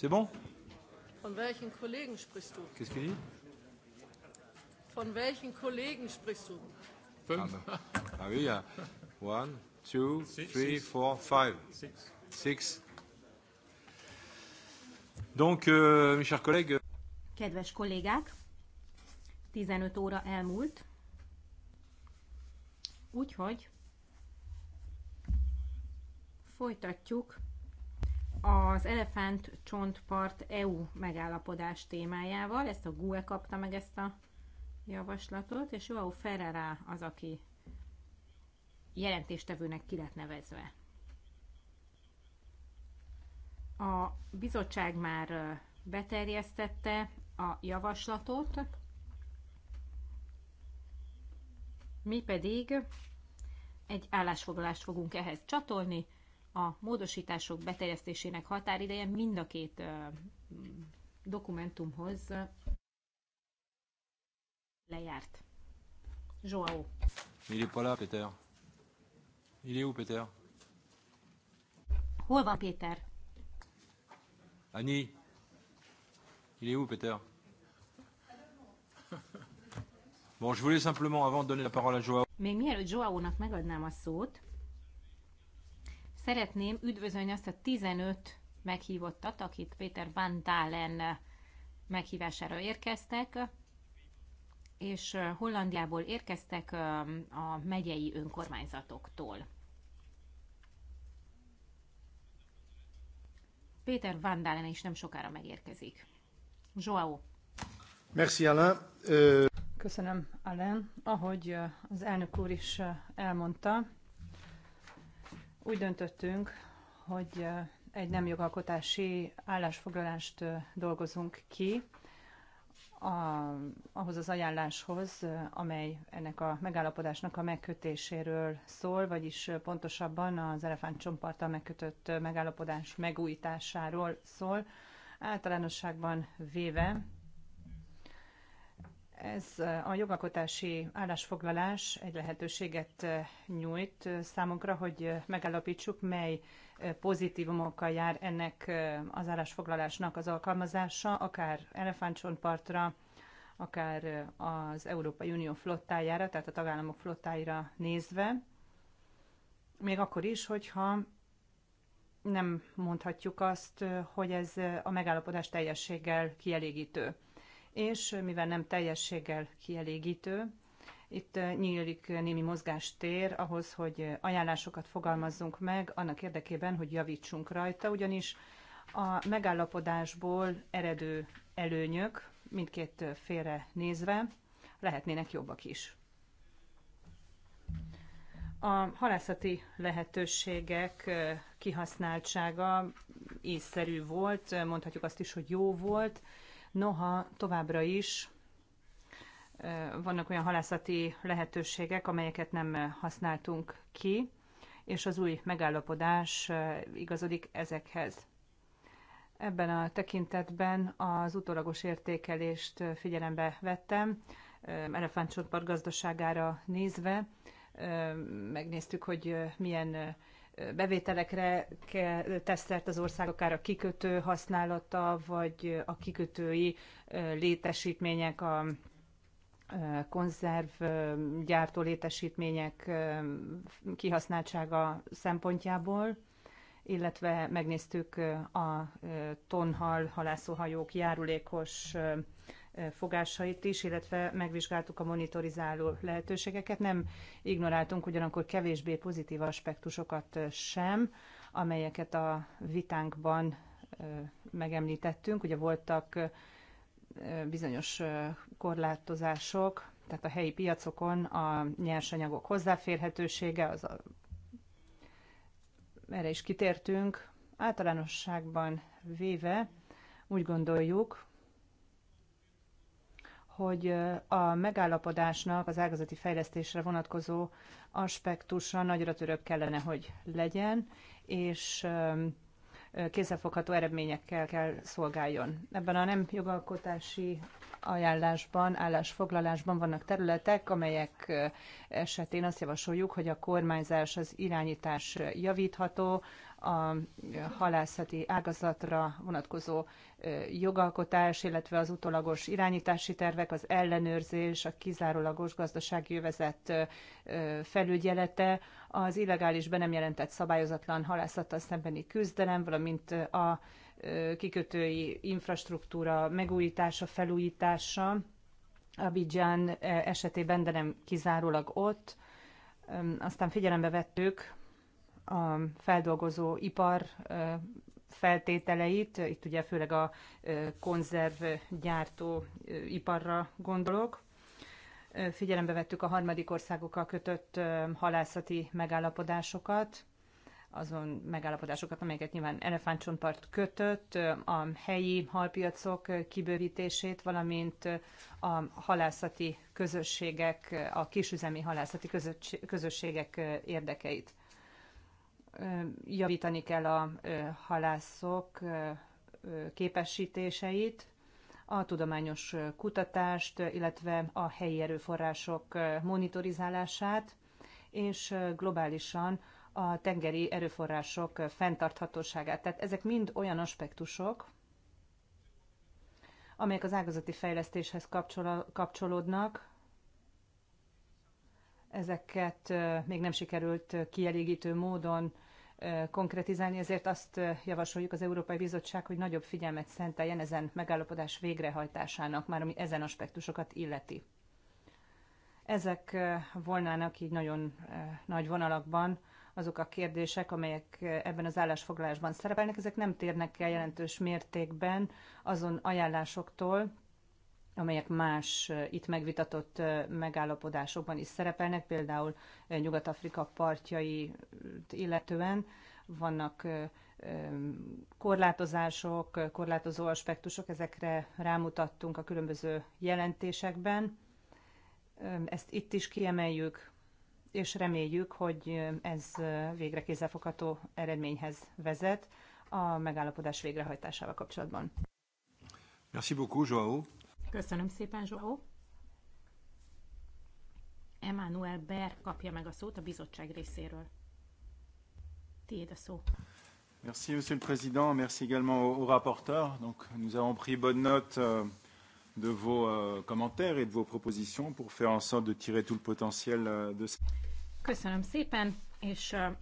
C'est bon Von welchen Kollegen sprichst du? Qu'est-ce qu'il dit Von welchen Kollegen sprichst du? Fünf. Ah, ah oui, ja. one, two, six, three, six. four, five. Six. Six. Donc, euh, mes chers collègues. Euh, Kedves kollégák, 15 óra elmúlt, úgyhogy folytatjuk az Elefánt Csontpart EU megállapodás témájával. Ezt a GUE kapta meg ezt a javaslatot, és Joao Ferrera az, aki jelentéstevőnek ki lett nevezve. A bizottság már beterjesztette a javaslatot, mi pedig egy állásfoglalást fogunk ehhez csatolni, a módosítások beterjesztésének határideje mind a két dokumentumhoz lejárt. Joao. Il est pas là, Peter. Il est où, Peter? Hol van Péter? Annie. Il est où, Peter Bon, je voulais simplement, avant de donner la parole à Joao... Még mielőtt Joao-nak megadnám a szót, Szeretném üdvözölni azt a 15 meghívottat, akit Péter Van Dalen meghívására érkeztek, és Hollandiából érkeztek a megyei önkormányzatoktól. Péter Van Dalen is nem sokára megérkezik. Joao. Merci, Alain. Köszönöm, Alain. Ahogy az elnök úr is elmondta, úgy döntöttünk, hogy egy nem jogalkotási állásfoglalást dolgozunk ki a, ahhoz az ajánláshoz, amely ennek a megállapodásnak a megkötéséről szól, vagyis pontosabban az elefántcsontparttal megkötött megállapodás megújításáról szól. Általánosságban véve ez a jogalkotási állásfoglalás egy lehetőséget eh, nyújt eh, számunkra, hogy eh, megállapítsuk, mely pozitívumokkal jár ennek az állásfoglalásnak az alkalmazása, akár elefántcsontpartra, akár az Európai Unió flottájára, tehát a tagállamok flottáira nézve, még akkor is, hogyha nem mondhatjuk azt, hogy ez a megállapodás teljességgel kielégítő és mivel nem teljességgel kielégítő, itt eh, nyílik némi mozgástér ahhoz, hogy eh, ajánlásokat fogalmazzunk meg annak érdekében, hogy javítsunk rajta, ugyanis a megállapodásból eredő előnyök mindkét félre nézve lehetnének jobbak is. A halászati lehetőségek eh, kihasználtsága ízszerű volt, mondhatjuk azt is, hogy jó volt, Noha továbbra is vannak olyan halászati lehetőségek, amelyeket nem használtunk ki, és az új megállapodás igazodik ezekhez. Ebben a tekintetben az utólagos értékelést figyelembe vettem, elefántcsontpart gazdaságára nézve, megnéztük, hogy milyen bevételekre tesztelt az ország, akár a kikötő használata, vagy a kikötői létesítmények, a konzervgyártó létesítmények kihasználtsága szempontjából, illetve megnéztük a tonhal halászóhajók járulékos fogásait is, illetve megvizsgáltuk a monitorizáló lehetőségeket. Nem ignoráltunk ugyanakkor kevésbé pozitív aspektusokat sem, amelyeket a vitánkban megemlítettünk. Ugye voltak bizonyos korlátozások, tehát a helyi piacokon a nyersanyagok hozzáférhetősége, az a, erre is kitértünk. Általánosságban véve úgy gondoljuk, hogy a megállapodásnak az ágazati fejlesztésre vonatkozó aspektusa nagyra törőbb kellene, hogy legyen, és kézzelfogható eredményekkel kell szolgáljon. Ebben a nem jogalkotási ajánlásban, állásfoglalásban vannak területek, amelyek esetén azt javasoljuk, hogy a kormányzás, az irányítás javítható, a halászati ágazatra vonatkozó jogalkotás, illetve az utolagos irányítási tervek, az ellenőrzés, a kizárólagos gazdasági jövezet felügyelete, az illegális be nem jelentett szabályozatlan halászattal szembeni küzdelem, valamint a kikötői infrastruktúra megújítása, felújítása, Abidjan esetében, de nem kizárólag ott. Aztán figyelembe vettük a feldolgozó ipar feltételeit, itt ugye főleg a konzervgyártó iparra gondolok. Figyelembe vettük a harmadik országokkal kötött halászati megállapodásokat, azon megállapodásokat, amelyeket nyilván elefántcsontpart kötött, a helyi halpiacok kibővítését, valamint a halászati közösségek, a kisüzemi halászati közösségek érdekeit javítani kell a halászok képesítéseit, a tudományos kutatást, illetve a helyi erőforrások monitorizálását, és globálisan a tengeri erőforrások fenntarthatóságát. Tehát ezek mind olyan aspektusok, amelyek az ágazati fejlesztéshez kapcsolódnak, ezeket még nem sikerült kielégítő módon konkretizálni, ezért azt javasoljuk az Európai Bizottság, hogy nagyobb figyelmet szenteljen ezen megállapodás végrehajtásának, már ami ezen aspektusokat illeti. Ezek volnának így nagyon nagy vonalakban azok a kérdések, amelyek ebben az állásfoglalásban szerepelnek, ezek nem térnek el jelentős mértékben azon ajánlásoktól, amelyek más eh, itt megvitatott eh, megállapodásokban is szerepelnek, például eh, Nyugat-Afrika partjai illetően vannak korlátozások, korlátozó aspektusok, ezekre rámutattunk a különböző jelentésekben. Ezt itt is kiemeljük, és reméljük, hogy ez végre kézzelfogható eredményhez vezet a megállapodás végrehajtásával kapcsolatban. Merci beaucoup, Köszönöm szépen, Zsó. Emmanuel Ber kapja meg a szót a bizottság részéről. Tiéd a szó. Merci, Monsieur le Président. Merci également au, au rapporteur. Donc, nous avons pris bonne note euh, de vos euh, commentaires et de vos propositions pour faire en sorte de tirer tout le potentiel euh, de ce. Köszönöm szépen, és euh,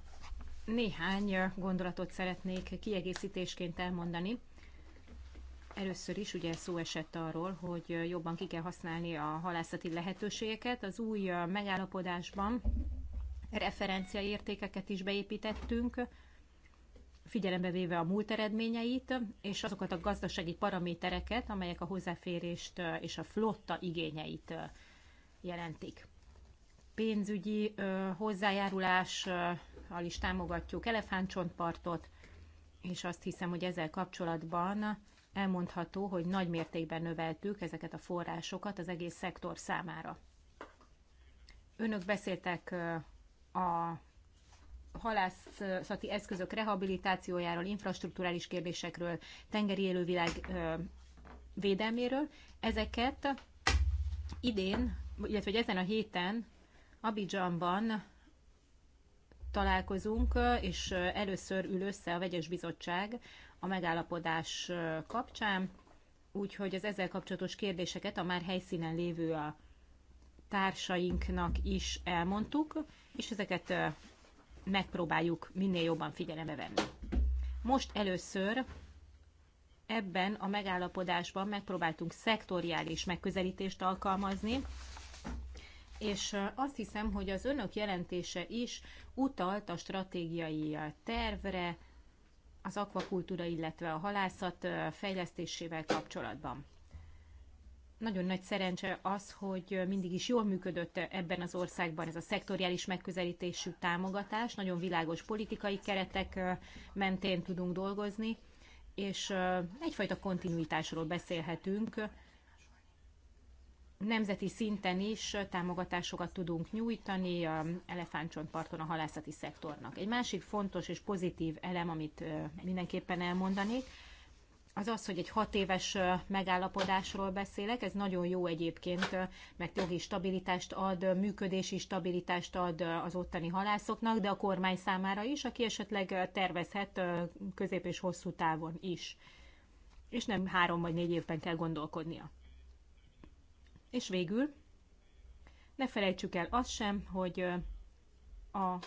néhány euh, gondolatot szeretnék kiegészítésként elmondani Először is ugye szó esett arról, hogy jobban ki kell használni a halászati lehetőségeket. Az új megállapodásban referenciaértékeket is beépítettünk, figyelembe véve a múlt eredményeit, és azokat a gazdasági paramétereket, amelyek a hozzáférést és a flotta igényeit jelentik. Pénzügyi hozzájárulással is támogatjuk elefántcsontpartot, és azt hiszem, hogy ezzel kapcsolatban elmondható, hogy nagy mértékben növeltük ezeket a forrásokat az egész szektor számára. Önök beszéltek a halászati eszközök rehabilitációjáról, infrastruktúrális kérdésekről, tengeri élővilág védelméről. Ezeket idén, illetve hogy ezen a héten Abidjanban találkozunk, és először ül össze a vegyes bizottság a megállapodás kapcsán, úgyhogy az ezzel kapcsolatos kérdéseket a már helyszínen lévő a társainknak is elmondtuk, és ezeket megpróbáljuk minél jobban figyelembe venni. Most először ebben a megállapodásban megpróbáltunk szektoriális megközelítést alkalmazni, és azt hiszem, hogy az önök jelentése is utalt a stratégiai tervre, az akvakultúra, illetve a halászat fejlesztésével kapcsolatban. Nagyon nagy szerencse az, hogy mindig is jól működött ebben az országban ez a szektoriális megközelítésű támogatás, nagyon világos politikai keretek mentén tudunk dolgozni, és egyfajta kontinuitásról beszélhetünk, nemzeti szinten is támogatásokat tudunk nyújtani a elefántcsontparton a halászati szektornak. Egy másik fontos és pozitív elem, amit mindenképpen elmondanék, az az, hogy egy hat éves megállapodásról beszélek, ez nagyon jó egyébként, mert jogi stabilitást ad, működési stabilitást ad az ottani halászoknak, de a kormány számára is, aki esetleg tervezhet közép és hosszú távon is. És nem három vagy négy évben kell gondolkodnia. És végül ne felejtsük el azt sem, hogy a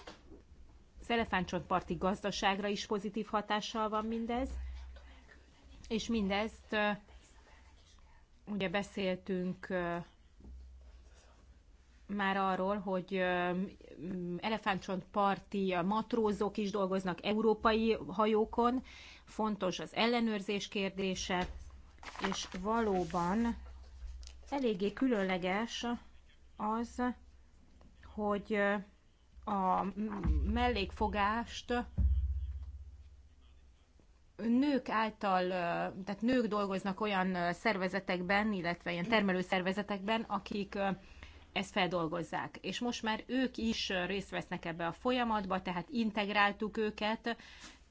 elefántcsontparti gazdaságra is pozitív hatással van mindez, és mindezt ugye beszéltünk már arról, hogy elefántcsontparti matrózok is dolgoznak európai hajókon, fontos az ellenőrzés kérdése, és valóban Eléggé különleges az, hogy a mellékfogást nők által, tehát nők dolgoznak olyan szervezetekben, illetve ilyen termelő szervezetekben, akik ezt feldolgozzák. És most már ők is részt vesznek ebbe a folyamatba, tehát integráltuk őket,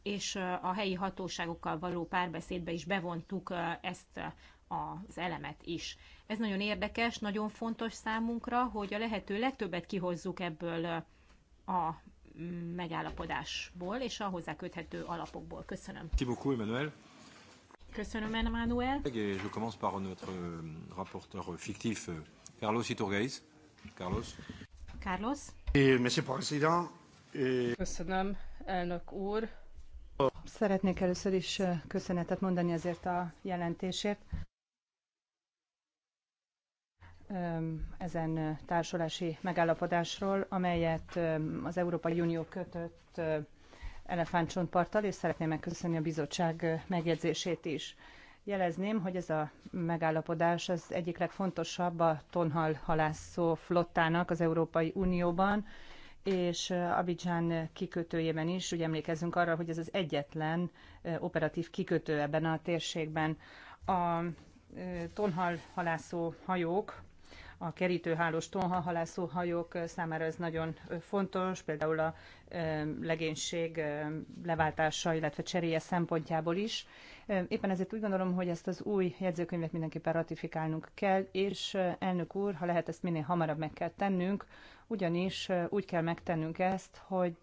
és a helyi hatóságokkal való párbeszédbe is bevontuk ezt az elemet is. Ez nagyon érdekes, nagyon fontos számunkra, hogy a lehető legtöbbet kihozzuk ebből a mm, megállapodásból és a hozzá köthető alapokból. Köszönöm. Beaucoup, Emmanuel. Köszönöm, Emmanuel. Et je commence par notre euh, rapporteur fictif, euh, Carlos Iturgaiz. Carlos. Carlos. Et, monsieur Président. Köszönöm, elnök úr. Szeretnék először is köszönetet mondani ezért a jelentésért ezen társulási megállapodásról, amelyet az Európai Unió kötött elefántcsontparttal, és szeretném megköszönni a bizottság megjegyzését is. Jelezném, hogy ez a megállapodás az egyik legfontosabb a tonhal halászó flottának az Európai Unióban, és Abidzsán kikötőjében is, ugye emlékezzünk arra, hogy ez az egyetlen operatív kikötő ebben a térségben. A tonhal halászó hajók a kerítőhálós tonhahalászó hajók számára ez nagyon fontos, például a legénység leváltása, illetve cseréje szempontjából is. Éppen ezért úgy gondolom, hogy ezt az új jegyzőkönyvet mindenképpen ratifikálnunk kell, és elnök úr, ha lehet, ezt minél hamarabb meg kell tennünk, ugyanis úgy kell megtennünk ezt, hogy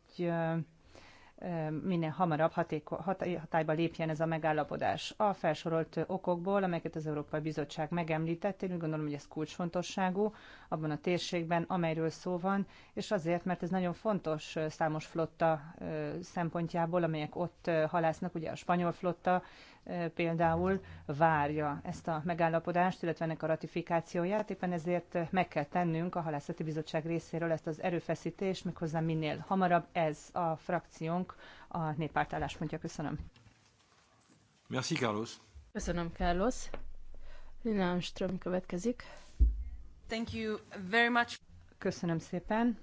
minél hamarabb hatéko, hat, hatályba lépjen ez a megállapodás. A felsorolt okokból, amelyeket az Európai Bizottság megemlített, én úgy gondolom, hogy ez kulcsfontosságú abban a térségben, amelyről szó van, és azért, mert ez nagyon fontos számos flotta szempontjából, amelyek ott halásznak, ugye a spanyol flotta például várja ezt a megállapodást, illetve ennek a ratifikációját. Éppen ezért meg kell tennünk a Halászati Bizottság részéről ezt az erőfeszítést, méghozzá minél hamarabb. Ez a frakciónk a néppárt álláspontja. Köszönöm. Merci, Carlos. Köszönöm, Carlos. Lina Armström következik. Thank you very much. Köszönöm szépen,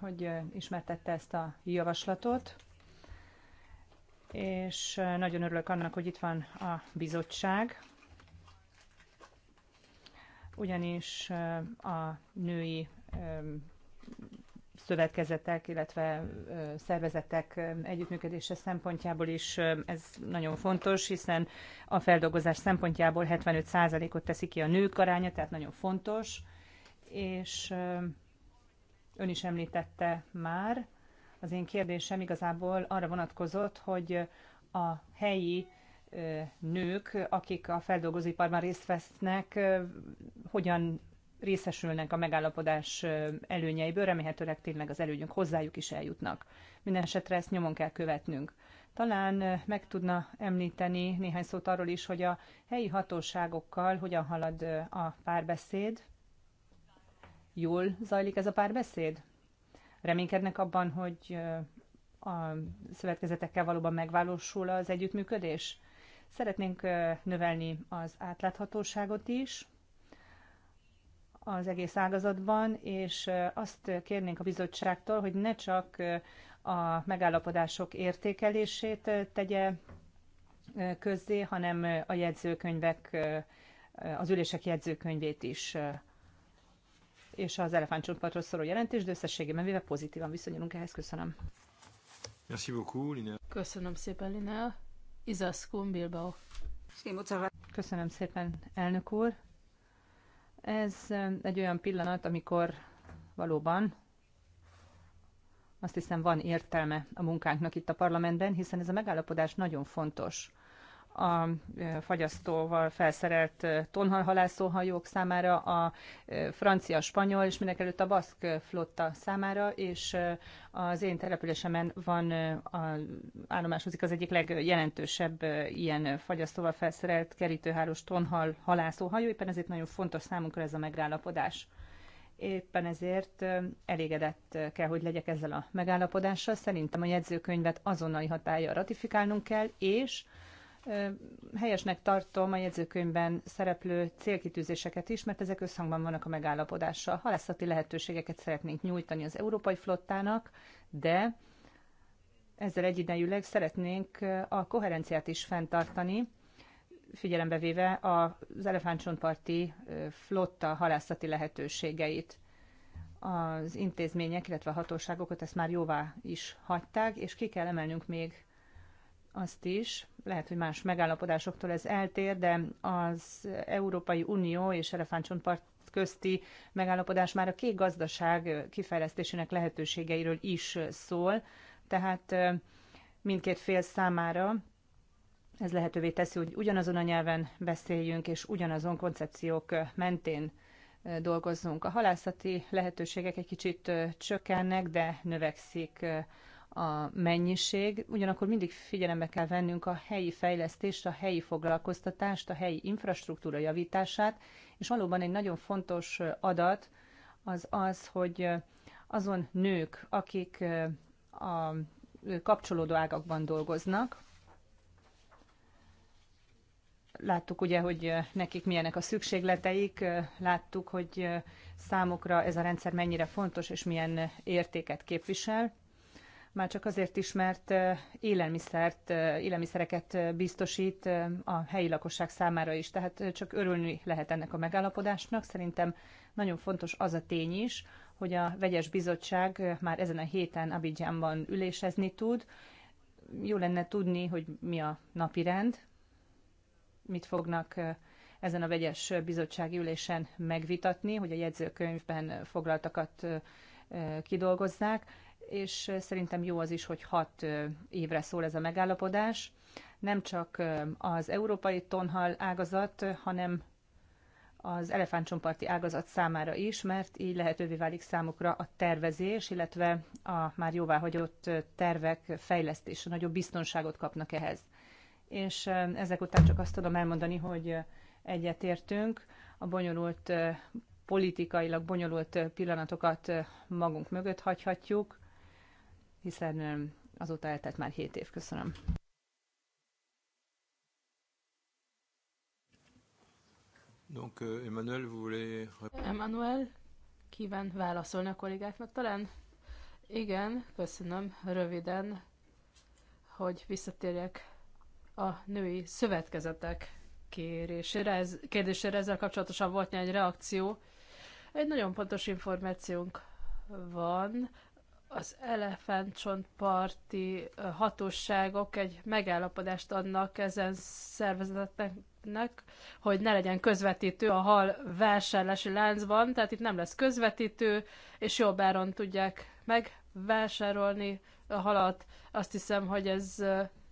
hogy ismertette ezt a javaslatot és nagyon örülök annak, hogy itt van a bizottság, ugyanis a női szövetkezetek, illetve szervezetek együttműködése szempontjából is ez nagyon fontos, hiszen a feldolgozás szempontjából 75%-ot teszi ki a nők aránya, tehát nagyon fontos, és ön is említette már, az én kérdésem igazából arra vonatkozott, hogy a helyi nők, akik a feldolgozóiparban részt vesznek, hogyan részesülnek a megállapodás előnyeiből, remélhetőleg tényleg az előnyök hozzájuk is eljutnak. Minden esetre ezt nyomon kell követnünk. Talán meg tudna említeni néhány szót arról is, hogy a helyi hatóságokkal hogyan halad a párbeszéd? Jól zajlik ez a párbeszéd? reménykednek abban, hogy a szövetkezetekkel valóban megvalósul az együttműködés? Szeretnénk növelni az átláthatóságot is az egész ágazatban, és azt kérnénk a bizottságtól, hogy ne csak a megállapodások értékelését tegye közzé, hanem a jegyzőkönyvek, az ülések jegyzőkönyvét is és az elefántcsontpartról szóló jelentés, de összességében véve pozitívan viszonyulunk ehhez. Köszönöm. Merci beaucoup, Lina. Köszönöm szépen, Lina. Izaskun Bilbao. Köszönöm szépen, elnök úr. Ez um, egy olyan pillanat, amikor valóban azt hiszem van értelme a munkánknak itt a parlamentben, hiszen ez a megállapodás nagyon fontos a fagyasztóval felszerelt tonhalhalászó számára, a francia, spanyol és mindenekelőtt a baszk flotta számára, és az én településemen van, a, állomásozik az egyik legjelentősebb ilyen fagyasztóval felszerelt kerítőháros tonhal halászóhajó, éppen ezért nagyon fontos számunkra ez a megállapodás. Éppen ezért elégedett kell, hogy legyek ezzel a megállapodással. Szerintem a jegyzőkönyvet azonnali hatája ratifikálnunk kell, és helyesnek tartom a jegyzőkönyvben szereplő célkitűzéseket is, mert ezek összhangban vannak a megállapodással. Halászati lehetőségeket szeretnénk nyújtani az európai flottának, de ezzel egyidejűleg szeretnénk a koherenciát is fenntartani, figyelembe véve az elefántcsontparti flotta halászati lehetőségeit. Az intézmények, illetve a hatóságokat ezt már jóvá is hagyták, és ki kell emelnünk még azt is, lehet, hogy más megállapodásoktól ez eltér, de az Európai Unió és Elefántcsontpart közti megállapodás már a két gazdaság kifejlesztésének lehetőségeiről is szól, tehát mindkét fél számára ez lehetővé teszi, hogy ugyanazon a nyelven beszéljünk, és ugyanazon koncepciók mentén dolgozzunk. A halászati lehetőségek egy kicsit csökkennek, de növekszik a mennyiség, ugyanakkor mindig figyelembe kell vennünk a helyi fejlesztést, a helyi foglalkoztatást, a helyi infrastruktúra javítását, és valóban egy nagyon fontos adat az az, hogy azon nők, akik a kapcsolódó ágakban dolgoznak, láttuk ugye, hogy nekik milyenek a szükségleteik, láttuk, hogy számukra ez a rendszer mennyire fontos és milyen értéket képvisel már csak azért is, mert élelmiszert, élelmiszereket biztosít a helyi lakosság számára is, tehát csak örülni lehet ennek a megállapodásnak. Szerintem nagyon fontos az a tény is, hogy a vegyes bizottság már ezen a héten Abidjánban ülésezni tud. Jó lenne tudni, hogy mi a napi rend, mit fognak ezen a vegyes bizottsági ülésen megvitatni, hogy a jegyzőkönyvben foglaltakat kidolgozzák és szerintem jó az is, hogy hat évre szól ez a megállapodás. Nem csak az európai tonhal ágazat, hanem az elefántcsomparti ágazat számára is, mert így lehetővé válik számukra a tervezés, illetve a már jóváhagyott tervek fejlesztése, nagyobb biztonságot kapnak ehhez. És ezek után csak azt tudom elmondani, hogy egyetértünk a bonyolult politikailag bonyolult pillanatokat magunk mögött hagyhatjuk, hiszen um, azóta eltelt már 7 év. Köszönöm. Donc, euh, Emmanuel, vous voulez... Emmanuel, kíván válaszolni a kollégáknak talán? Igen, köszönöm röviden, hogy visszatérjek a női szövetkezetek kérésére. Ez, kérdésére ezzel kapcsolatosan volt egy reakció. Egy nagyon pontos információnk van az elefántcsontparti hatóságok egy megállapodást adnak ezen szervezeteknek, hogy ne legyen közvetítő a hal vásárlási láncban, tehát itt nem lesz közvetítő, és jobb áron tudják megvásárolni a halat. Azt hiszem, hogy ez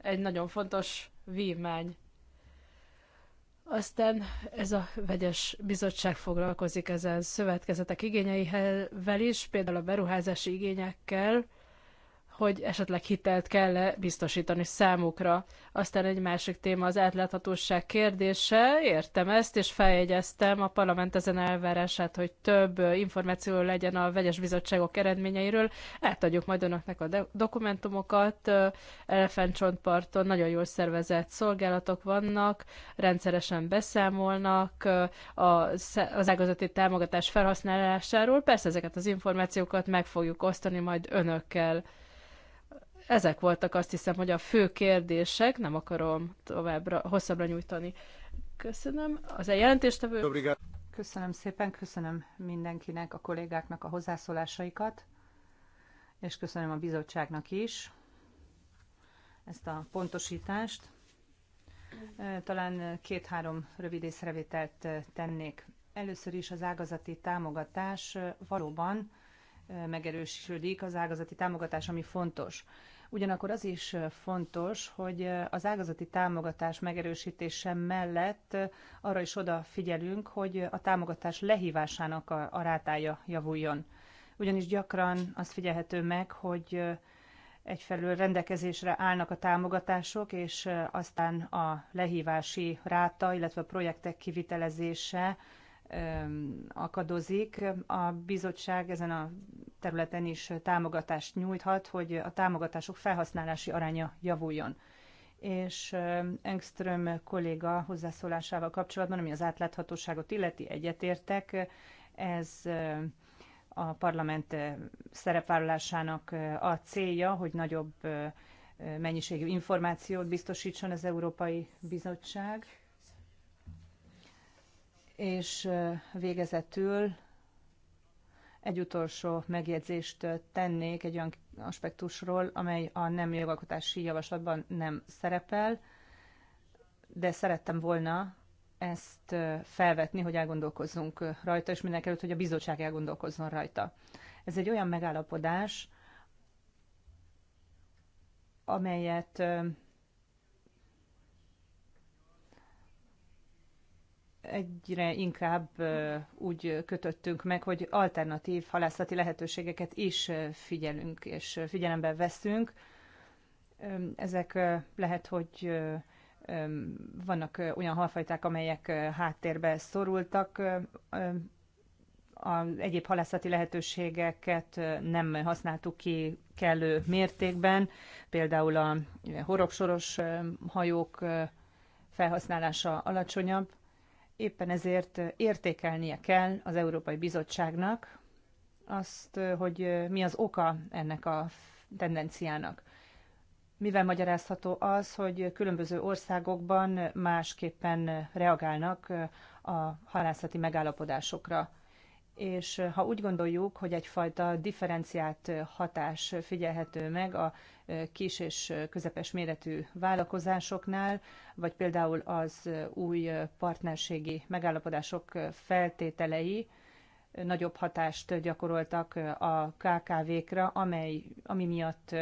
egy nagyon fontos vívmány. Aztán ez a vegyes bizottság foglalkozik ezen szövetkezetek igényeivel is, például a beruházási igényekkel, hogy esetleg hitelt kell-e biztosítani számukra. Aztán egy másik téma az átláthatóság kérdése. Értem ezt, és feljegyeztem a parlament ezen elvárását, hogy több információ legyen a vegyes bizottságok eredményeiről. Átadjuk majd önöknek a dokumentumokat. Elefántcsontparton nagyon jól szervezett szolgálatok vannak, rendszeresen beszámolnak az ágazati támogatás felhasználásáról. Persze ezeket az információkat meg fogjuk osztani majd önökkel. Ezek voltak azt hiszem, hogy a fő kérdések, nem akarom továbbra, hosszabbra nyújtani. Köszönöm. Az jelentéstevő. Köszönöm szépen, köszönöm mindenkinek, a kollégáknak a hozzászólásaikat, és köszönöm a bizottságnak is ezt a pontosítást. Talán két-három rövid észrevételt tennék. Először is az ágazati támogatás valóban megerősödik, az ágazati támogatás, ami fontos. Ugyanakkor az is fontos, hogy az ágazati támogatás megerősítése mellett arra is odafigyelünk, hogy a támogatás lehívásának a, a rátája javuljon. Ugyanis gyakran az figyelhető meg, hogy egyfelől rendelkezésre állnak a támogatások, és aztán a lehívási ráta, illetve a projektek kivitelezése akadozik. A bizottság ezen a területen is támogatást nyújthat, hogy a támogatások felhasználási aránya javuljon. És Engström kolléga hozzászólásával kapcsolatban, ami az átláthatóságot illeti, egyetértek, ez a parlament eh, szerepvállalásának eh, a célja, hogy nagyobb eh, mennyiségű információt biztosítson az Európai Bizottság és végezetül egy utolsó megjegyzést tennék egy olyan aspektusról, amely a nem jogalkotási javaslatban nem szerepel, de szerettem volna ezt felvetni, hogy elgondolkozzunk rajta, és mindenkelőtt, hogy a bizottság elgondolkozzon rajta. Ez egy olyan megállapodás, amelyet egyre inkább úgy kötöttünk meg, hogy alternatív halászati lehetőségeket is figyelünk és figyelembe veszünk. Ezek lehet, hogy vannak olyan halfajták, amelyek háttérbe szorultak, az egyéb halászati lehetőségeket nem használtuk ki kellő mértékben, például a horogsoros hajók felhasználása alacsonyabb, Éppen ezért értékelnie kell az Európai Bizottságnak azt, hogy mi az oka ennek a tendenciának. Mivel magyarázható az, hogy különböző országokban másképpen reagálnak a halászati megállapodásokra? és ha úgy gondoljuk, hogy egyfajta differenciált hatás figyelhető meg a kis és közepes méretű vállalkozásoknál, vagy például az új partnerségi megállapodások feltételei nagyobb hatást gyakoroltak a KKV-kra, amely, ami miatt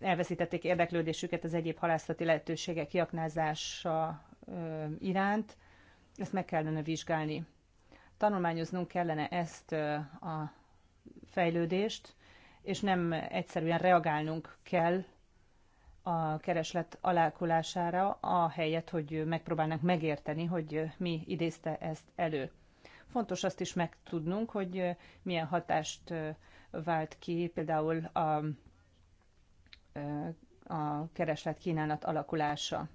elveszítették érdeklődésüket az egyéb halászati lehetőségek kiaknázása iránt, ezt meg kellene vizsgálni Tanulmányoznunk kellene ezt a fejlődést, és nem egyszerűen reagálnunk kell a kereslet alákulására, helyet, hogy megpróbálnánk megérteni, hogy mi idézte ezt elő. Fontos azt is megtudnunk, hogy milyen hatást vált ki például a, a kereslet kínálat alakulása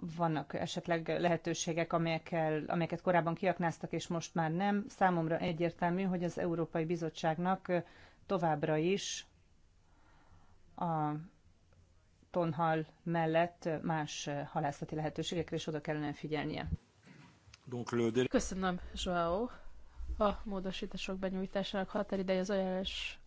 vannak esetleg lehetőségek, amelyekkel, amelyeket korábban kiaknáztak, és most már nem. Számomra egyértelmű, hogy az Európai Bizottságnak továbbra is a tonhal mellett más halászati lehetőségekre is oda kellene figyelnie. Köszönöm, Joao. A módosítások benyújtásának határideje az ajánlás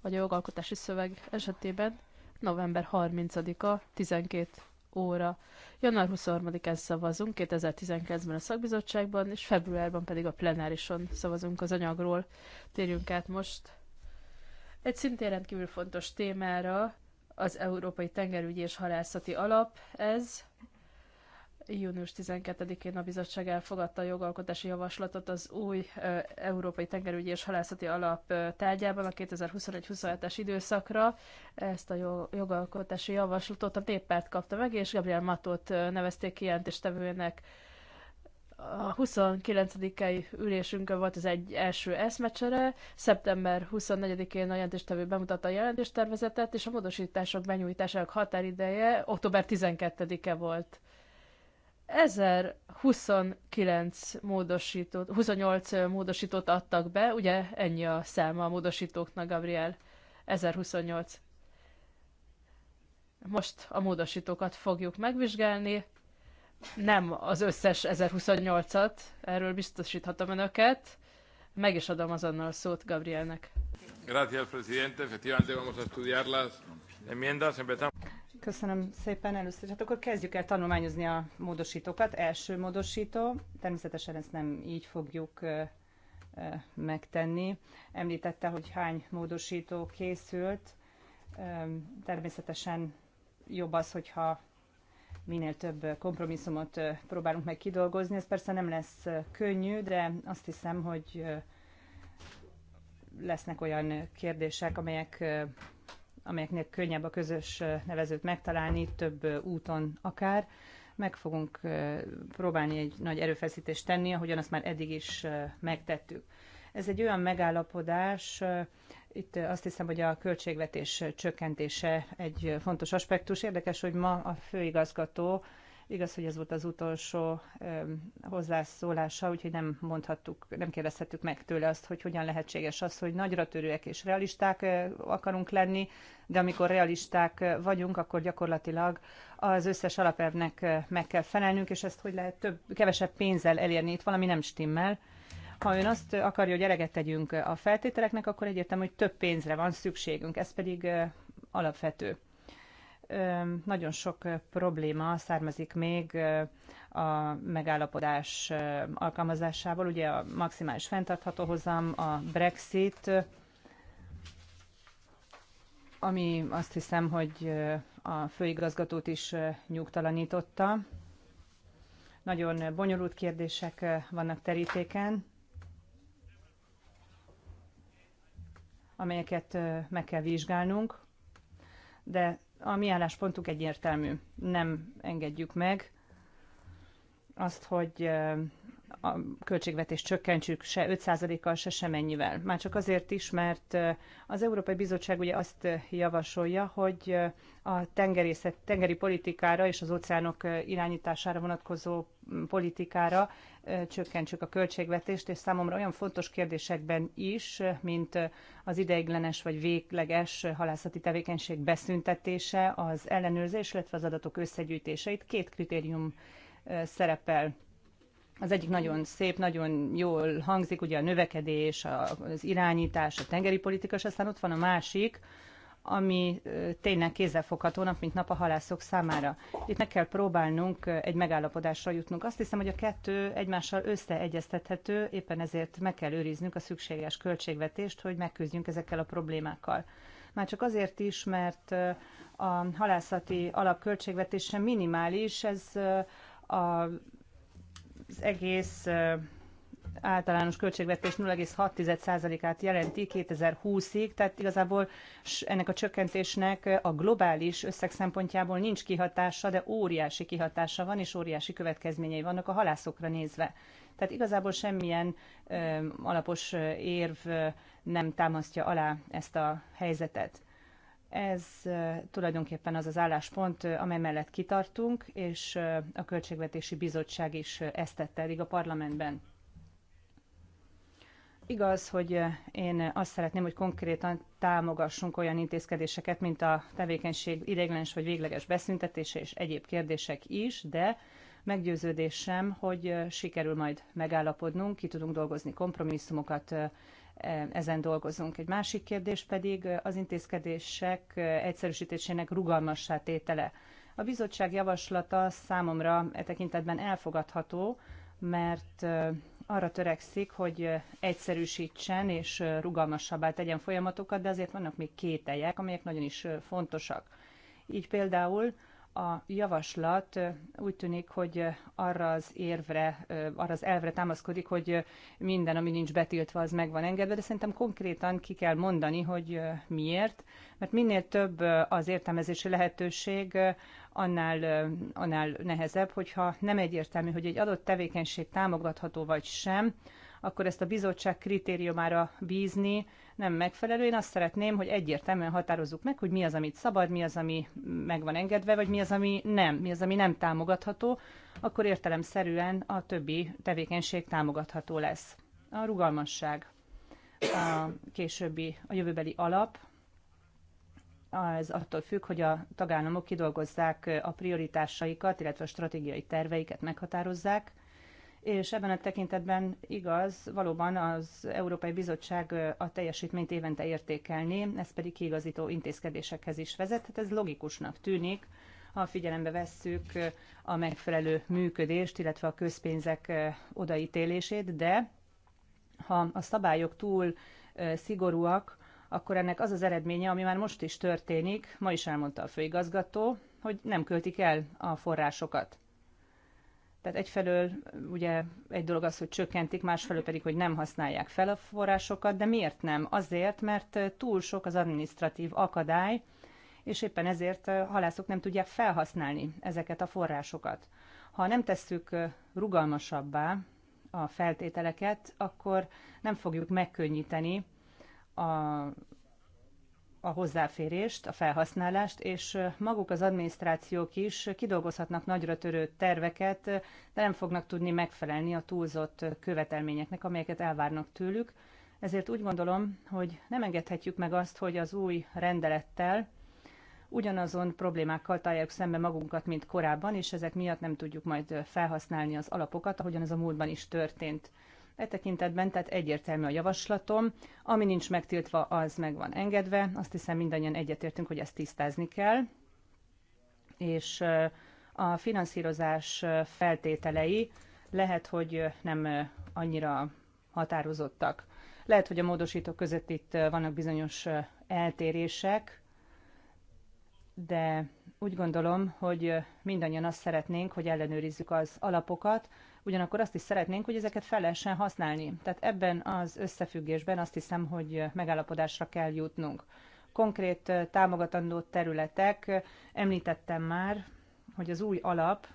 vagy a jogalkotási szöveg esetében november 30-a 12 óra. Január 23-án szavazunk, 2019-ben a szakbizottságban, és februárban pedig a plenárison szavazunk az anyagról. Térjünk át most egy szintén rendkívül fontos témára, az Európai Tengerügyi és Halászati Alap ez, Június 12-én a bizottság elfogadta a jogalkotási javaslatot az új Európai Tengerügyi és Halászati Alap tárgyában a 2021-27-es időszakra. Ezt a jogalkotási javaslatot a néppárt kapta meg, és Gabriel Matot nevezték kijelentéstevőnek. A 29-i ülésünkön volt az egy első eszmecsere, szeptember 24-én a jelentéstevő bemutatta a jelentéstervezetet, és a módosítások benyújtásának határideje október 12-e volt. 1029 módosítót, 28 módosítót adtak be, ugye ennyi a száma a módosítóknak, Gabriel, 1028. Most a módosítókat fogjuk megvizsgálni, nem az összes 1028-at, erről biztosíthatom önöket. Meg is adom azonnal a szót Gabrielnek. Gracias, presidente. Efectivamente vamos a estudiar las enmiendas. Empezamos. Köszönöm szépen először. Hát akkor kezdjük el tanulmányozni a módosítókat. Első módosító, természetesen ezt nem így fogjuk megtenni. Említette, hogy hány módosító készült. Természetesen jobb az, hogyha minél több kompromisszumot próbálunk meg kidolgozni. Ez persze nem lesz könnyű, de azt hiszem, hogy lesznek olyan kérdések, amelyek amelyeknél könnyebb a közös nevezőt megtalálni, több úton akár. Meg fogunk próbálni egy nagy erőfeszítést tenni, ahogyan azt már eddig is megtettük. Ez egy olyan megállapodás, itt azt hiszem, hogy a költségvetés csökkentése egy fontos aspektus. Érdekes, hogy ma a főigazgató Igaz, hogy ez volt az utolsó hozzászólása, úgyhogy nem mondhattuk, nem kérdezhettük meg tőle azt, hogy hogyan lehetséges az, hogy nagyra törőek és realisták eh, akarunk lenni, de amikor realisták eh, vagyunk, akkor gyakorlatilag az összes alapelvnek eh, meg kell felelnünk, és ezt hogy lehet több, kevesebb pénzzel elérni, itt valami nem stimmel. Ha ön azt akarja, hogy eleget tegyünk a feltételeknek, akkor egyértelmű, hogy több pénzre van szükségünk, ez pedig alapvető nagyon sok probléma származik még a megállapodás alkalmazásával, Ugye a maximális fenntartható hozam, a Brexit, ami azt hiszem, hogy a főigazgatót is nyugtalanította. Nagyon bonyolult kérdések vannak terítéken, amelyeket meg kell vizsgálnunk, de a mi álláspontunk egyértelmű. Nem engedjük meg azt, hogy a költségvetést csökkentsük se 5%-kal, se semennyivel. Már csak azért is, mert az Európai Bizottság ugye azt javasolja, hogy a tengerészet, tengeri politikára és az óceánok irányítására vonatkozó politikára csökkentsük a költségvetést, és számomra olyan fontos kérdésekben is, mint az ideiglenes vagy végleges halászati tevékenység beszüntetése, az ellenőrzés, illetve az adatok összegyűjtése. Itt két kritérium szerepel az egyik nagyon szép, nagyon jól hangzik, ugye a növekedés, az irányítás, a tengeri politika, és aztán ott van a másik, ami tényleg kézzelfogható nap, mint nap a halászok számára. Itt meg kell próbálnunk egy megállapodásra jutnunk. Azt hiszem, hogy a kettő egymással összeegyeztethető, éppen ezért meg kell őriznünk a szükséges költségvetést, hogy megküzdjünk ezekkel a problémákkal. Már csak azért is, mert a halászati alapköltségvetése minimális, ez az egész általános költségvetés 0,6%-át jelenti 2020-ig, tehát igazából ennek a csökkentésnek a globális összeg szempontjából nincs kihatása, de óriási kihatása van, és óriási következményei vannak a halászokra nézve. Tehát igazából semmilyen ö, alapos érv nem támasztja alá ezt a helyzetet. Ez tulajdonképpen az az álláspont, amely mellett kitartunk, és a Költségvetési Bizottság is ezt tette eddig a parlamentben. Igaz, hogy én azt szeretném, hogy konkrétan támogassunk olyan intézkedéseket, mint a tevékenység ideiglenes vagy végleges beszüntetése és egyéb kérdések is, de meggyőződésem, hogy sikerül majd megállapodnunk, ki tudunk dolgozni kompromisszumokat, e, ezen dolgozunk. Egy másik kérdés pedig az intézkedések egyszerűsítésének rugalmassá tétele. A bizottság javaslata számomra e tekintetben elfogadható, mert arra törekszik, hogy egyszerűsítsen és rugalmasabbá tegyen folyamatokat, de azért vannak még kételjek, amelyek nagyon is fontosak. Így például a javaslat úgy tűnik, hogy arra az érvre, arra az elvre támaszkodik, hogy minden, ami nincs betiltva, az meg van engedve, de szerintem konkrétan ki kell mondani, hogy miért, mert minél több az értelmezési lehetőség, annál, annál nehezebb, hogyha nem egyértelmű, hogy egy adott tevékenység támogatható vagy sem, akkor ezt a bizottság kritériumára bízni nem megfelelő. Én azt szeretném, hogy egyértelműen határozzuk meg, hogy mi az, amit szabad, mi az, ami meg van engedve, vagy mi az, ami nem, mi az, ami nem támogatható, akkor értelemszerűen a többi tevékenység támogatható lesz. A rugalmasság a későbbi, a jövőbeli alap, ez attól függ, hogy a tagállamok kidolgozzák a prioritásaikat, illetve a stratégiai terveiket meghatározzák, és ebben a tekintetben igaz, valóban az Európai Bizottság a teljesítményt évente értékelni, ez pedig kiigazító intézkedésekhez is vezet, tehát ez logikusnak tűnik, ha figyelembe vesszük a megfelelő működést, illetve a közpénzek odaítélését, de ha a szabályok túl szigorúak, akkor ennek az az eredménye, ami már most is történik, ma is elmondta a főigazgató, hogy nem költik el a forrásokat. Tehát egyfelől ugye egy dolog az, hogy csökkentik, másfelől pedig, hogy nem használják fel a forrásokat, de miért nem? Azért, mert túl sok az administratív akadály, és éppen ezért halászok nem tudják felhasználni ezeket a forrásokat. Ha nem tesszük rugalmasabbá a feltételeket, akkor nem fogjuk megkönnyíteni a, a hozzáférést, a felhasználást, és maguk az adminisztrációk is kidolgozhatnak nagyra törő terveket, de nem fognak tudni megfelelni a túlzott követelményeknek, amelyeket elvárnak tőlük. Ezért úgy gondolom, hogy nem engedhetjük meg azt, hogy az új rendelettel ugyanazon problémákkal találjuk szembe magunkat, mint korábban, és ezek miatt nem tudjuk majd felhasználni az alapokat, ahogyan ez a múltban is történt. E tekintetben tehát egyértelmű a javaslatom, ami nincs megtiltva, az meg van engedve. Azt hiszem mindannyian egyetértünk, hogy ezt tisztázni kell. És a finanszírozás feltételei lehet, hogy nem annyira határozottak. Lehet, hogy a módosítók között itt vannak bizonyos eltérések, de úgy gondolom, hogy mindannyian azt szeretnénk, hogy ellenőrizzük az alapokat, ugyanakkor azt is szeretnénk, hogy ezeket fel lehessen használni. Tehát ebben az összefüggésben azt hiszem, hogy megállapodásra kell jutnunk. Konkrét támogatandó területek, említettem már, hogy az új alap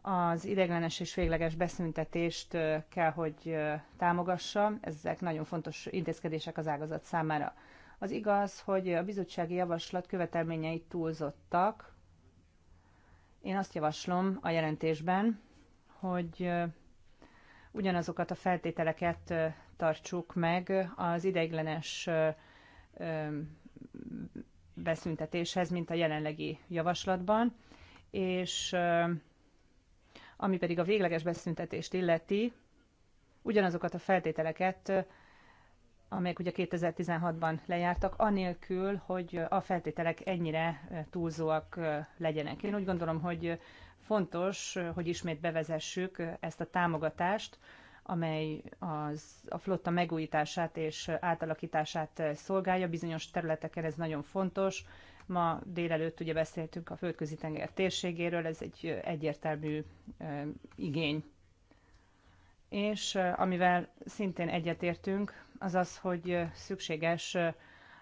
az ideglenes és végleges beszüntetést kell, hogy támogassa. Ezek nagyon fontos intézkedések az ágazat számára. Az igaz, hogy a bizottsági javaslat követelményei túlzottak. Én azt javaslom a jelentésben, hogy ugyanazokat a feltételeket tartsuk meg az ideiglenes beszüntetéshez, mint a jelenlegi javaslatban, és ami pedig a végleges beszüntetést illeti, ugyanazokat a feltételeket, amelyek ugye 2016-ban lejártak, anélkül, hogy a feltételek ennyire túlzóak legyenek. Én úgy gondolom, hogy Fontos, hogy ismét bevezessük ezt a támogatást, amely az, a flotta megújítását és átalakítását szolgálja. Bizonyos területeken ez nagyon fontos. Ma délelőtt ugye beszéltünk a földközi tenger térségéről, ez egy egyértelmű igény. És amivel szintén egyetértünk, az az, hogy szükséges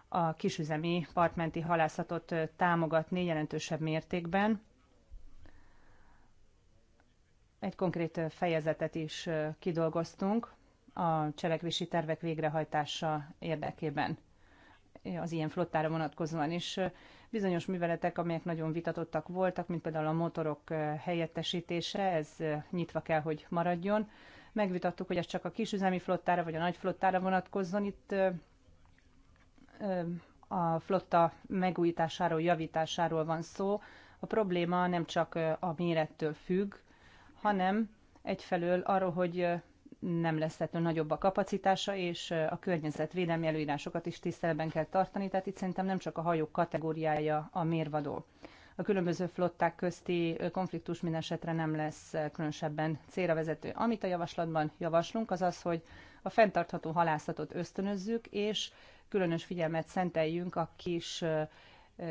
a kisüzemi partmenti halászatot támogatni jelentősebb mértékben, egy konkrét fejezetet is kidolgoztunk a cselekvési tervek végrehajtása érdekében az ilyen flottára vonatkozóan is. Bizonyos műveletek, amelyek nagyon vitatottak voltak, mint például a motorok helyettesítése, ez nyitva kell, hogy maradjon. Megvitattuk, hogy ez csak a kisüzemi flottára vagy a nagy flottára vonatkozzon. Itt a flotta megújításáról, javításáról van szó. A probléma nem csak a mérettől függ, hanem egyfelől arról, hogy nem lesz ettől nagyobb a kapacitása, és a környezetvédelmi előírásokat is tiszteletben kell tartani, tehát itt szerintem nem csak a hajók kategóriája a mérvadó. A különböző flották közti konfliktus minden esetre nem lesz különösebben célra vezető. Amit a javaslatban javaslunk, az az, hogy a fenntartható halászatot ösztönözzük, és különös figyelmet szenteljünk a kis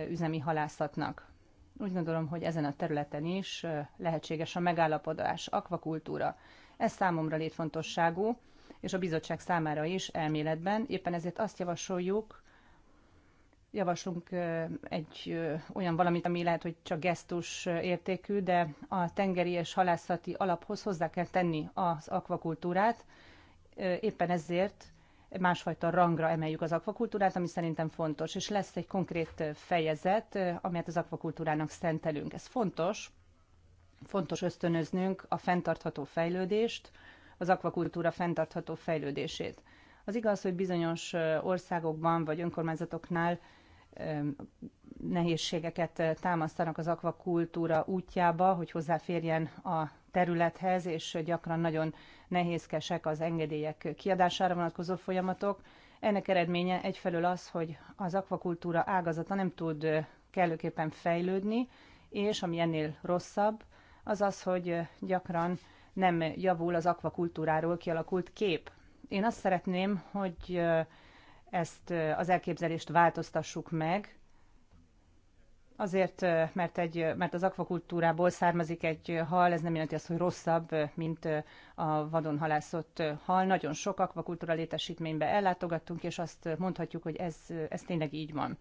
üzemi halászatnak. Úgy gondolom, hogy ezen a területen is lehetséges a megállapodás, akvakultúra. Ez számomra létfontosságú, és a bizottság számára is elméletben. Éppen ezért azt javasoljuk, javaslunk egy olyan valamit, ami lehet, hogy csak gesztus értékű, de a tengeri és halászati alaphoz hozzá kell tenni az akvakultúrát. Éppen ezért másfajta rangra emeljük az akvakultúrát, ami szerintem fontos, és lesz egy konkrét fejezet, amelyet az akvakultúrának szentelünk. Ez fontos, fontos ösztönöznünk a fenntartható fejlődést, az akvakultúra fenntartható fejlődését. Az igaz, hogy bizonyos országokban vagy önkormányzatoknál nehézségeket eh, támasztanak az akvakultúra útjába, hogy hozzáférjen a területhez, és gyakran nagyon nehézkesek az engedélyek kiadására vonatkozó folyamatok. Ennek eredménye egyfelől az, hogy az akvakultúra ágazata nem tud eh, kellőképpen fejlődni, és ami ennél rosszabb, az az, hogy eh, gyakran nem javul az akvakultúráról kialakult kép. Én azt szeretném, hogy ezt az elképzelést változtassuk meg, Azért, mert, egy, mert az akvakultúrából származik egy hal, ez nem jelenti azt, hogy rosszabb, mint a vadon halászott hal. Nagyon sok akvakultúra létesítménybe ellátogattunk, és azt mondhatjuk, hogy ez, ez tényleg így van.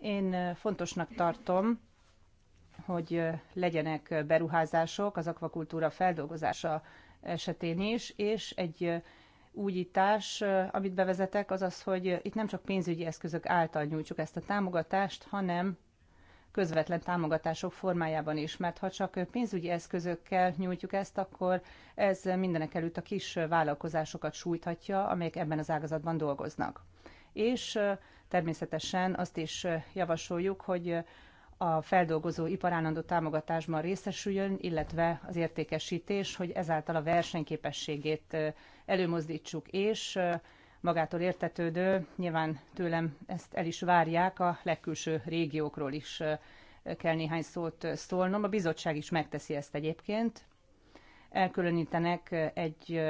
Én fontosnak tartom, hogy legyenek beruházások az akvakultúra feldolgozása esetén is, és egy újítás, amit bevezetek, az az, hogy itt nem csak pénzügyi eszközök által nyújtsuk ezt a támogatást, hanem közvetlen támogatások formájában is, mert ha csak pénzügyi eszközökkel nyújtjuk ezt, akkor ez mindenek előtt a kis vállalkozásokat sújthatja, amelyek ebben az ágazatban dolgoznak. És természetesen azt is javasoljuk, hogy a feldolgozó iparállandó támogatásban részesüljön, illetve az értékesítés, hogy ezáltal a versenyképességét előmozdítsuk, és magától értetődő, nyilván tőlem ezt el is várják, a legkülső régiókról is kell néhány szót szólnom. A bizottság is megteszi ezt egyébként. Elkülönítenek egy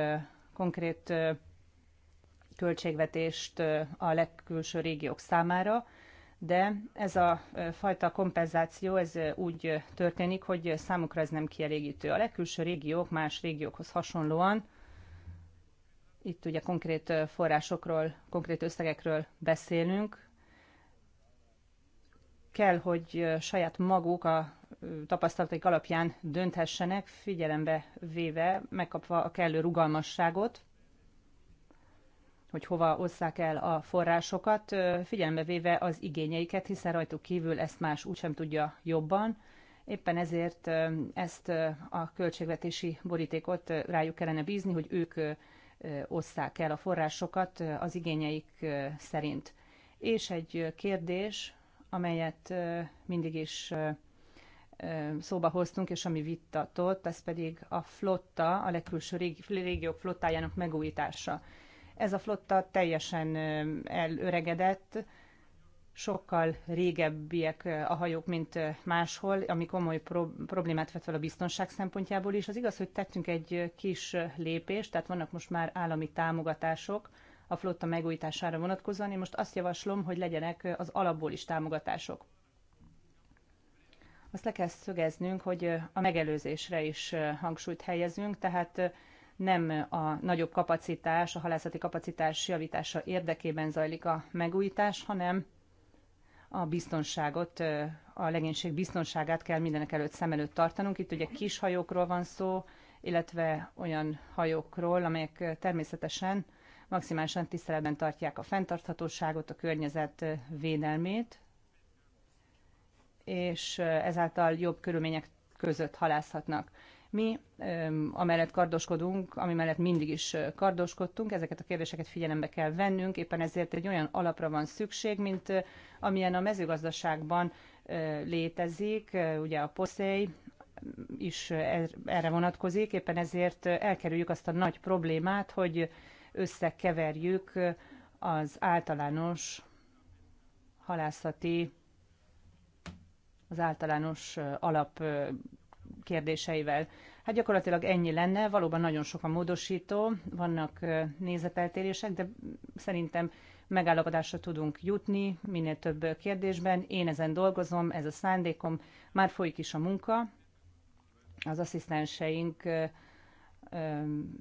konkrét költségvetést a legkülső régiók számára, de ez a fajta kompenzáció ez úgy történik, hogy számukra ez nem kielégítő. A legkülső régiók más régiókhoz hasonlóan itt ugye konkrét forrásokról, konkrét összegekről beszélünk. Kell, hogy saját maguk a tapasztalataik alapján dönthessenek, figyelembe véve, megkapva a kellő rugalmasságot, hogy hova osszák el a forrásokat, figyelembe véve az igényeiket, hiszen rajtuk kívül ezt más úgysem tudja jobban. Éppen ezért ezt a költségvetési borítékot rájuk kellene bízni, hogy ők osszák el a forrásokat az igényeik szerint. És egy kérdés, amelyet mindig is szóba hoztunk, és ami vittatott, ez pedig a flotta, a legkülső régiók flottájának megújítása. Ez a flotta teljesen elöregedett, sokkal régebbiek a hajók, mint máshol, ami komoly pro- problémát vet fel a biztonság szempontjából is. Az igaz, hogy tettünk egy kis lépést, tehát vannak most már állami támogatások a flotta megújítására vonatkozóan. Én most azt javaslom, hogy legyenek az alapból is támogatások. Azt le kell szögeznünk, hogy a megelőzésre is hangsúlyt helyezünk, tehát nem a nagyobb kapacitás, a halászati kapacitás javítása érdekében zajlik a megújítás, hanem a biztonságot, a legénység biztonságát kell mindenek előtt szem előtt tartanunk. Itt ugye kis hajókról van szó, illetve olyan hajókról, amelyek természetesen maximálisan tiszteletben tartják a fenntarthatóságot, a környezet védelmét, és ezáltal jobb körülmények között halászhatnak. Mi amellett kardoskodunk, ami mellett mindig is kardoskodtunk, ezeket a kérdéseket figyelembe kell vennünk, éppen ezért egy olyan alapra van szükség, mint amilyen a mezőgazdaságban létezik, ugye a poszély, mm, is er, erre vonatkozik, éppen ezért elkerüljük azt a nagy problémát, hogy összekeverjük az általános halászati, az általános alap kérdéseivel. Hát gyakorlatilag ennyi lenne, valóban nagyon sok a módosító, vannak nézeteltérések, de szerintem megállapodásra tudunk jutni minél több kérdésben. Én ezen dolgozom, ez a szándékom, már folyik is a munka, az asszisztenseink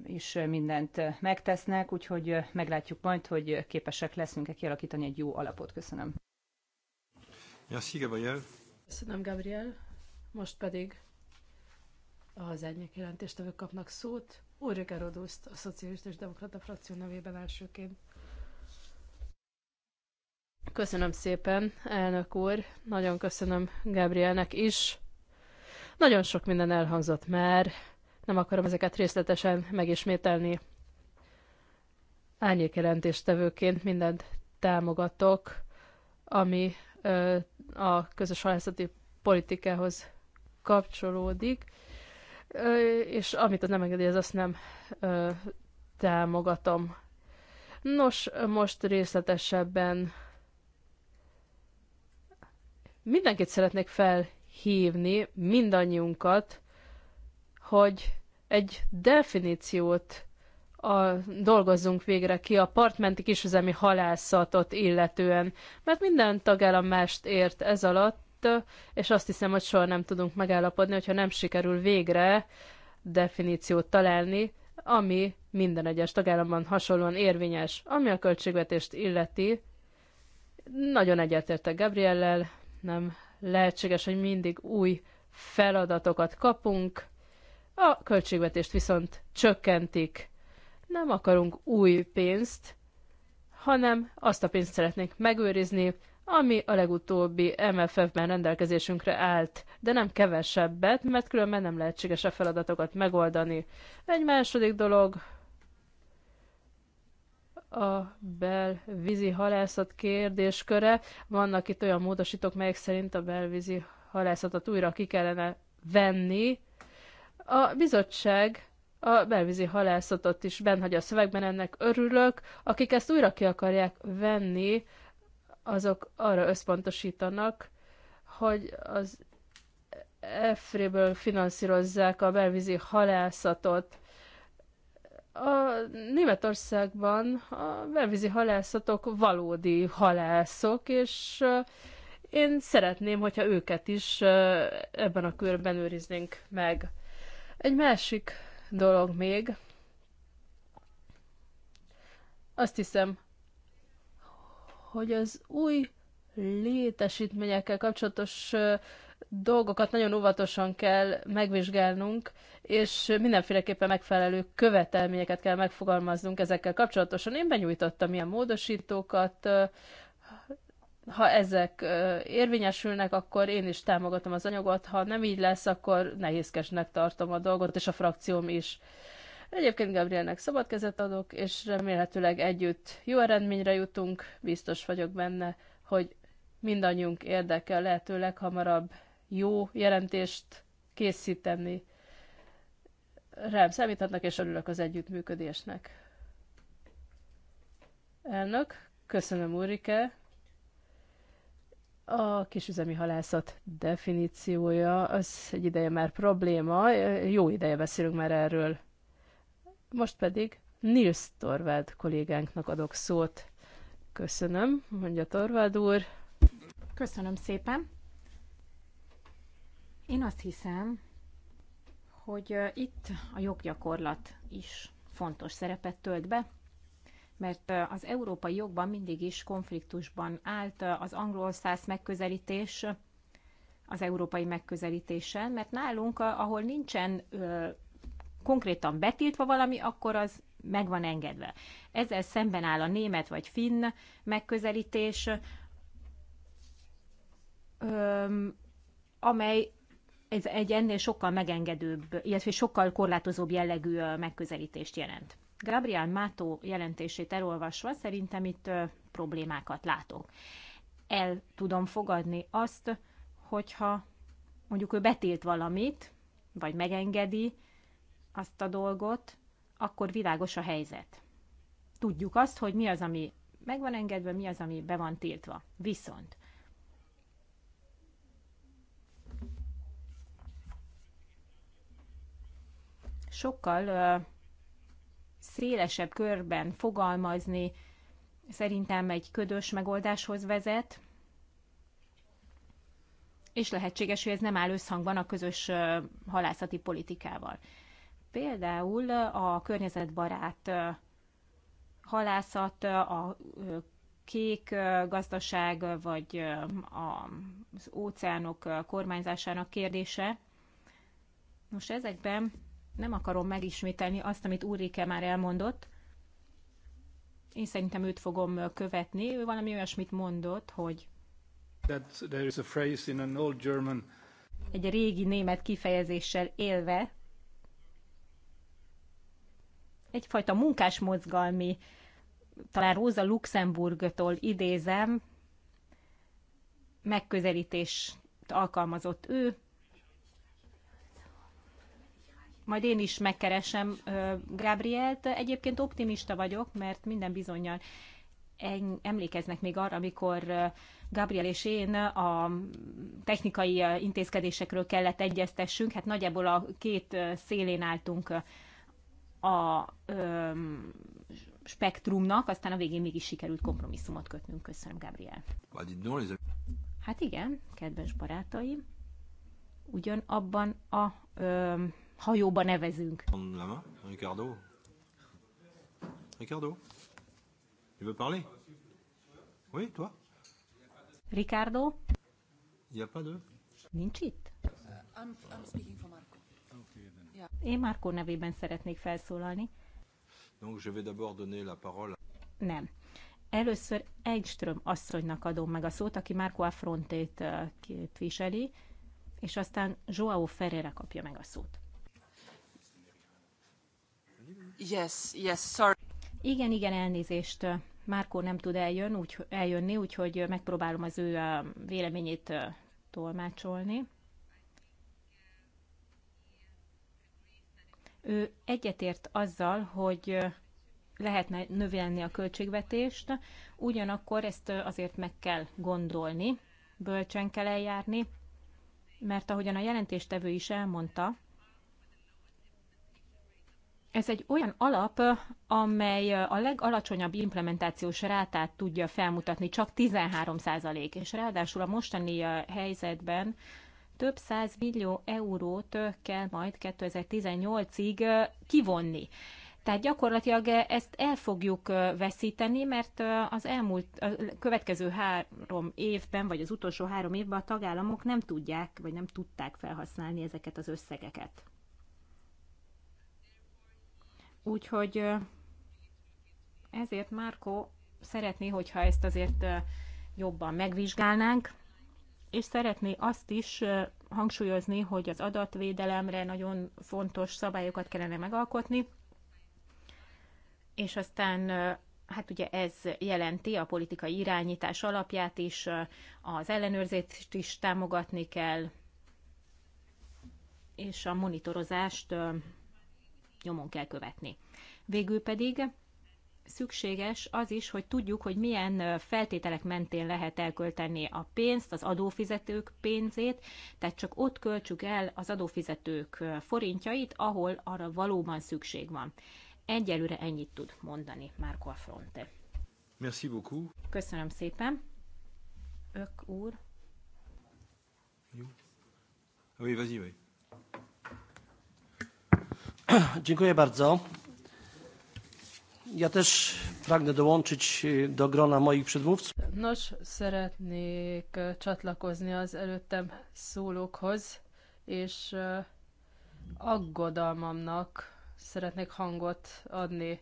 is mindent megtesznek, úgyhogy meglátjuk majd, hogy képesek leszünk-e kialakítani egy jó alapot. Köszönöm. Köszönöm, Gabriel. Most pedig az árnyék jelentéstevők kapnak szót. Ulrike Roduszt, a Szocialista és Demokrata frakció nevében elsőként. Köszönöm szépen, elnök úr. Nagyon köszönöm Gabrielnek is. Nagyon sok minden elhangzott már. Nem akarom ezeket részletesen megismételni. Árnyék jelentéstevőként mindent támogatok, ami ö, a közös halászati politikához kapcsolódik és amit az nem engedélyez, azt nem támogatom. Nos, most részletesebben mindenkit szeretnék felhívni, mindannyiunkat, hogy egy definíciót a, dolgozzunk végre ki a partmenti kisüzemi halászatot illetően, mert minden tagállam mást ért ez alatt, itt, és azt hiszem, hogy soha nem tudunk megállapodni, hogyha nem sikerül végre definíciót találni, ami minden egyes tagállamban hasonlóan érvényes, ami a költségvetést illeti. Nagyon egyetértek Gabriellel, nem lehetséges, hogy mindig új feladatokat kapunk, a költségvetést viszont csökkentik. Nem akarunk új pénzt, hanem azt a pénzt szeretnénk megőrizni, ami a legutóbbi MFF-ben rendelkezésünkre állt, de nem kevesebbet, mert különben nem lehetséges a feladatokat megoldani. Egy második dolog, a belvízi halászat kérdésköre. Vannak itt olyan módosítók, melyek szerint a belvízi halászatot újra ki kellene venni. A bizottság a belvízi halászatot is benhagy a szövegben, ennek örülök. Akik ezt újra ki akarják venni, azok arra összpontosítanak, hogy az EFRI-ből finanszírozzák a belvízi halászatot. A Németországban a belvízi halászatok valódi halászok, és én szeretném, hogyha őket is ebben a körben őriznénk meg. Egy másik dolog még. Azt hiszem, hogy az új létesítményekkel kapcsolatos dolgokat nagyon óvatosan kell megvizsgálnunk, és mindenféleképpen megfelelő követelményeket kell megfogalmaznunk ezekkel kapcsolatosan. Én benyújtottam ilyen módosítókat, ha ezek érvényesülnek, akkor én is támogatom az anyagot, ha nem így lesz, akkor nehézkesnek tartom a dolgot, és a frakcióm is. Egyébként Gabrielnek szabad kezet adok, és remélhetőleg együtt jó eredményre jutunk, biztos vagyok benne, hogy mindannyiunk érdeke lehetőleg hamarabb jó jelentést készíteni. Rám számíthatnak, és örülök az együttműködésnek. Elnök, köszönöm Úrike. A kisüzemi halászat definíciója az egy ideje már probléma, jó ideje beszélünk már erről. Most pedig Nils Torvald kollégánknak adok szót. Köszönöm, mondja Torvald úr. Köszönöm szépen. Én azt hiszem, hogy itt a joggyakorlat is fontos szerepet tölt be, mert az európai jogban mindig is konfliktusban állt az angol száz megközelítés az európai megközelítéssel, mert nálunk, ahol nincsen konkrétan betiltva valami, akkor az meg van engedve. Ezzel szemben áll a német vagy finn megközelítés, amely ez egy ennél sokkal megengedőbb, illetve sokkal korlátozóbb jellegű megközelítést jelent. Gabriel Mátó jelentését elolvasva szerintem itt problémákat látok. El tudom fogadni azt, hogyha mondjuk ő betilt valamit, vagy megengedi, azt a dolgot, akkor világos a helyzet. Tudjuk azt, hogy mi az, ami meg van engedve, mi az, ami be van tiltva. Viszont sokkal ö, szélesebb körben fogalmazni szerintem egy ködös megoldáshoz vezet, és lehetséges, hogy ez nem áll összhangban a közös halászati politikával. Például a környezetbarát halászat, a kék gazdaság, vagy az óceánok kormányzásának kérdése. Most ezekben nem akarom megismételni azt, amit Úrike már elmondott. Én szerintem őt fogom követni. Ő valami olyasmit mondott, hogy That there is a phrase in an old German. egy régi német kifejezéssel élve, egyfajta munkásmozgalmi, talán Róza Luxemburgtól idézem, megközelítést alkalmazott ő. Majd én is megkeresem Gabrielt. Egyébként optimista vagyok, mert minden bizonyal emlékeznek még arra, amikor Gabriel és én a technikai intézkedésekről kellett egyeztessünk, hát nagyjából a két szélén álltunk a öm, spektrumnak, aztán a végén mégis sikerült kompromisszumot kötnünk. Köszönöm, Gabriel. Hát igen, kedves barátaim, ugyan abban a öm, hajóba nevezünk. Ricardo? Ricardo? Tu veux parler? Oui, toi? Ricardo? Il n'y a pas de... Nincs itt? Uh, I'm, I'm speaking for Marco. Én Márkó nevében szeretnék felszólalni. Donc, je vais d'abord donner la parole. Nem. Először Egyström asszonynak adom meg a szót, aki Márkó Afrontét képviseli, és aztán Joao Ferreira kapja meg a szót. Yes, yes, sorry. Igen, igen, elnézést. Márkó nem tud eljön, úgy, eljönni, úgyhogy megpróbálom az ő véleményét tolmácsolni. Ő egyetért azzal, hogy lehetne növelni a költségvetést, ugyanakkor ezt azért meg kell gondolni, bölcsen kell eljárni, mert ahogyan a jelentéstevő is elmondta, ez egy olyan alap, amely a legalacsonyabb implementációs rátát tudja felmutatni, csak 13 százalék, és ráadásul a mostani helyzetben több száz millió eurót kell majd 2018-ig kivonni. Tehát gyakorlatilag ezt el fogjuk veszíteni, mert az elmúlt a következő három évben, vagy az utolsó három évben a tagállamok nem tudják, vagy nem tudták felhasználni ezeket az összegeket. Úgyhogy ezért Márko szeretné, hogyha ezt azért jobban megvizsgálnánk és szeretné azt is hangsúlyozni, hogy az adatvédelemre nagyon fontos szabályokat kellene megalkotni, és aztán hát ugye ez jelenti a politikai irányítás alapját is, az ellenőrzést is támogatni kell, és a monitorozást nyomon kell követni. Végül pedig szükséges az is, hogy tudjuk, hogy milyen feltételek mentén lehet elkölteni a pénzt, az adófizetők pénzét, tehát csak ott költsük el az adófizetők forintjait, ahol arra valóban szükség van. Egyelőre ennyit tud mondani Marco Affronte. Merci beaucoup. Köszönöm szépen. Ök úr. Jó. Ah oui, vas-y, oui. Dziękuję bardzo. Ja też pragnę dołączyć do grona moich przedmówców. Nos, szeretnék e, csatlakozni az előttem szólókhoz, és e, aggodalmamnak szeretnék hangot adni.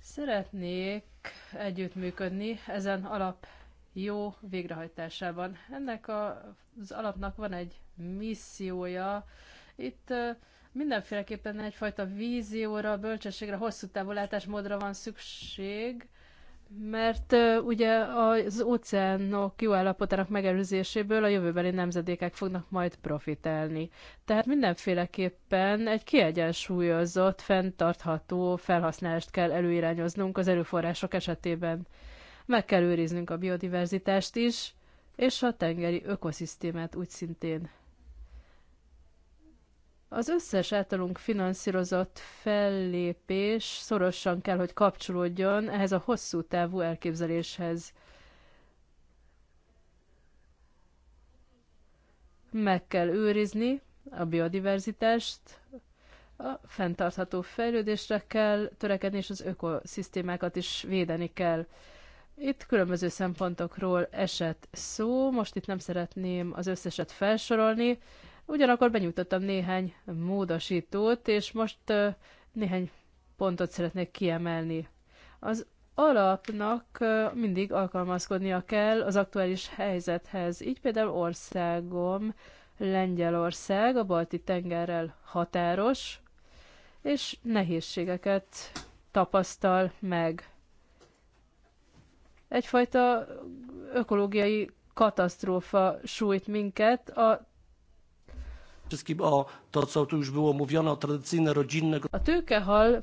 Szeretnék együttműködni ezen alap jó végrehajtásában. Ennek az alapnak van egy missziója. Itt e, Mindenféleképpen egyfajta vízióra, bölcsességre, hosszú távú látásmódra van szükség, mert ugye az óceánok jó állapotának megelőzéséből a jövőbeli nemzedékek fognak majd profitálni. Tehát mindenféleképpen egy kiegyensúlyozott, fenntartható felhasználást kell előirányoznunk az erőforrások esetében. Meg kell őriznünk a biodiverzitást is, és a tengeri ökoszisztémát úgy szintén. Az összes általunk finanszírozott fellépés szorosan kell, hogy kapcsolódjon ehhez a hosszú távú elképzeléshez. Meg kell őrizni a biodiverzitást, a fenntartható fejlődésre kell törekedni, és az ökoszisztémákat is védeni kell. Itt különböző szempontokról esett szó, most itt nem szeretném az összeset felsorolni, Ugyanakkor benyújtottam néhány módosítót, és most néhány pontot szeretnék kiemelni. Az alapnak mindig alkalmazkodnia kell az aktuális helyzethez. Így például országom, Lengyelország a balti tengerrel határos, és nehézségeket tapasztal meg. Egyfajta ökológiai katasztrófa sújt minket, a wszystkim o to, co tu już było mówione, o tradycyjne, rodzinne. A tőkehal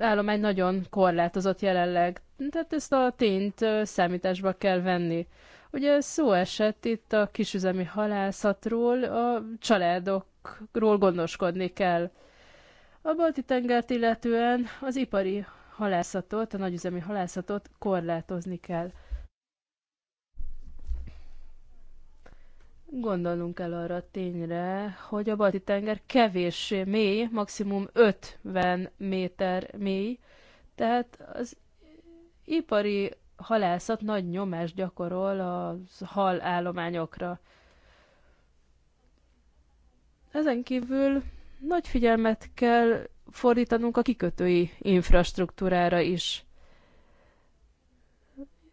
állomány nagyon korlátozott jelenleg, tehát ezt a tényt számításba kell venni. Ugye szó esett itt a kisüzemi halászatról, a családokról gondoskodni kell. A balti tengert illetően az ipari halászatot, a nagyüzemi halászatot korlátozni kell. Gondolnunk kell arra a tényre, hogy a balti tenger kevéssé mély, maximum 50 méter mély, tehát az ipari halászat nagy nyomást gyakorol a hal állományokra. Ezen kívül nagy figyelmet kell fordítanunk a kikötői infrastruktúrára is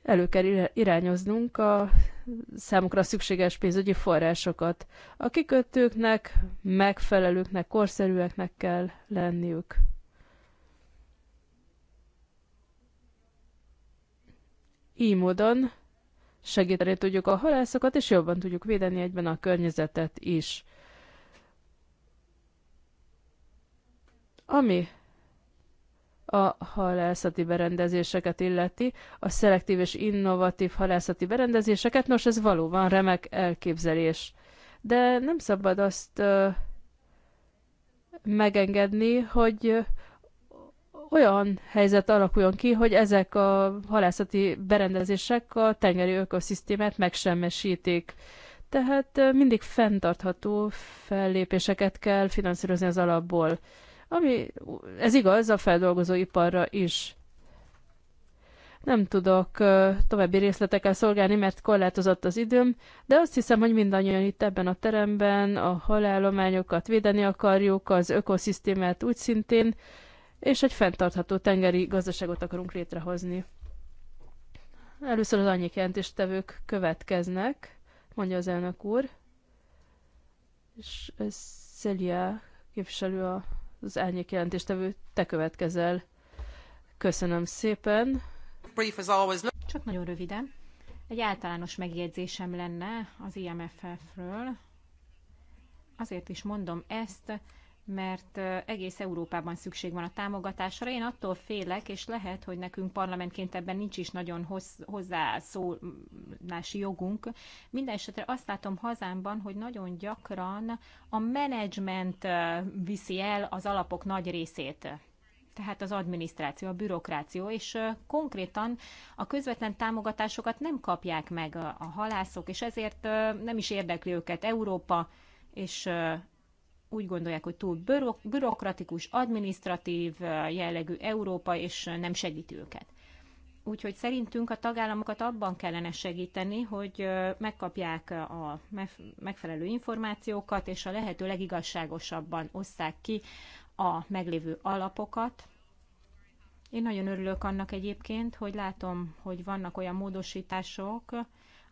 elő kell irányoznunk a számukra szükséges pénzügyi forrásokat. A kikötőknek, megfelelőknek, korszerűeknek kell lenniük. Így módon segíteni tudjuk a halászokat, és jobban tudjuk védeni egyben a környezetet is. Ami a halászati berendezéseket illeti, a szelektív és innovatív halászati berendezéseket. Nos, ez valóban remek elképzelés. De nem szabad azt megengedni, hogy olyan helyzet alakuljon ki, hogy ezek a halászati berendezések a tengeri ökoszisztémát megsemmisítik. Tehát mindig fenntartható fellépéseket kell finanszírozni az alapból. Ami, ez igaz a feldolgozóiparra is. Nem tudok további részletekkel szolgálni, mert korlátozott az időm, de azt hiszem, hogy mindannyian itt ebben a teremben a halállományokat védeni akarjuk, az ökoszisztémát úgy szintén, és egy fenntartható tengeri gazdaságot akarunk létrehozni. Először az annyi jelentéstevők következnek, mondja az elnök úr, és Celia képviselő a az elnyék jelentéstevő, te következel. Köszönöm szépen. Csak nagyon röviden. Egy általános megjegyzésem lenne az IMFF-ről. Azért is mondom ezt, mert egész Európában szükség van a támogatásra. Én attól félek, és lehet, hogy nekünk parlamentként ebben nincs is nagyon hozzászólási jogunk. Mindenesetre azt látom hazámban, hogy nagyon gyakran a menedzsment viszi el az alapok nagy részét tehát az adminisztráció, a bürokráció, és konkrétan a közvetlen támogatásokat nem kapják meg a halászok, és ezért nem is érdekli őket Európa, és úgy gondolják, hogy túl bürokratikus, adminisztratív jellegű Európa, és nem segít őket. Úgyhogy szerintünk a tagállamokat abban kellene segíteni, hogy megkapják a megfelelő információkat, és a lehető legigazságosabban osszák ki a meglévő alapokat. Én nagyon örülök annak egyébként, hogy látom, hogy vannak olyan módosítások,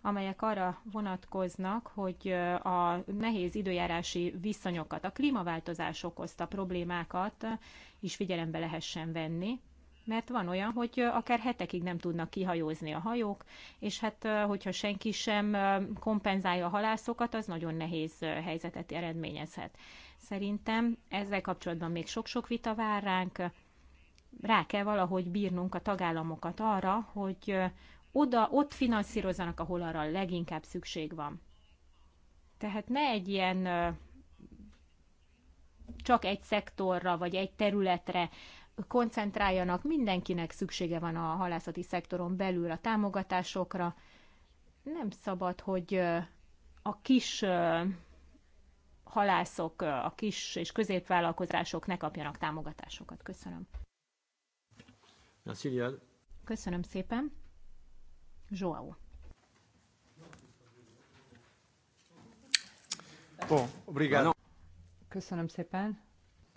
amelyek arra vonatkoznak, hogy a nehéz időjárási viszonyokat, a klímaváltozás okozta problémákat is figyelembe lehessen venni, mert van olyan, hogy akár hetekig nem tudnak kihajózni a hajók, és hát hogyha senki sem kompenzálja a halászokat, az nagyon nehéz helyzetet eredményezhet. Szerintem ezzel kapcsolatban még sok-sok vita vár ránk, rá kell valahogy bírnunk a tagállamokat arra, hogy oda, ott finanszírozzanak, ahol arra leginkább szükség van. Tehát ne egy ilyen csak egy szektorra vagy egy területre koncentráljanak, mindenkinek szüksége van a halászati szektoron belül a támogatásokra. Nem szabad, hogy a kis halászok, a kis és középvállalkozások ne kapjanak támogatásokat. Köszönöm. Köszönöm szépen. Joao. Köszönöm szépen.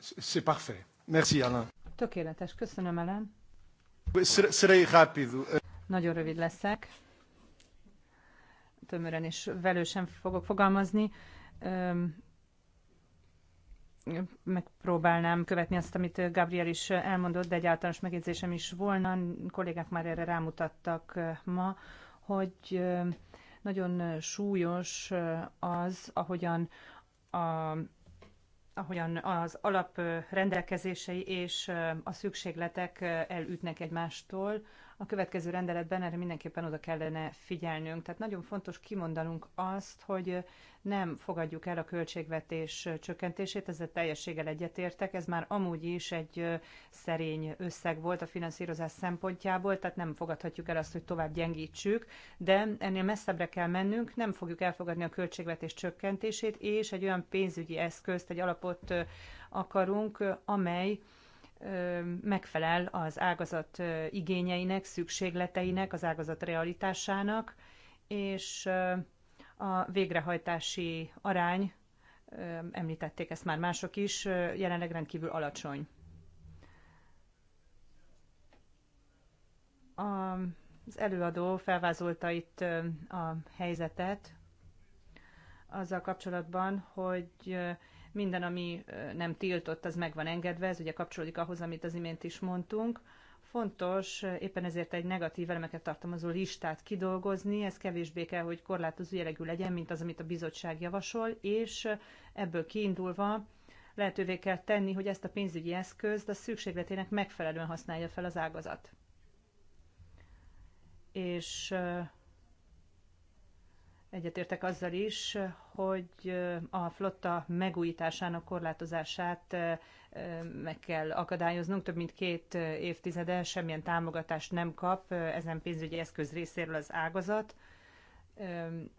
C'est parfait. Merci, Alain. Tökéletes. Köszönöm, Alain. Serei rápido. Nagyon rövid leszek. Tömören és velősen fogok fogalmazni megpróbálnám követni azt, amit Gabriel is elmondott, de egy általános megjegyzésem is volna. Kollégák már erre rámutattak eh, ma, hogy eh, nagyon eh, súlyos az, ahogyan a ahogyan az alap rendelkezései és a szükségletek elütnek egymástól, a következő rendeletben erre mindenképpen oda kellene figyelnünk. Tehát nagyon fontos kimondanunk azt, hogy nem fogadjuk el a költségvetés csökkentését, ezzel teljességgel egyetértek, ez már amúgy is egy szerény összeg volt a finanszírozás szempontjából, tehát nem fogadhatjuk el azt, hogy tovább gyengítsük, de ennél messzebbre kell mennünk, nem fogjuk elfogadni a költségvetés csökkentését, és egy olyan pénzügyi eszközt, egy alapot akarunk, amely megfelel az ágazat igényeinek, szükségleteinek, az ágazat realitásának, és a végrehajtási arány, említették ezt már mások is, jelenleg rendkívül alacsony. Az előadó felvázolta itt a helyzetet azzal kapcsolatban, hogy minden, ami nem tiltott, az meg van engedve, ez ugye kapcsolódik ahhoz, amit az imént is mondtunk. Fontos éppen ezért egy negatív elemeket tartalmazó listát kidolgozni, ez kevésbé kell, hogy korlátozó jellegű legyen, mint az, amit a bizottság javasol, és ebből kiindulva lehetővé kell tenni, hogy ezt a pénzügyi eszközt a szükségletének megfelelően használja fel az ágazat. És Egyetértek azzal is, hogy a flotta megújításának korlátozását meg kell akadályoznunk. Több mint két évtizede semmilyen támogatást nem kap ezen pénzügyi eszköz részéről az ágazat,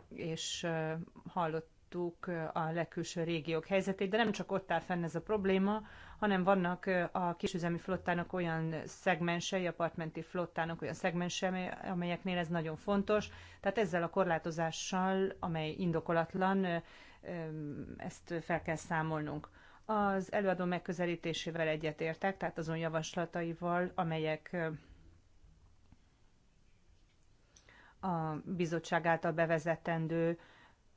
és hallottuk a legkülső régiók helyzetét, de nem csak ott áll fenn ez a probléma, hanem vannak a kisüzemi flottának olyan szegmensei, apartmenti flottának olyan szegmensei, amelyeknél ez nagyon fontos. Tehát ezzel a korlátozással, amely indokolatlan, ezt fel kell számolnunk. Az előadó megközelítésével egyetértek, tehát azon javaslataival, amelyek a bizottság által bevezetendő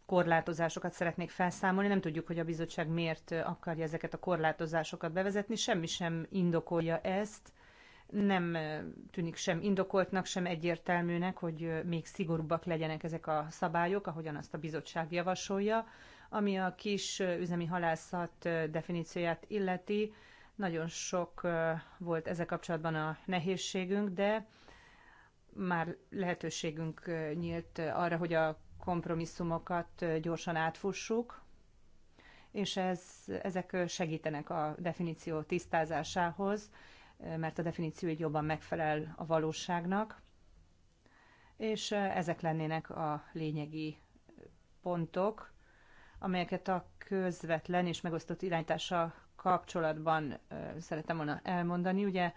korlátozásokat szeretnék felszámolni. Nem tudjuk, hogy a bizottság miért akarja ezeket a korlátozásokat bevezetni. Semmi sem indokolja ezt. Nem tűnik sem indokoltnak, sem egyértelműnek, hogy még szigorúbbak legyenek ezek a szabályok, ahogyan azt a bizottság javasolja. Ami a kis üzemi halászat definícióját illeti, nagyon sok volt ezzel kapcsolatban a nehézségünk, de már lehetőségünk nyílt arra, hogy a kompromisszumokat gyorsan átfussuk, és ez, ezek segítenek a definíció tisztázásához, mert a definíció így jobban megfelel a valóságnak, és ezek lennének a lényegi pontok, amelyeket a közvetlen és megosztott iránytása kapcsolatban szeretem volna elmondani. Ugye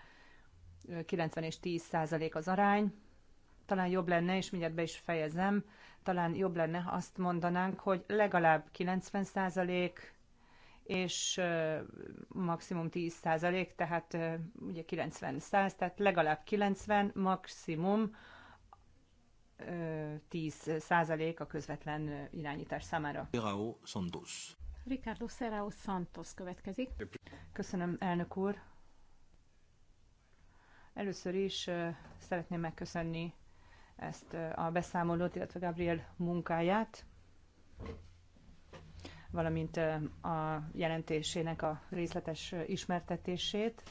90 és 10 százalék az arány, talán jobb lenne, és mindjárt be is fejezem, talán jobb lenne, ha azt mondanánk, hogy legalább 90 százalék és maximum 10 százalék, tehát ugye 90 száz, tehát legalább 90, maximum 10 százalék a közvetlen irányítás számára. Serrao Santos. Ricardo Serrao Santos következik. Köszönöm, elnök úr. Először is szeretném megköszönni ezt a beszámolót, illetve Gabriel munkáját, valamint a jelentésének a részletes ismertetését,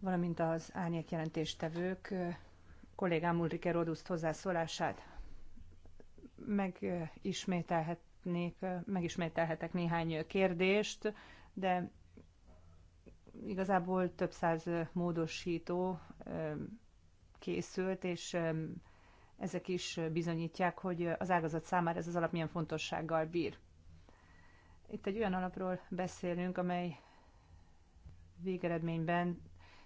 valamint az árnyék jelentéstevők kollégám Ulrike Roduszt hozzászólását. Megismételhetnék, megismételhetek néhány kérdést, de igazából több száz módosító készült, és ezek is bizonyítják, hogy az ágazat számára ez az alap milyen fontossággal bír. Itt egy olyan alapról beszélünk, amely végeredményben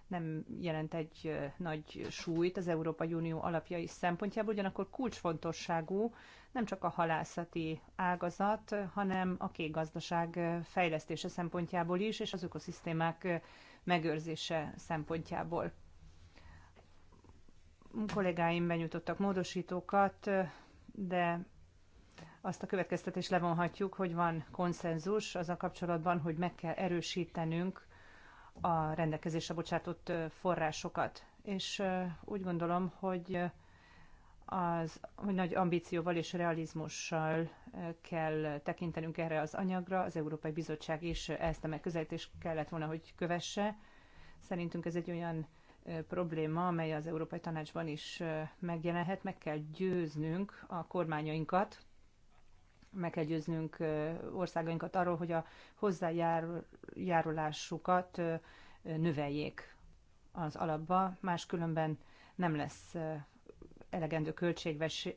nem jelent egy nagy súlyt az Európai Unió alapjai szempontjából, ugyanakkor kulcsfontosságú nem csak a halászati ágazat, hanem a kék gazdaság fejlesztése szempontjából is, és az ökoszisztémák megőrzése szempontjából kollégáim benyújtottak módosítókat, de azt a következtetést levonhatjuk, hogy van konszenzus az a kapcsolatban, hogy meg kell erősítenünk a rendelkezésre bocsátott forrásokat. És úgy gondolom, hogy az, hogy nagy ambícióval és realizmussal kell tekintenünk erre az anyagra. Az Európai Bizottság is ezt a megközelítést kellett volna, hogy kövesse. Szerintünk ez egy olyan probléma, amely az Európai Tanácsban is megjelenhet. Meg kell győznünk a kormányainkat, meg kell győznünk országainkat arról, hogy a hozzájárulásukat növeljék az alapba, máskülönben nem lesz elegendő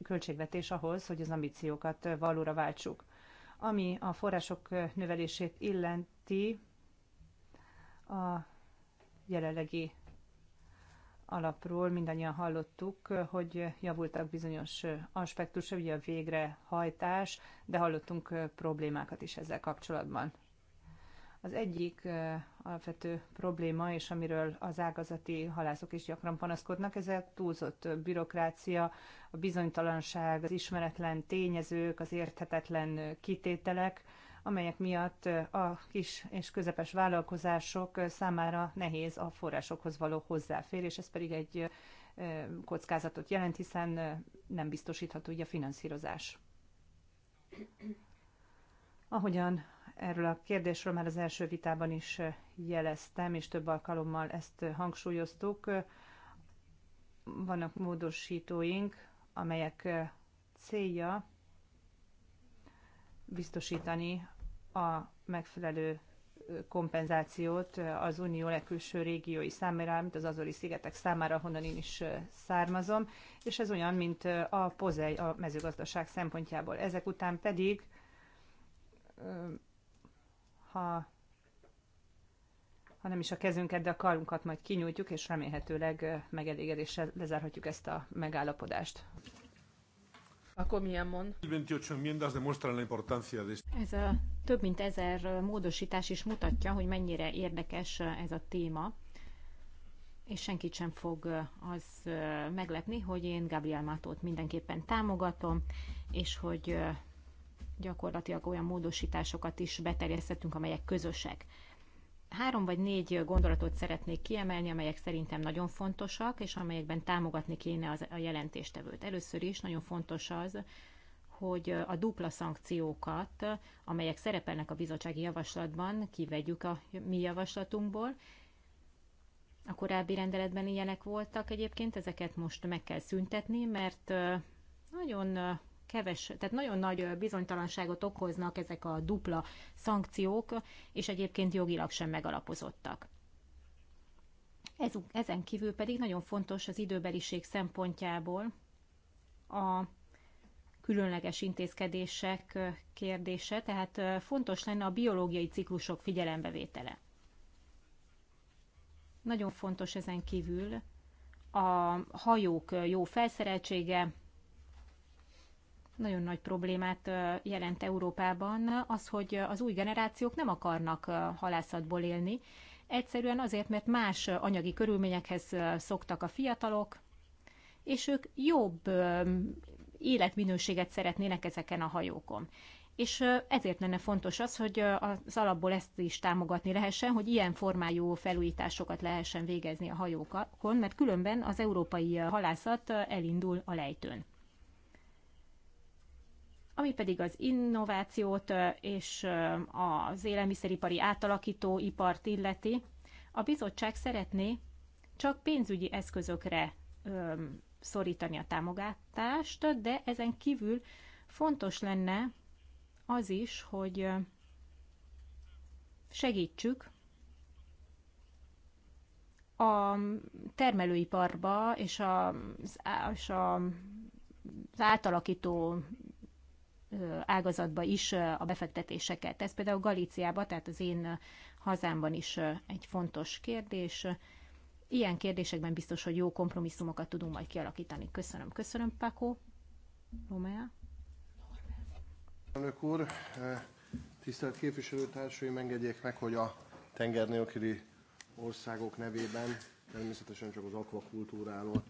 költségvetés ahhoz, hogy az ambíciókat valóra váltsuk. Ami a források növelését illeti, a jelenlegi alapról mindannyian hallottuk, hogy javultak bizonyos aspektus, ugye a végrehajtás, de hallottunk problémákat is ezzel kapcsolatban. Az egyik alapvető probléma, és amiről az ágazati halászok is gyakran panaszkodnak, ez a túlzott bürokrácia, a bizonytalanság, az ismeretlen tényezők, az érthetetlen kitételek, amelyek miatt a kis és közepes vállalkozások számára nehéz a forrásokhoz való hozzáférés, ez pedig egy kockázatot jelent, hiszen nem biztosítható a finanszírozás. Ahogyan erről a kérdésről már az első vitában is jeleztem, és több alkalommal ezt hangsúlyoztuk, vannak módosítóink, amelyek célja biztosítani a megfelelő kompenzációt az unió legkülső régiói számára, mint az Azori szigetek számára, honnan én is származom, és ez olyan, mint a pozei a mezőgazdaság szempontjából. Ezek után pedig, ha, ha nem is a kezünket, de a karunkat majd kinyújtjuk, és remélhetőleg megelégedéssel lezárhatjuk ezt a megállapodást a Comiamon. Ez a több mint ezer módosítás is mutatja, hogy mennyire érdekes ez a téma, és senkit sem fog az meglepni, hogy én Gabriel Mátót mindenképpen támogatom, és hogy gyakorlatilag olyan módosításokat is beterjesztettünk, amelyek közösek három vagy négy gondolatot szeretnék kiemelni, amelyek szerintem nagyon fontosak, és amelyekben támogatni kéne az, a jelentéstevőt. Először is nagyon fontos az, hogy a dupla szankciókat, amelyek szerepelnek a bizottsági javaslatban, kivegyük a mi javaslatunkból. A korábbi rendeletben ilyenek voltak egyébként, ezeket most meg kell szüntetni, mert nagyon keves, tehát nagyon nagy bizonytalanságot okoznak ezek a dupla szankciók, és egyébként jogilag sem megalapozottak. Ez, ezen kívül pedig nagyon fontos az időbeliség szempontjából a különleges intézkedések kérdése, tehát fontos lenne a biológiai ciklusok figyelembevétele. Nagyon fontos ezen kívül a hajók jó felszereltsége, nagyon nagy problémát jelent Európában az, hogy az új generációk nem akarnak halászatból élni. Egyszerűen azért, mert más anyagi körülményekhez szoktak a fiatalok, és ők jobb életminőséget szeretnének ezeken a hajókon. És ezért lenne fontos az, hogy az alapból ezt is támogatni lehessen, hogy ilyen formájú felújításokat lehessen végezni a hajókon, mert különben az európai halászat elindul a lejtőn ami pedig az innovációt és az élelmiszeripari átalakító ipart illeti, a bizottság szeretné csak pénzügyi eszközökre szorítani a támogatást, de ezen kívül fontos lenne az is, hogy segítsük a termelőiparba és és a az átalakító ágazatba is a befektetéseket. Ez például Galíciában, tehát az én hazámban is egy fontos kérdés. Ilyen kérdésekben biztos, hogy jó kompromisszumokat tudunk majd kialakítani. Köszönöm, köszönöm, Paco. Romea. Elnök úr, tisztelt képviselőtársaim, engedjék meg, hogy a tenger nélküli országok nevében természetesen csak az akvakultúráról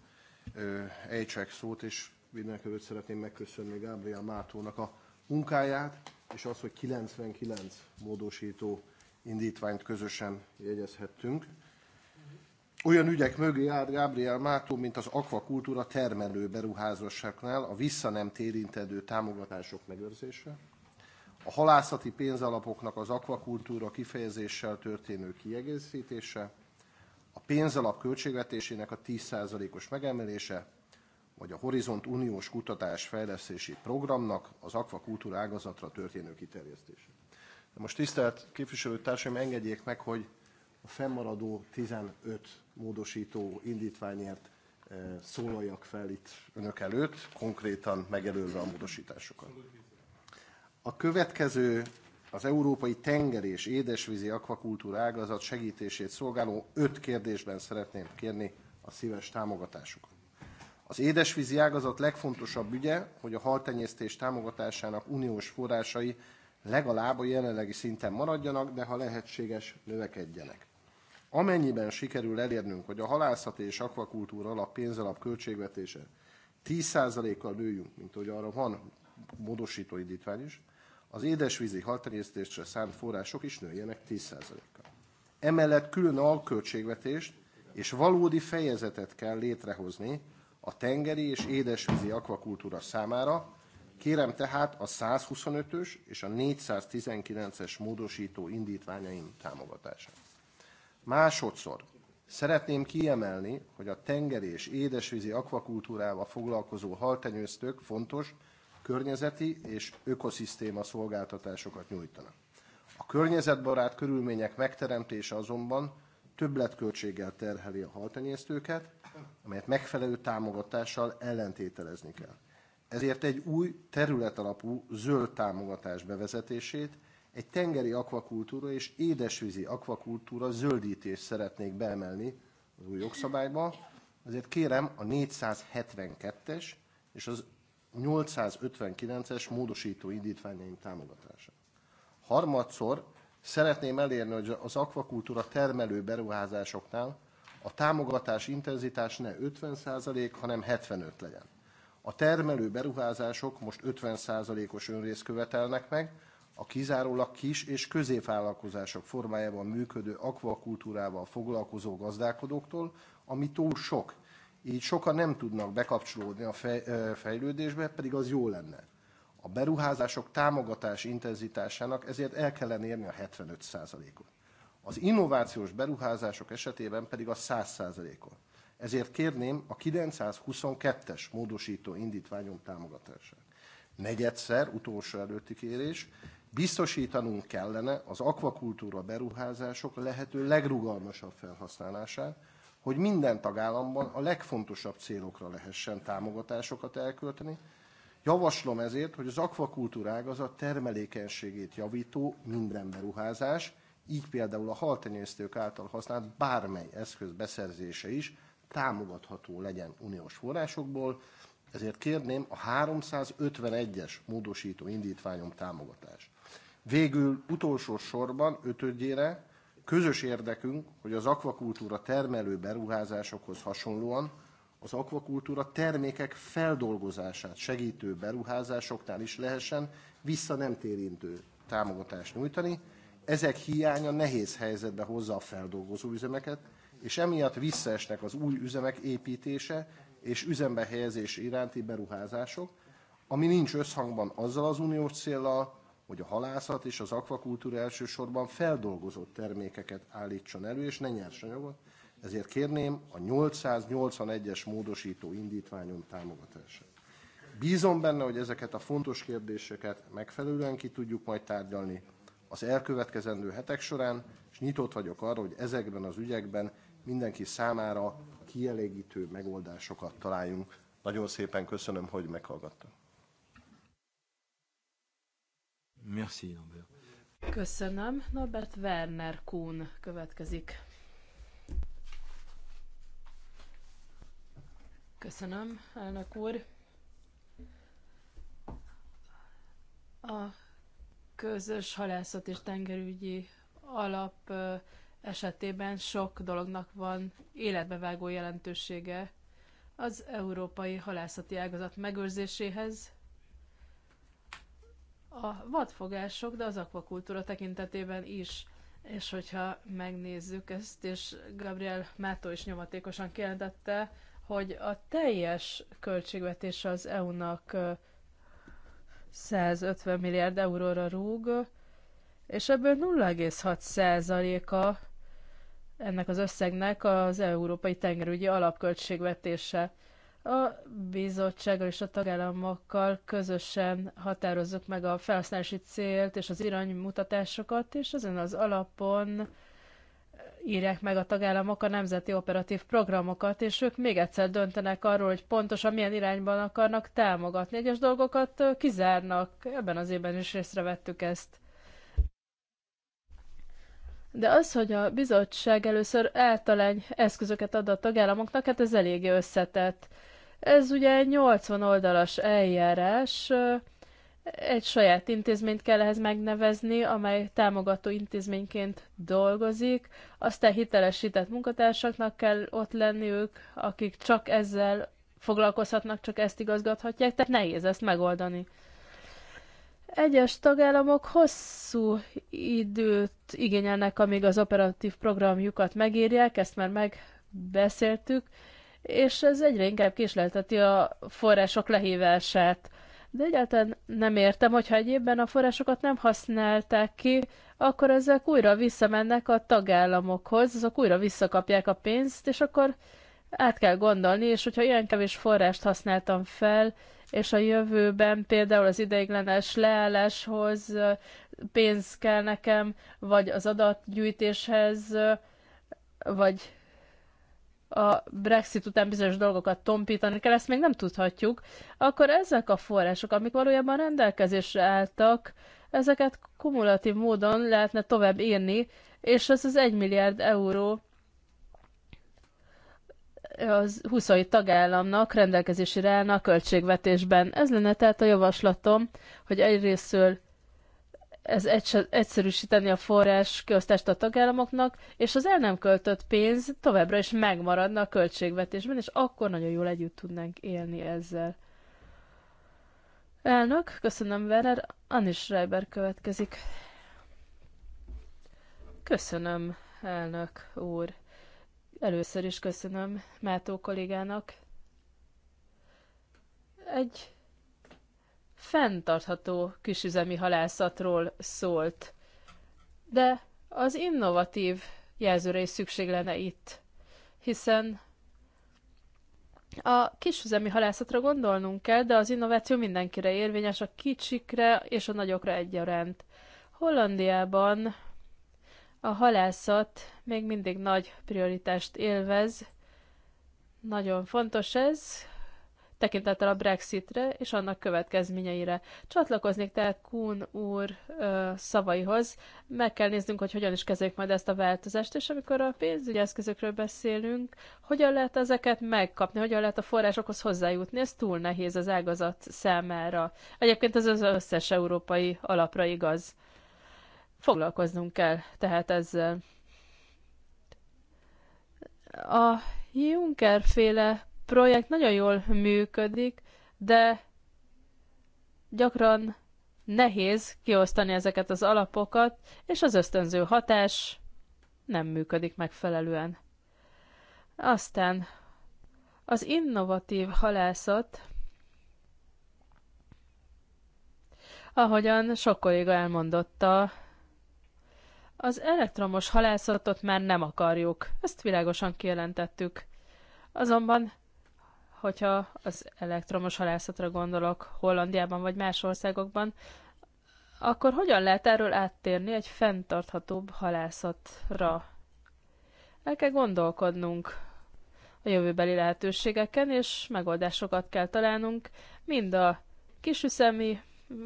ejtsek szót, és mindenek előtt szeretném megköszönni Gábriel Mátónak a munkáját, és az, hogy 99 módosító indítványt közösen jegyezhettünk. Olyan ügyek mögé állt Gábriel Mátó, mint az akvakultúra termelő beruházásoknál a vissza nem térintedő támogatások megőrzése, a halászati pénzalapoknak az akvakultúra kifejezéssel történő kiegészítése, a pénzalap költségvetésének a 10%-os megemelése, vagy a Horizont Uniós Kutatás Fejlesztési Programnak az akvakultúra ágazatra történő kiterjesztése. De most tisztelt képviselőtársaim, engedjék meg, hogy a fennmaradó 15 módosító indítványért eh, szólaljak fel itt önök előtt, konkrétan megelőzve a módosításokat. A következő az Európai Tenger és Édesvízi Akvakultúra Ágazat segítését szolgáló öt kérdésben szeretném kérni a szíves támogatásukat. Az édesvízi ágazat legfontosabb ügye, hogy a haltenyésztés támogatásának uniós forrásai legalább a jelenlegi szinten maradjanak, de ha lehetséges, növekedjenek. Amennyiben sikerül elérnünk, hogy a halászati és akvakultúra alap pénzalap költségvetése 10%-kal nőjünk, mint hogy arra van módosító indítvány is, az édesvízi haltenyésztésre szánt források is nőjenek 10%-kal. Emellett külön alköltségvetést és valódi fejezetet kell létrehozni a tengeri és édesvízi akvakultúra számára, kérem tehát a 125-ös és a 419-es módosító indítványaim támogatását. Másodszor szeretném kiemelni, hogy a tengeri és édesvízi akvakultúrával foglalkozó haltenyésztők fontos környezeti és ökoszisztéma szolgáltatásokat nyújtanak. A környezetbarát körülmények megteremtése azonban többletköltséggel terheli a haltenyésztőket, amelyet megfelelő támogatással ellentételezni kell. Ezért egy új területalapú zöld támogatás bevezetését, egy tengeri akvakultúra és édesvízi akvakultúra zöldítést szeretnék beemelni az új jogszabályba, ezért kérem a 472-es és az 859-es módosító indítványaim támogatását. Harmadszor Szeretném elérni, hogy az akvakultúra termelő beruházásoknál a támogatás intenzitás ne 50%, hanem 75 legyen. A termelő beruházások most 50%-os önrészt követelnek meg, a kizárólag kis és középvállalkozások formájában működő akvakultúrával foglalkozó gazdálkodóktól, ami túl sok. Így sokan nem tudnak bekapcsolódni a fejlődésbe, pedig az jó lenne a beruházások támogatás intenzitásának, ezért el kellene érni a 75%-ot. Az innovációs beruházások esetében pedig a 100%-ot. Ezért kérném a 922-es módosító indítványom támogatását. Negyedszer, utolsó előtti kérés, biztosítanunk kellene az akvakultúra beruházások lehető legrugalmasabb felhasználását, hogy minden tagállamban a legfontosabb célokra lehessen támogatásokat elkölteni, Javaslom ezért, hogy az akvakultúra ágazat termelékenységét javító minden beruházás, így például a haltenyésztők által használt bármely eszköz beszerzése is támogatható legyen uniós forrásokból, ezért kérném a 351-es módosító indítványom támogatást. Végül utolsó sorban ötödjére közös érdekünk, hogy az akvakultúra termelő beruházásokhoz hasonlóan az akvakultúra termékek feldolgozását segítő beruházásoknál is lehessen vissza nem térintő támogatást nyújtani. Ezek hiánya nehéz helyzetbe hozza a feldolgozó üzemeket, és emiatt visszaesnek az új üzemek építése és üzembe helyezés iránti beruházások, ami nincs összhangban azzal az uniós céllal, hogy a halászat és az akvakultúra elsősorban feldolgozott termékeket állítson elő, és ne nyersanyagot, ezért kérném a 881-es módosító indítványom támogatását. Bízom benne, hogy ezeket a fontos kérdéseket megfelelően ki tudjuk majd tárgyalni az elkövetkezendő hetek során, és nyitott vagyok arra, hogy ezekben az ügyekben mindenki számára kielégítő megoldásokat találjunk. Nagyon szépen köszönöm, hogy meghallgattam. Merci, Norbert. Köszönöm. Norbert Werner Kuhn következik. Köszönöm, elnök úr. A közös halászat és tengerügyi alap esetében sok dolognak van életbevágó jelentősége az európai halászati ágazat megőrzéséhez, a vadfogások, de az akvakultúra tekintetében is. És hogyha megnézzük ezt, és Gabriel Mátó is nyomatékosan kijelentette, hogy a teljes költségvetés az EU-nak 150 milliárd euróra rúg, és ebből 0,6%-a ennek az összegnek az Európai Tengerügyi Alapköltségvetése. A bizottsággal és a tagállamokkal közösen határozzuk meg a felhasználási célt és az iránymutatásokat, és ezen az alapon írják meg a tagállamok a nemzeti operatív programokat, és ők még egyszer döntenek arról, hogy pontosan milyen irányban akarnak támogatni. Egyes dolgokat kizárnak, ebben az évben is észrevettük ezt. De az, hogy a bizottság először általány eszközöket ad a tagállamoknak, hát ez eléggé összetett. Ez ugye egy 80 oldalas eljárás, egy saját intézményt kell ehhez megnevezni, amely támogató intézményként dolgozik, aztán hitelesített munkatársaknak kell ott lenniük, akik csak ezzel foglalkozhatnak, csak ezt igazgathatják, tehát nehéz ezt megoldani. Egyes tagállamok hosszú időt igényelnek, amíg az operatív programjukat megírják, ezt már megbeszéltük, és ez egyre inkább késlelteti a források lehívását de egyáltalán nem értem, hogyha egyébben a forrásokat nem használták ki, akkor ezek újra visszamennek a tagállamokhoz, azok újra visszakapják a pénzt, és akkor át kell gondolni, és hogyha ilyen kevés forrást használtam fel, és a jövőben például az ideiglenes leálláshoz pénz kell nekem, vagy az adatgyűjtéshez, vagy a Brexit után bizonyos dolgokat tompítani kell, ezt még nem tudhatjuk, akkor ezek a források, amik valójában rendelkezésre álltak, ezeket kumulatív módon lehetne tovább írni, és ez az 1 milliárd euró az 27 tagállamnak rendelkezésére állna a költségvetésben. Ez lenne tehát a javaslatom, hogy egyrésztől ez egyszerűsíteni a forrás kiosztást a tagállamoknak, és az el nem költött pénz továbbra is megmaradna a költségvetésben, és akkor nagyon jól együtt tudnánk élni ezzel. Elnök, köszönöm Werner, Anis Schreiber következik. Köszönöm, elnök úr. Először is köszönöm Mátó kollégának. Egy fenntartható kisüzemi halászatról szólt. De az innovatív jelzőre is szükség lenne itt, hiszen a kisüzemi halászatra gondolnunk kell, de az innováció mindenkire érvényes, a kicsikre és a nagyokra egyaránt. Hollandiában a halászat még mindig nagy prioritást élvez. Nagyon fontos ez, tekintettel a Brexitre és annak következményeire. Csatlakoznék te Kuhn úr ö, szavaihoz. Meg kell néznünk, hogy hogyan is kezeljük majd ezt a változást, és amikor a pénzügyi eszközökről beszélünk, hogyan lehet ezeket megkapni, hogyan lehet a forrásokhoz hozzájutni, ez túl nehéz az ágazat számára. Egyébként ez az összes európai alapra igaz. Foglalkoznunk kell tehát ezzel. A Juncker féle projekt nagyon jól működik, de gyakran nehéz kiosztani ezeket az alapokat, és az ösztönző hatás nem működik megfelelően. Aztán az innovatív halászat, ahogyan sok kolléga elmondotta, az elektromos halászatot már nem akarjuk, ezt világosan kijelentettük. Azonban hogyha az elektromos halászatra gondolok Hollandiában vagy más országokban, akkor hogyan lehet erről áttérni egy fenntarthatóbb halászatra? El kell gondolkodnunk a jövőbeli lehetőségeken, és megoldásokat kell találnunk, mind a kisüzemi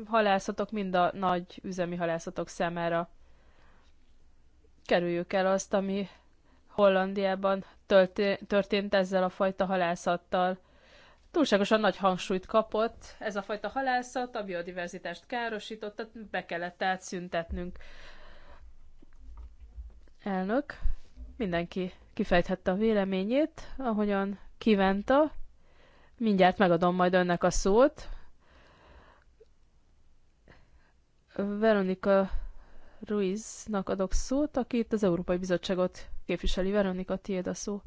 halászatok, mind a nagy üzemi halászatok számára. Kerüljük el azt, ami Hollandiában történt ezzel a fajta halászattal. Túlságosan nagy hangsúlyt kapott ez a fajta halászat, a biodiverzitást károsította, be kellett tehát szüntetnünk. Elnök, mindenki kifejthette a véleményét, ahogyan kívánta. Mindjárt megadom majd önnek a szót. Veronika Ruiznak adok szót, aki itt az Európai Bizottságot képviseli. Veronika, tiéd a szó.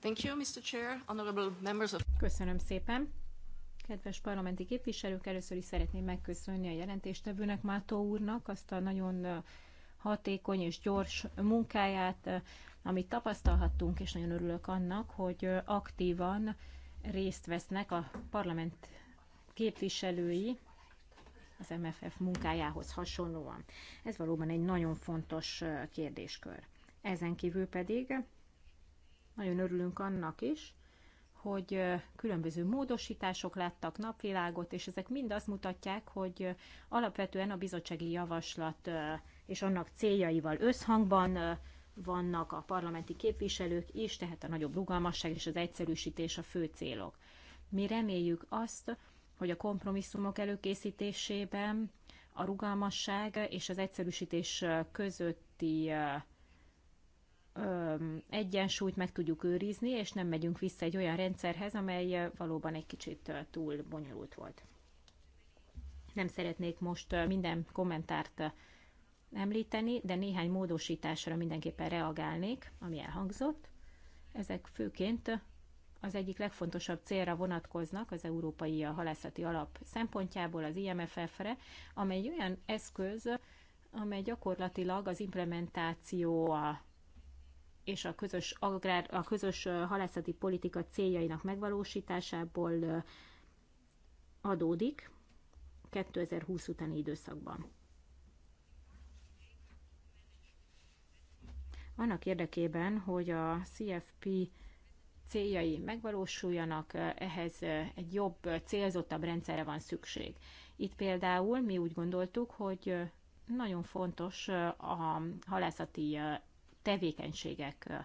Thank you, Mr. Chair, honorable members of... Köszönöm szépen. Kedves parlamenti képviselők, először is szeretném megköszönni a jelentéstevőnek, Mátó úrnak azt a nagyon hatékony és gyors munkáját, amit tapasztalhattunk, és nagyon örülök annak, hogy aktívan részt vesznek a parlament képviselői az MFF munkájához hasonlóan. Ez valóban egy nagyon fontos kérdéskör. Ezen kívül pedig nagyon örülünk annak is, hogy különböző módosítások láttak napvilágot, és ezek mind azt mutatják, hogy alapvetően a bizottsági javaslat és annak céljaival összhangban vannak a parlamenti képviselők is, tehát a nagyobb rugalmasság és az egyszerűsítés a fő célok. Mi reméljük azt, hogy a kompromisszumok előkészítésében a rugalmasság és az egyszerűsítés közötti egyensúlyt meg tudjuk őrizni, és nem megyünk vissza egy olyan rendszerhez, amely valóban egy kicsit túl bonyolult volt. Nem szeretnék most minden kommentárt említeni, de néhány módosításra mindenképpen reagálnék, ami elhangzott. Ezek főként az egyik legfontosabb célra vonatkoznak az Európai Halászati Alap szempontjából, az IMFF-re, amely olyan eszköz, amely gyakorlatilag az implementáció és a közös, agrár, a közös halászati politika céljainak megvalósításából adódik 2020 utáni időszakban. Annak érdekében, hogy a CFP céljai megvalósuljanak, ehhez egy jobb, célzottabb rendszerre van szükség. Itt például mi úgy gondoltuk, hogy nagyon fontos a halászati tevékenységek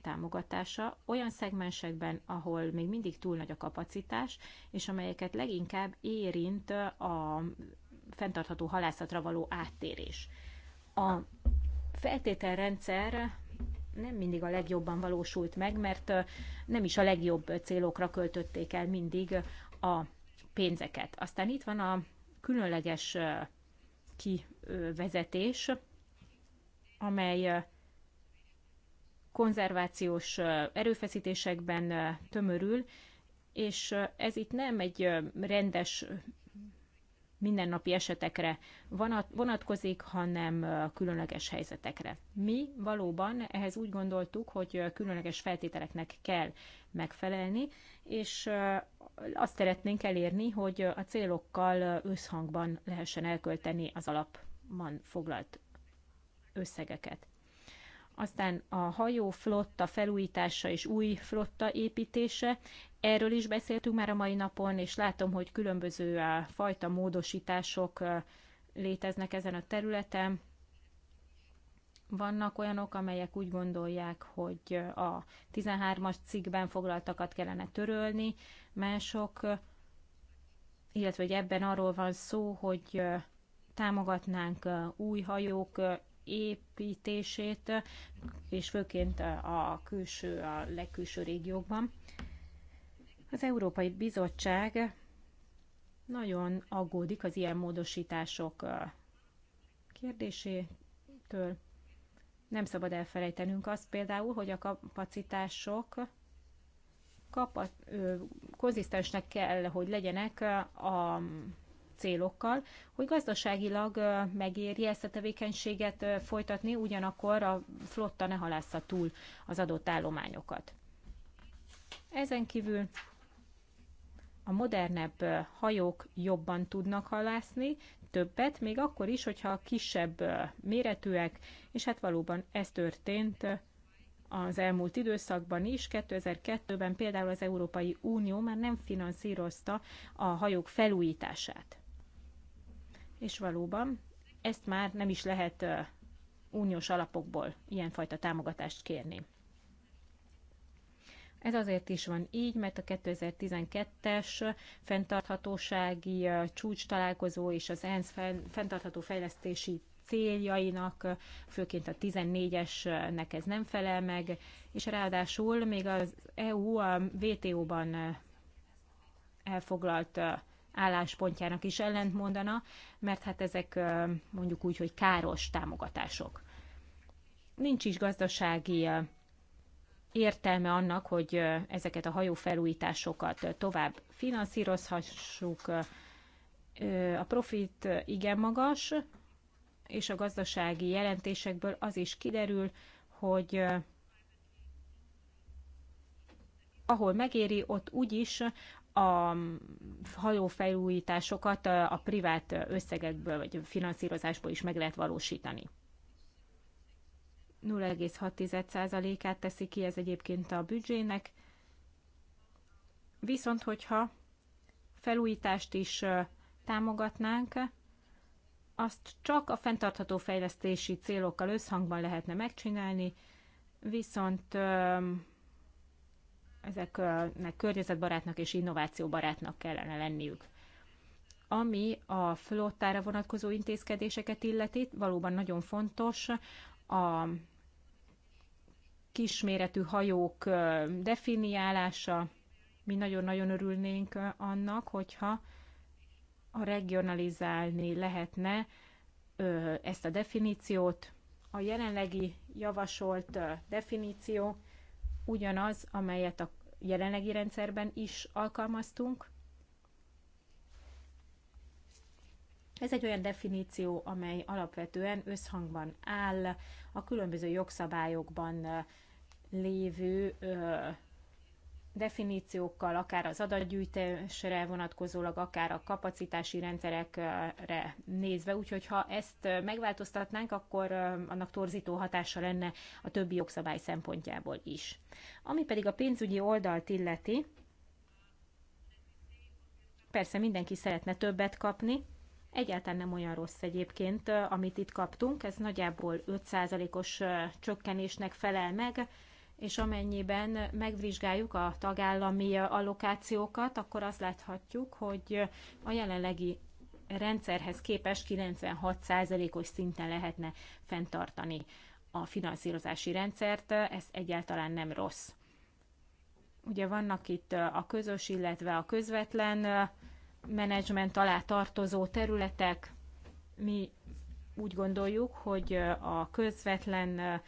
támogatása olyan szegmensekben, ahol még mindig túl nagy a kapacitás, és amelyeket leginkább érint a fenntartható halászatra való áttérés. A feltételrendszer nem mindig a legjobban valósult meg, mert nem is a legjobb célokra költötték el mindig a pénzeket. Aztán itt van a különleges kivezetés, amely konzervációs erőfeszítésekben tömörül, és ez itt nem egy rendes mindennapi esetekre vonatkozik, hanem különleges helyzetekre. Mi valóban ehhez úgy gondoltuk, hogy különleges feltételeknek kell megfelelni, és azt szeretnénk elérni, hogy a célokkal összhangban lehessen elkölteni az alapban foglalt összegeket. Aztán a hajó flotta felújítása és új flotta építése. Erről is beszéltünk már a mai napon, és látom, hogy különböző uh, fajta módosítások uh, léteznek ezen a területen. Vannak olyanok, amelyek úgy gondolják, hogy uh, a 13-as cikkben foglaltakat kellene törölni, mások, illetve hogy ebben arról van szó, hogy támogatnánk új hajók építését, és főként a külső, a legkülső régiókban. Az Európai Bizottság nagyon aggódik az ilyen módosítások kérdésétől. Nem szabad elfelejtenünk azt például, hogy a kapacitások kapat, ö, konzisztensnek kell, hogy legyenek a célokkal, hogy gazdaságilag megérje ezt a tevékenységet folytatni, ugyanakkor a flotta ne halássza túl az adott állományokat. Ezen kívül a modernebb hajók jobban tudnak halászni, többet, még akkor is, hogyha kisebb méretűek, és hát valóban ez történt az elmúlt időszakban is. 2002-ben például az Európai Unió már nem finanszírozta a hajók felújítását. És valóban ezt már nem is lehet uniós alapokból ilyenfajta támogatást kérni. Ez azért is van így, mert a 2012-es fenntarthatósági csúcs találkozó és az ENSZ fenntartható fejlesztési céljainak, főként a 14-esnek ez nem felel meg, és ráadásul még az EU a vto ban elfoglalt álláspontjának is ellentmondana, mert hát ezek mondjuk úgy, hogy káros támogatások. Nincs is gazdasági értelme annak, hogy ezeket a hajófelújításokat tovább finanszírozhassuk. A profit igen magas, és a gazdasági jelentésekből az is kiderül, hogy ahol megéri, ott úgyis a felújításokat a privát összegekből vagy finanszírozásból is meg lehet valósítani. 0,6%-át teszi ki ez egyébként a büdzsének, viszont hogyha felújítást is támogatnánk, azt csak a fenntartható fejlesztési célokkal összhangban lehetne megcsinálni, viszont ezeknek környezetbarátnak és innovációbarátnak kellene lenniük. Ami a flottára vonatkozó intézkedéseket illeti, valóban nagyon fontos a kisméretű hajók definiálása. Mi nagyon-nagyon örülnénk annak, hogyha a regionalizálni lehetne ezt a definíciót. A jelenlegi javasolt definíció ugyanaz, amelyet a jelenlegi rendszerben is alkalmaztunk. Ez egy olyan definíció, amely alapvetően összhangban áll a különböző jogszabályokban lévő definíciókkal, akár az adatgyűjtésre vonatkozólag, akár a kapacitási rendszerekre nézve. Úgyhogy ha ezt megváltoztatnánk, akkor annak torzító hatása lenne a többi jogszabály szempontjából is. Ami pedig a pénzügyi oldalt illeti, persze mindenki szeretne többet kapni, Egyáltalán nem olyan rossz egyébként, amit itt kaptunk, ez nagyjából 5%-os csökkenésnek felel meg, és amennyiben megvizsgáljuk a tagállami allokációkat, akkor azt láthatjuk, hogy a jelenlegi rendszerhez képest 96%-os szinten lehetne fenntartani a finanszírozási rendszert, ez egyáltalán nem rossz. Ugye vannak itt a közös, illetve a közvetlen menedzsment alá tartozó területek. Mi úgy gondoljuk, hogy a közvetlen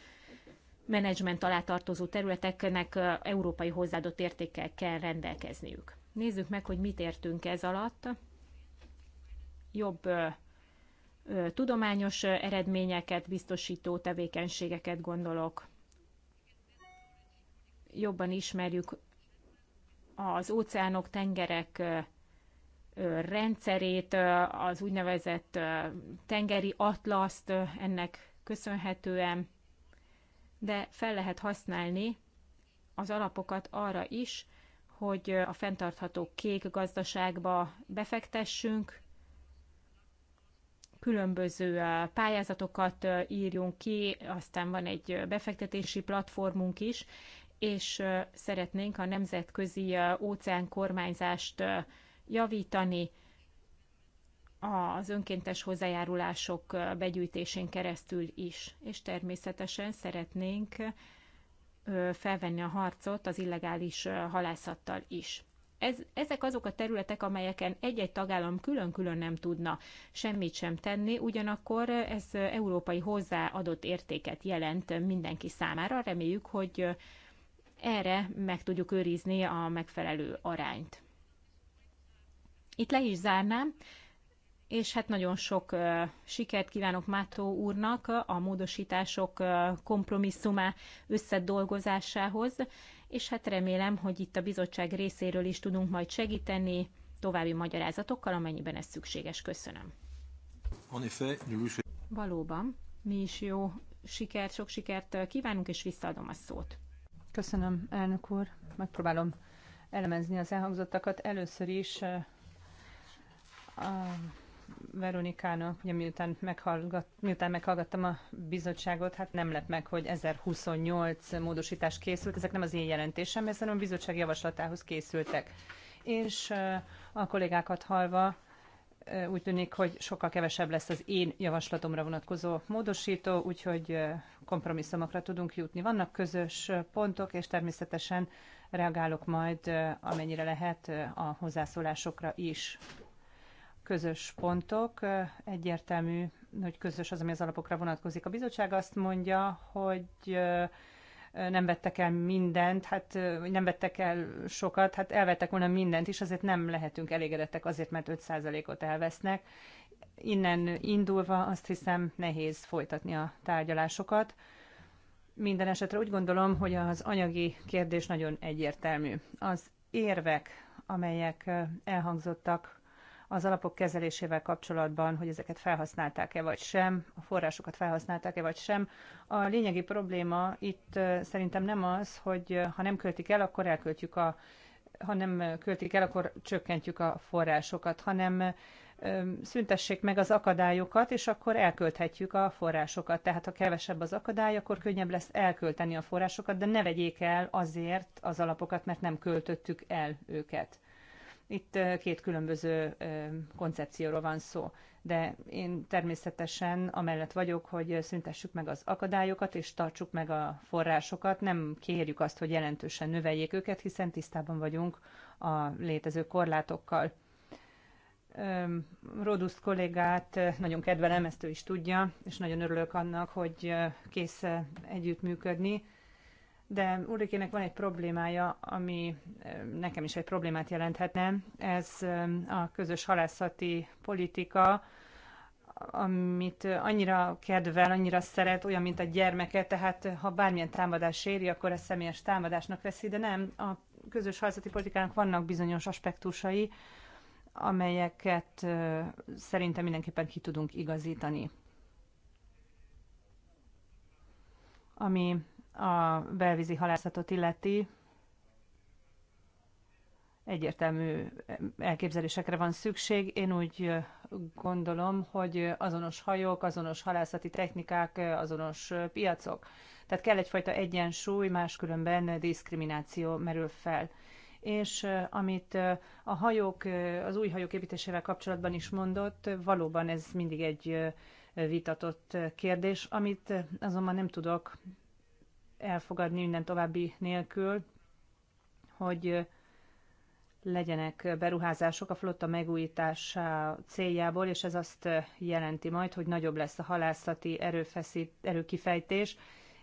menedzsment alá tartozó területeknek európai hozzáadott értékkel kell rendelkezniük. Nézzük meg, hogy mit értünk ez alatt. Jobb tudományos eredményeket biztosító tevékenységeket gondolok. Jobban ismerjük az óceánok, tengerek rendszerét, az úgynevezett tengeri atlaszt ennek köszönhetően de fel lehet használni az alapokat arra is, hogy a fenntartható kék gazdaságba befektessünk, különböző pályázatokat írjunk ki, aztán van egy befektetési platformunk is, és szeretnénk a nemzetközi óceánkormányzást javítani, az önkéntes hozzájárulások begyűjtésén keresztül is. És természetesen szeretnénk felvenni a harcot az illegális halászattal is. Ez, ezek azok a területek, amelyeken egy-egy tagállam külön-külön nem tudna semmit sem tenni, ugyanakkor ez európai hozzáadott értéket jelent mindenki számára. Reméljük, hogy erre meg tudjuk őrizni a megfelelő arányt. Itt le is zárnám, és hát nagyon sok sikert kívánok Mátó úrnak a módosítások kompromisszumá összedolgozásához, és hát remélem, hogy itt a bizottság részéről is tudunk majd segíteni további magyarázatokkal, amennyiben ez szükséges. Köszönöm. Valóban, mi is jó sikert, sok sikert kívánunk, és visszaadom a szót. Köszönöm, elnök úr. Megpróbálom elemezni az elhangzottakat. Először is uh, Veronikának, ugye miután, meghallgat, miután meghallgattam a bizottságot, hát nem lett meg, hogy 1028 módosítás készült, ezek nem az én jelentésem, ez a bizottság javaslatához készültek. És a kollégákat hallva úgy tűnik, hogy sokkal kevesebb lesz az én javaslatomra vonatkozó módosító, úgyhogy kompromisszumokra tudunk jutni. Vannak közös pontok, és természetesen reagálok majd, amennyire lehet, a hozzászólásokra is közös pontok, egyértelmű, hogy közös az, ami az alapokra vonatkozik. A bizottság azt mondja, hogy nem vettek el mindent, hát nem vettek el sokat, hát elvettek volna mindent is, azért nem lehetünk elégedettek azért, mert 5%-ot elvesznek. Innen indulva azt hiszem nehéz folytatni a tárgyalásokat. Minden esetre úgy gondolom, hogy az anyagi kérdés nagyon egyértelmű. Az érvek, amelyek elhangzottak az alapok kezelésével kapcsolatban, hogy ezeket felhasználták-e vagy sem, a forrásokat felhasználták-e vagy sem. A lényegi probléma itt szerintem nem az, hogy ha nem költik el, akkor elköltjük a ha nem költik el, akkor csökkentjük a forrásokat, hanem szüntessék meg az akadályokat, és akkor elkölthetjük a forrásokat. Tehát ha kevesebb az akadály, akkor könnyebb lesz elkölteni a forrásokat, de ne vegyék el azért az alapokat, mert nem költöttük el őket. Itt két különböző koncepcióról van szó, de én természetesen amellett vagyok, hogy szüntessük meg az akadályokat és tartsuk meg a forrásokat. Nem kérjük azt, hogy jelentősen növeljék őket, hiszen tisztában vagyunk a létező korlátokkal. Roduszt kollégát nagyon kedvelem, ezt ő is tudja, és nagyon örülök annak, hogy kész együttműködni de Ulrikének van egy problémája, ami nekem is egy problémát jelenthetne. Ez a közös halászati politika, amit annyira kedvel, annyira szeret, olyan, mint a gyermeke, tehát ha bármilyen támadás éri, akkor ez személyes támadásnak veszi, de nem, a közös halászati politikának vannak bizonyos aspektusai, amelyeket szerintem mindenképpen ki tudunk igazítani. Ami a belvízi halászatot illeti, egyértelmű elképzelésekre van szükség. Én úgy gondolom, hogy azonos hajók, azonos halászati technikák, azonos piacok. Tehát kell egyfajta egyensúly, máskülönben diszkrimináció merül fel. És eh, amit eh, a hajók, eh, az új hajók építésével kapcsolatban is mondott, valóban ez mindig egy vitatott kérdés, amit azonban nem tudok elfogadni minden további nélkül, hogy legyenek beruházások a flotta megújítása céljából, és ez azt jelenti majd, hogy nagyobb lesz a halászati erőfeszít, erőkifejtés.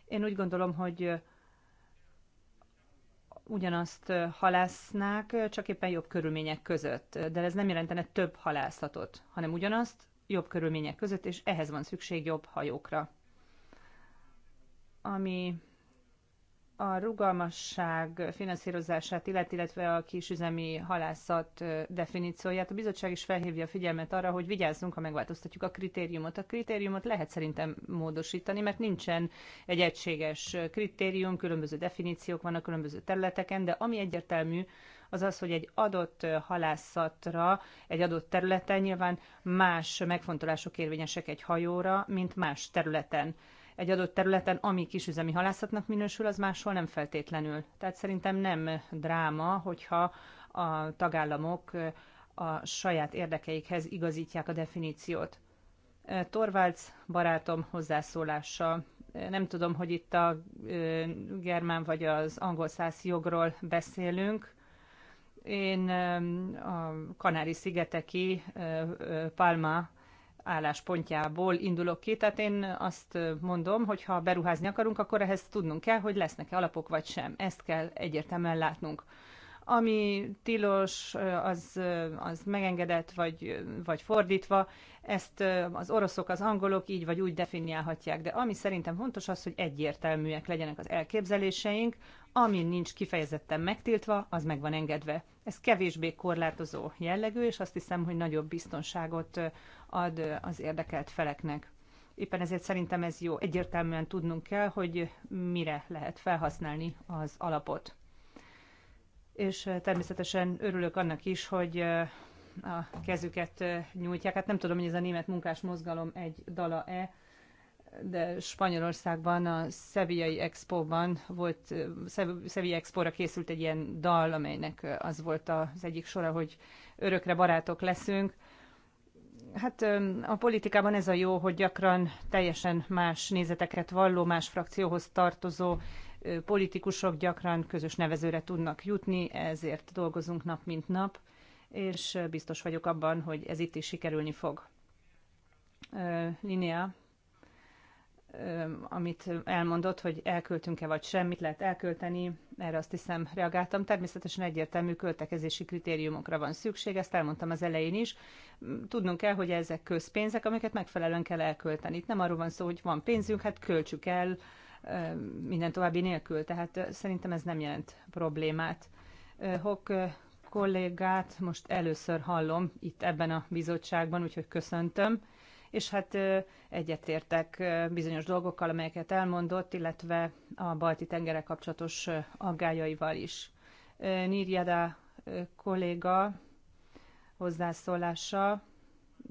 Én úgy gondolom, hogy ugyanazt halásznák, csak éppen jobb körülmények között. De ez nem jelentene több halászatot, hanem ugyanazt jobb körülmények között, és ehhez van szükség jobb hajókra. Ami a rugalmasság finanszírozását, illet, illetve a kisüzemi halászat definícióját. A bizottság is felhívja a figyelmet arra, hogy vigyázzunk, ha megváltoztatjuk a kritériumot. A kritériumot lehet szerintem módosítani, mert nincsen egy egységes kritérium, különböző definíciók vannak különböző területeken, de ami egyértelmű, az az, hogy egy adott halászatra, egy adott területen nyilván más megfontolások érvényesek egy hajóra, mint más területen egy adott területen, ami kisüzemi halászatnak minősül, az máshol nem feltétlenül. Tehát szerintem nem dráma, hogyha a tagállamok a saját érdekeikhez igazítják a definíciót. Torvalds barátom hozzászólása. Nem tudom, hogy itt a germán vagy az angol száz jogról beszélünk. Én a Kanári-szigeteki Palma álláspontjából indulok ki. Tehát én azt mondom, hogy ha beruházni akarunk, akkor ehhez tudnunk kell, hogy lesznek-e alapok vagy sem. Ezt kell egyértelműen látnunk. Ami tilos, az, az megengedett, vagy, vagy fordítva, ezt az oroszok, az angolok így vagy úgy definiálhatják. De ami szerintem fontos az, hogy egyértelműek legyenek az elképzeléseink, ami nincs kifejezetten megtiltva, az meg van engedve. Ez kevésbé korlátozó jellegű, és azt hiszem, hogy nagyobb biztonságot ad az érdekelt feleknek. Éppen ezért szerintem ez jó. Egyértelműen tudnunk kell, hogy mire lehet felhasználni az alapot. És természetesen örülök annak is, hogy a kezüket nyújtják. Hát nem tudom, hogy ez a német munkás mozgalom egy dala-e, de Spanyolországban a Sevillai Expo-ban volt, Sevilla Expo-ra készült egy ilyen dal, amelynek az volt az egyik sora, hogy örökre barátok leszünk. Hát a politikában ez a jó, hogy gyakran teljesen más nézeteket valló, más frakcióhoz tartozó politikusok gyakran közös nevezőre tudnak jutni, ezért dolgozunk nap mint nap, és biztos vagyok abban, hogy ez itt is sikerülni fog. Linnea amit elmondott, hogy elköltünk-e vagy semmit lehet elkölteni, erre azt hiszem reagáltam. Természetesen egyértelmű költekezési kritériumokra van szükség, ezt elmondtam az elején is. Hm, tudnunk kell, hogy ezek közpénzek, amiket megfelelően kell elkölteni. Itt nem arról van szó, hogy van pénzünk, hát költsük el minden további nélkül. Tehát szerintem ez nem jelent problémát. Hok kollégát most először hallom itt ebben a bizottságban, úgyhogy köszöntöm és hát egyetértek bizonyos dolgokkal, amelyeket elmondott, illetve a balti tengerek kapcsolatos aggájaival is. Nirjada kolléga hozzászólása,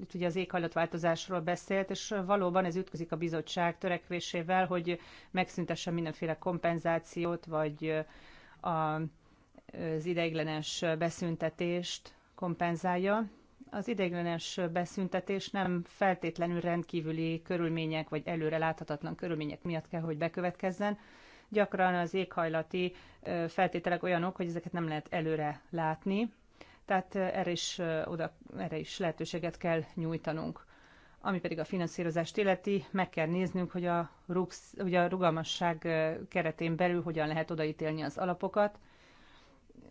itt ugye az éghajlatváltozásról beszélt, és valóban ez ütközik a bizottság törekvésével, hogy megszüntesse mindenféle kompenzációt, vagy a, az ideiglenes beszüntetést kompenzálja az ideiglenes beszüntetés nem feltétlenül rendkívüli körülmények vagy előre láthatatlan körülmények miatt kell, hogy bekövetkezzen. Gyakran az éghajlati feltételek olyanok, hogy ezeket nem lehet előre látni, tehát erre is, oda, erre is lehetőséget kell nyújtanunk. Ami pedig a finanszírozást illeti, meg kell néznünk, hogy a, rugsz, hogy a rugalmasság keretén belül hogyan lehet odaítélni az alapokat,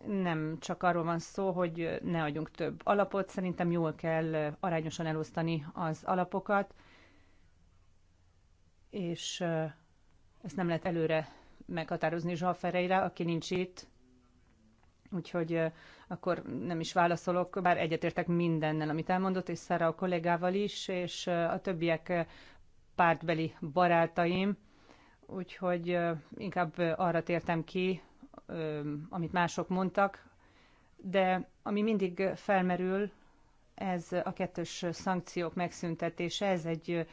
nem csak arról van szó, hogy ne adjunk több alapot, szerintem jól kell arányosan elosztani az alapokat, és ezt nem lehet előre meghatározni Zsa Ferreira, aki nincs itt, úgyhogy akkor nem is válaszolok, bár egyetértek mindennel, amit elmondott, és Szára a kollégával is, és a többiek pártbeli barátaim, úgyhogy inkább arra tértem ki, amit mások mondtak, de ami mindig felmerül, ez a kettős szankciók megszüntetése, ez egy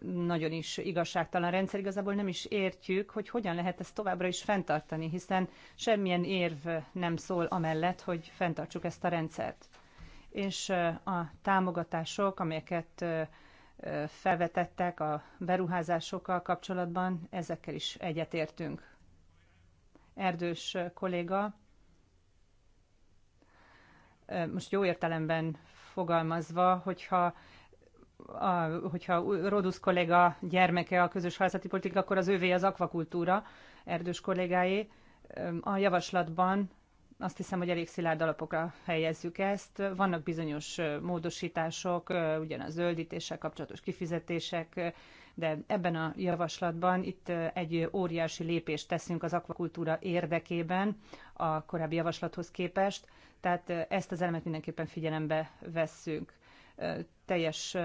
nagyon is igazságtalan rendszer. Igazából nem is értjük, hogy hogyan lehet ezt továbbra is fenntartani, hiszen semmilyen érv nem szól amellett, hogy fenntartsuk ezt a rendszert. És a támogatások, amelyeket felvetettek a beruházásokkal kapcsolatban, ezekkel is egyetértünk. Erdős kolléga most jó értelemben fogalmazva, hogyha a, hogyha Rodusz kolléga gyermeke a közös halászati politika, akkor az ővé az akvakultúra, erdős kollégáé. A javaslatban azt hiszem, hogy elég szilárd alapokra helyezzük ezt. Vannak bizonyos módosítások, ugyan a zöldítéssel kapcsolatos kifizetések, de ebben a javaslatban itt egy óriási lépést teszünk az akvakultúra érdekében a korábbi javaslathoz képest, tehát ezt az elemet mindenképpen figyelembe vesszük teljes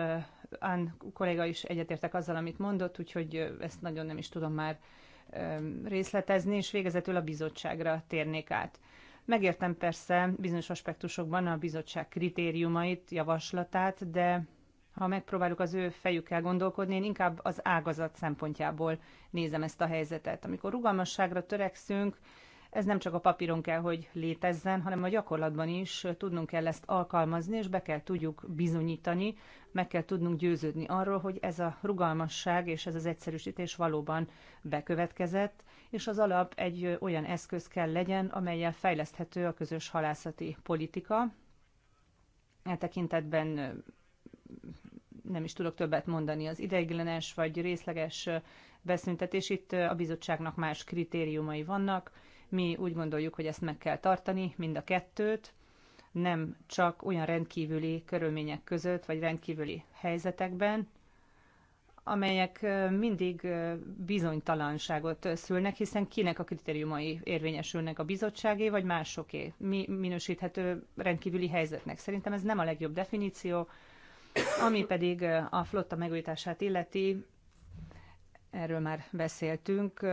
Ann kolléga is egyetértek azzal, amit mondott, úgyhogy ezt nagyon nem is tudom már részletezni, és végezetül a bizottságra térnék át. Megértem persze bizonyos aspektusokban a bizottság kritériumait, javaslatát, de ha megpróbálok az ő fejükkel gondolkodni, én inkább az ágazat szempontjából nézem ezt a helyzetet. Amikor rugalmasságra törekszünk, ez nem csak a papíron kell, hogy létezzen, hanem a gyakorlatban is tudnunk kell ezt alkalmazni, és be kell tudjuk bizonyítani, meg kell tudnunk győződni arról, hogy ez a rugalmasság és ez az egyszerűsítés valóban bekövetkezett, és az alap egy olyan eszköz kell legyen, amelyel fejleszthető a közös halászati politika. E tekintetben nem is tudok többet mondani. Az ideiglenes vagy részleges beszüntetés itt a bizottságnak más kritériumai vannak. Mi úgy gondoljuk, hogy ezt meg kell tartani, mind a kettőt, nem csak olyan rendkívüli körülmények között, vagy rendkívüli helyzetekben, amelyek mindig bizonytalanságot szülnek, hiszen kinek a kritériumai érvényesülnek a bizottságé, vagy másoké. Mi minősíthető rendkívüli helyzetnek. Szerintem ez nem a legjobb definíció, ami pedig a flotta megújítását illeti, erről már beszéltünk,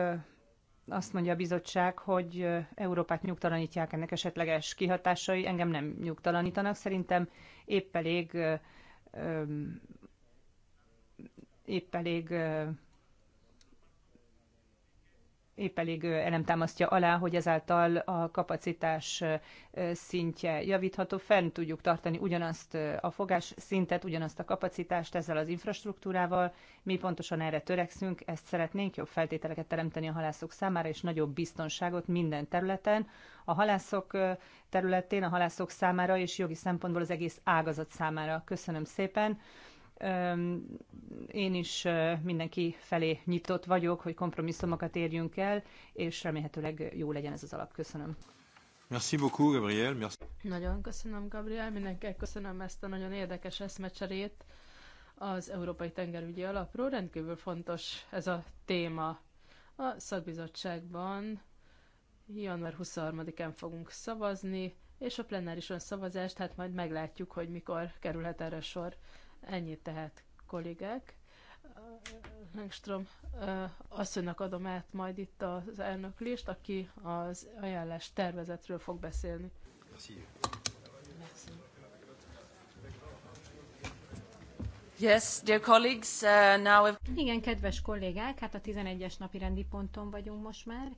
azt mondja a bizottság, hogy Európát nyugtalanítják ennek esetleges kihatásai, engem nem nyugtalanítanak, szerintem épp elég épp elég épp elég elem támasztja alá, hogy ezáltal a kapacitás szintje javítható, fenn tudjuk tartani ugyanazt a fogás szintet, ugyanazt a kapacitást ezzel az infrastruktúrával. Mi pontosan erre törekszünk, ezt szeretnénk jobb feltételeket teremteni a halászok számára, és nagyobb biztonságot minden területen, a halászok területén, a halászok számára, és jogi szempontból az egész ágazat számára. Köszönöm szépen! Én is mindenki felé nyitott vagyok, hogy kompromisszumokat érjünk el, és remélhetőleg jó legyen ez az alap. Köszönöm. Merci beaucoup, Gabriel. Merci. Nagyon köszönöm, Gabriel. Mindenkinek köszönöm ezt a nagyon érdekes eszmecserét az Európai Tengerügyi Alapról. Rendkívül fontos ez a téma. A szakbizottságban január 23-án fogunk szavazni, és a plenárison szavazást, hát majd meglátjuk, hogy mikor kerülhet erre sor. Ennyit tehát, kollégák. azt asszonynak adom át majd itt az elnöklést, aki az ajánlás tervezetről fog beszélni. Yes, dear colleagues, uh, now Igen, kedves kollégák, hát a 11-es napi rendi ponton vagyunk most már,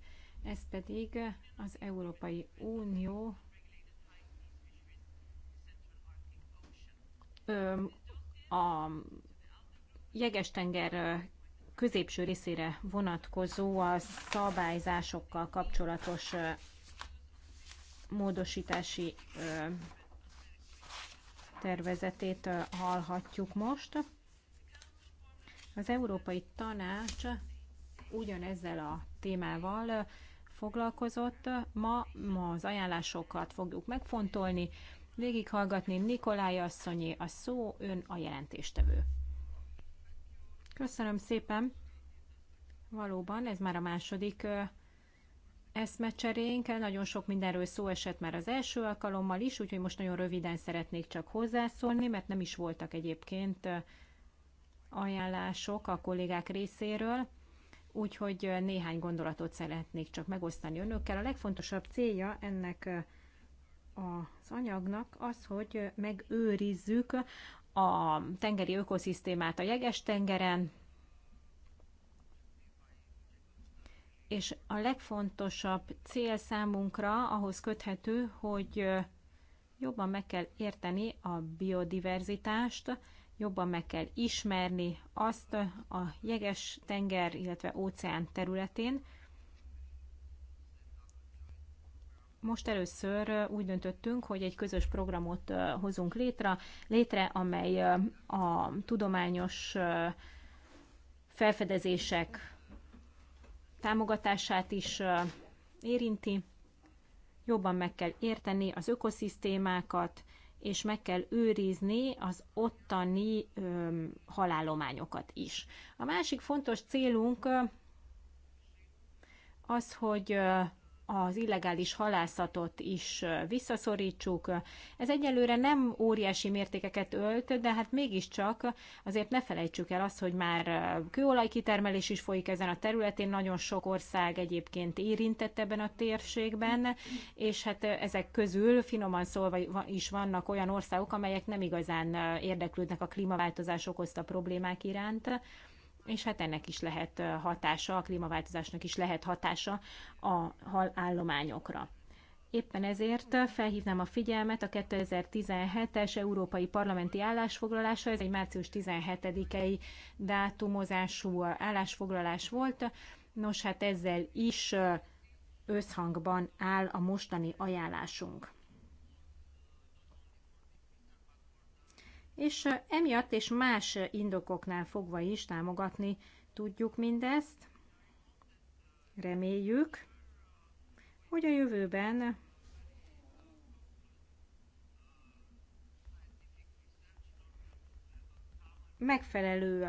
ez pedig az Európai Unió a Jegestenger középső részére vonatkozó a szabályzásokkal kapcsolatos módosítási tervezetét hallhatjuk most. Az Európai Tanács ugyanezzel a témával foglalkozott. Ma, ma az ajánlásokat fogjuk megfontolni, végighallgatni. Nikolaj asszonyé, a szó, ön a jelentéstevő. Köszönöm szépen. Valóban, ez már a második eszmecserénk. Nagyon sok mindenről szó esett már az első alkalommal is, úgyhogy most nagyon röviden szeretnék csak hozzászólni, mert nem is voltak egyébként ajánlások a kollégák részéről, úgyhogy néhány gondolatot szeretnék csak megosztani önökkel. A legfontosabb célja ennek az anyagnak az, hogy megőrizzük a tengeri ökoszisztémát a jeges tengeren, és a legfontosabb cél számunkra ahhoz köthető, hogy jobban meg kell érteni a biodiverzitást, jobban meg kell ismerni azt a jeges tenger, illetve óceán területén, most először úgy döntöttünk, hogy egy közös programot hozunk létre, létre amely a tudományos felfedezések támogatását is érinti. Jobban meg kell érteni az ökoszisztémákat, és meg kell őrizni az ottani öm, halálományokat is. A másik fontos célunk az, hogy az illegális halászatot is visszaszorítsuk. Ez egyelőre nem óriási mértékeket ölt, de hát mégiscsak azért ne felejtsük el azt, hogy már kőolajkitermelés is folyik ezen a területén, nagyon sok ország egyébként érintett ebben a térségben, és hát ezek közül finoman szólva is vannak olyan országok, amelyek nem igazán érdeklődnek a klímaváltozás okozta problémák iránt és hát ennek is lehet hatása, a klímaváltozásnak is lehet hatása a hal állományokra. Éppen ezért felhívnám a figyelmet a 2017-es Európai Parlamenti állásfoglalásra, ez egy március 17-i dátumozású állásfoglalás volt. Nos, hát ezzel is összhangban áll a mostani ajánlásunk. és emiatt és más indokoknál fogva is támogatni tudjuk mindezt. Reméljük, hogy a jövőben megfelelő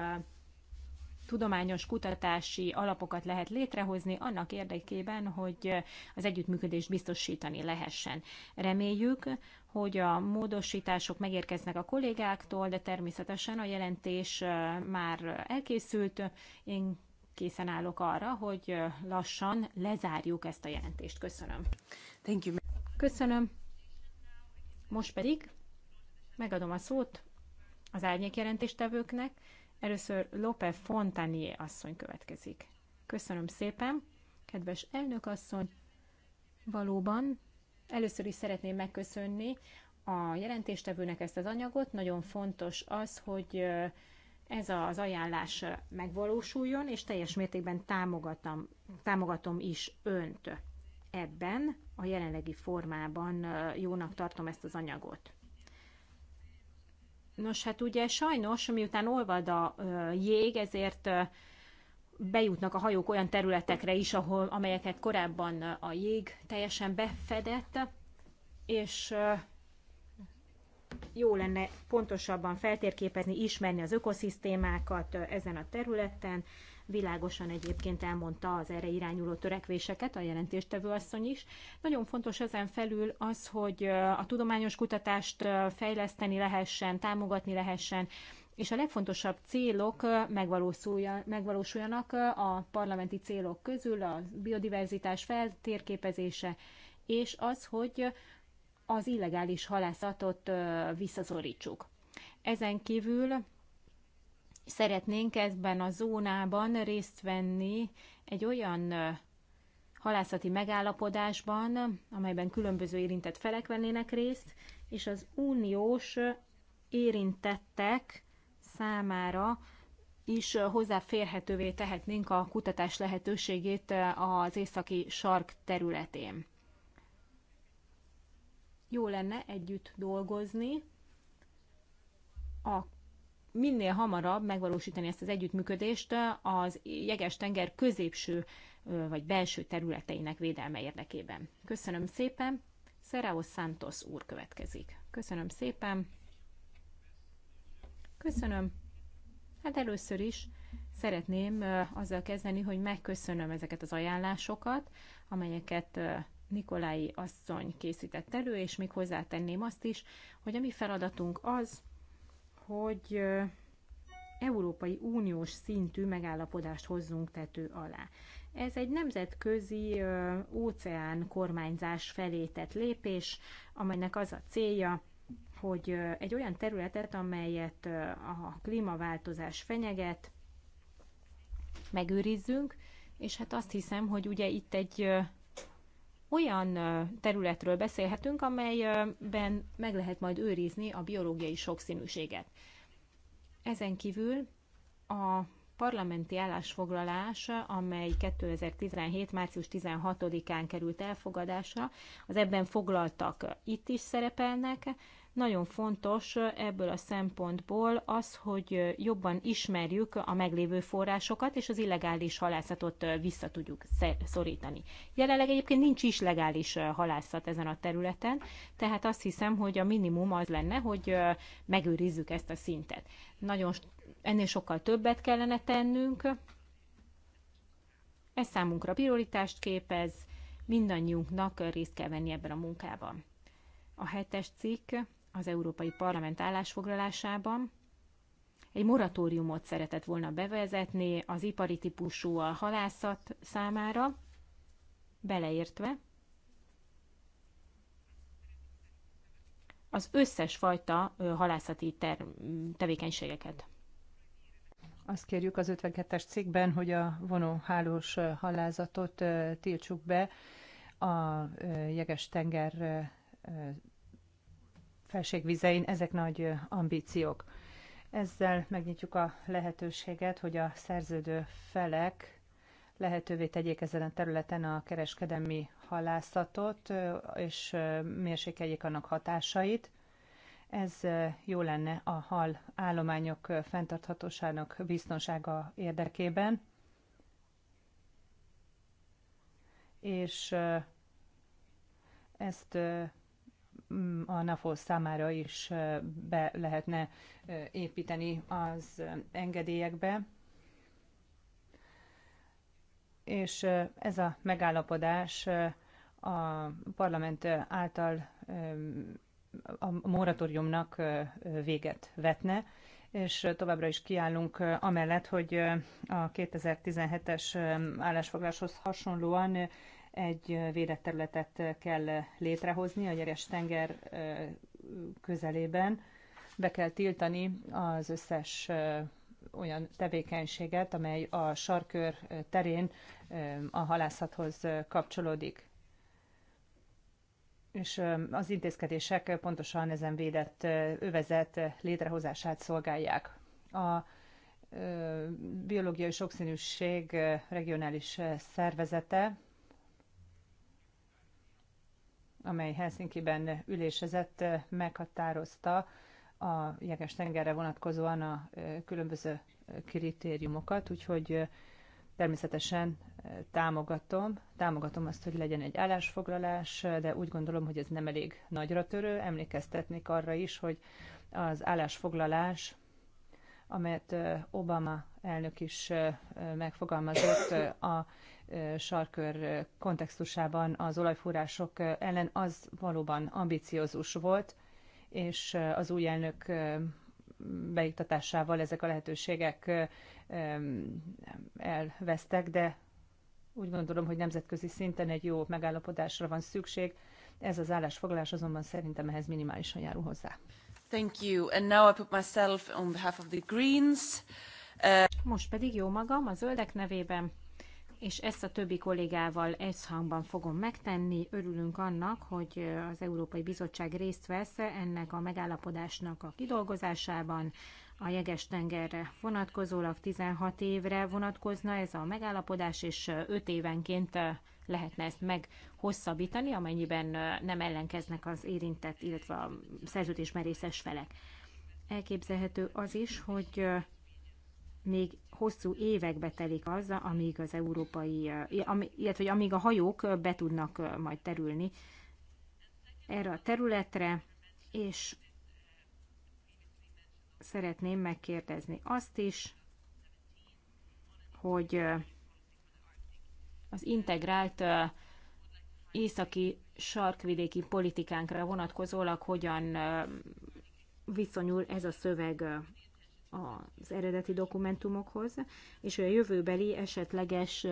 tudományos kutatási alapokat lehet létrehozni annak érdekében, hogy az együttműködést biztosítani lehessen. Reméljük, hogy a módosítások megérkeznek a kollégáktól, de természetesen a jelentés már elkészült. Én készen állok arra, hogy lassan lezárjuk ezt a jelentést. Köszönöm. Thank you. Köszönöm. Most pedig megadom a szót az árnyék jelentéstevőknek. Először Lope Fontanier asszony következik. Köszönöm szépen, kedves elnök asszony. Valóban először is szeretném megköszönni a jelentéstevőnek ezt az anyagot. Nagyon fontos az, hogy ez az ajánlás megvalósuljon, és teljes mértékben támogatom, támogatom is önt ebben, a jelenlegi formában jónak tartom ezt az anyagot. Nos, hát ugye sajnos, miután olvad a jég, ezért bejutnak a hajók olyan területekre is, ahol, amelyeket korábban a jég teljesen befedett, és jó lenne pontosabban feltérképezni, ismerni az ökoszisztémákat ezen a területen, világosan egyébként elmondta az erre irányuló törekvéseket, a jelentéstevő asszony is. Nagyon fontos ezen felül az, hogy a tudományos kutatást fejleszteni lehessen, támogatni lehessen, és a legfontosabb célok megvalósuljanak a parlamenti célok közül, a biodiverzitás feltérképezése, és az, hogy az illegális halászatot visszaszorítsuk. Ezen kívül szeretnénk ebben a zónában részt venni egy olyan halászati megállapodásban, amelyben különböző érintett felek vennének részt, és az uniós érintettek számára is hozzáférhetővé tehetnénk a kutatás lehetőségét az északi sark területén. Jó lenne együtt dolgozni a minél hamarabb megvalósítani ezt az együttműködést az jeges tenger középső vagy belső területeinek védelme érdekében. Köszönöm szépen. Szeráos Santos úr következik. Köszönöm szépen. Köszönöm. Hát először is szeretném azzal kezdeni, hogy megköszönöm ezeket az ajánlásokat, amelyeket Nikolai asszony készített elő, és még hozzátenném azt is, hogy a mi feladatunk az, hogy Európai Uniós szintű megállapodást hozzunk tető alá. Ez egy nemzetközi óceán kormányzás felé tett lépés, amelynek az a célja, hogy egy olyan területet, amelyet a klímaváltozás fenyeget, megőrizzünk, és hát azt hiszem, hogy ugye itt egy olyan területről beszélhetünk, amelyben meg lehet majd őrizni a biológiai sokszínűséget. Ezen kívül a parlamenti állásfoglalás, amely 2017. március 16-án került elfogadásra, az ebben foglaltak itt is szerepelnek, nagyon fontos ebből a szempontból az, hogy jobban ismerjük a meglévő forrásokat, és az illegális halászatot vissza tudjuk szorítani. Jelenleg egyébként nincs is legális halászat ezen a területen, tehát azt hiszem, hogy a minimum az lenne, hogy megőrizzük ezt a szintet. Nagyon, ennél sokkal többet kellene tennünk, ez számunkra prioritást képez, mindannyiunknak részt kell venni ebben a munkában. A hetes cikk az Európai Parlament állásfoglalásában egy moratóriumot szeretett volna bevezetni az ipari típusú a halászat számára, beleértve az összes fajta halászati ter- tevékenységeket. Azt kérjük az 52-es cikkben, hogy a vonóhálós halázatot tiltsuk be a jeges tenger felségvizein, ezek nagy ambíciók. Ezzel megnyitjuk a lehetőséget, hogy a szerződő felek lehetővé tegyék ezen a területen a kereskedelmi halászatot, és mérsékeljék annak hatásait. Ez jó lenne a hal állományok fenntarthatóságának biztonsága érdekében. És ezt a NAFO számára is be lehetne építeni az engedélyekbe. És ez a megállapodás a parlament által a moratóriumnak véget vetne, és továbbra is kiállunk amellett, hogy a 2017-es állásfogláshoz hasonlóan egy védett területet kell létrehozni a Gyeres tenger közelében. Be kell tiltani az összes olyan tevékenységet, amely a sarkör terén a halászathoz kapcsolódik. És az intézkedések pontosan ezen védett övezet létrehozását szolgálják. A biológiai sokszínűség regionális szervezete amely Helsinki-ben ülésezett, eh, meghatározta a jeges tengerre vonatkozóan a eh, különböző eh, kritériumokat, úgyhogy természetesen támogatom, támogatom azt, hogy legyen egy állásfoglalás, de úgy gondolom, hogy ez nem elég nagyra törő. Emlékeztetnék arra is, hogy az állásfoglalás, amelyet Obama elnök is megfogalmazott a sarkör kontextusában az olajfúrások ellen, az valóban ambiciózus volt, és az új elnök beiktatásával ezek a lehetőségek elvesztek, de úgy gondolom, hogy nemzetközi szinten egy jó megállapodásra van szükség. Ez az állásfoglalás azonban szerintem ehhez minimálisan járul hozzá. Thank you. And now I put myself on behalf of the Greens. Uh... Most pedig jó magam a zöldek nevében és ezt a többi kollégával egyhangban fogom megtenni. Örülünk annak, hogy az Európai Bizottság részt vesz ennek a megállapodásnak a kidolgozásában. A jeges tengerre vonatkozólag 16 évre vonatkozna ez a megállapodás, és 5 évenként lehetne ezt meghosszabbítani, amennyiben nem ellenkeznek az érintett, illetve a szerződésmerészes felek. Elképzelhető az is, hogy még hosszú évekbe telik az, amíg az európai, illetve hogy amíg a hajók be tudnak majd terülni erre a területre, és szeretném megkérdezni azt is, hogy az integrált északi sarkvidéki politikánkra vonatkozólag hogyan viszonyul ez a szöveg az eredeti dokumentumokhoz, és hogy a jövőbeli esetleges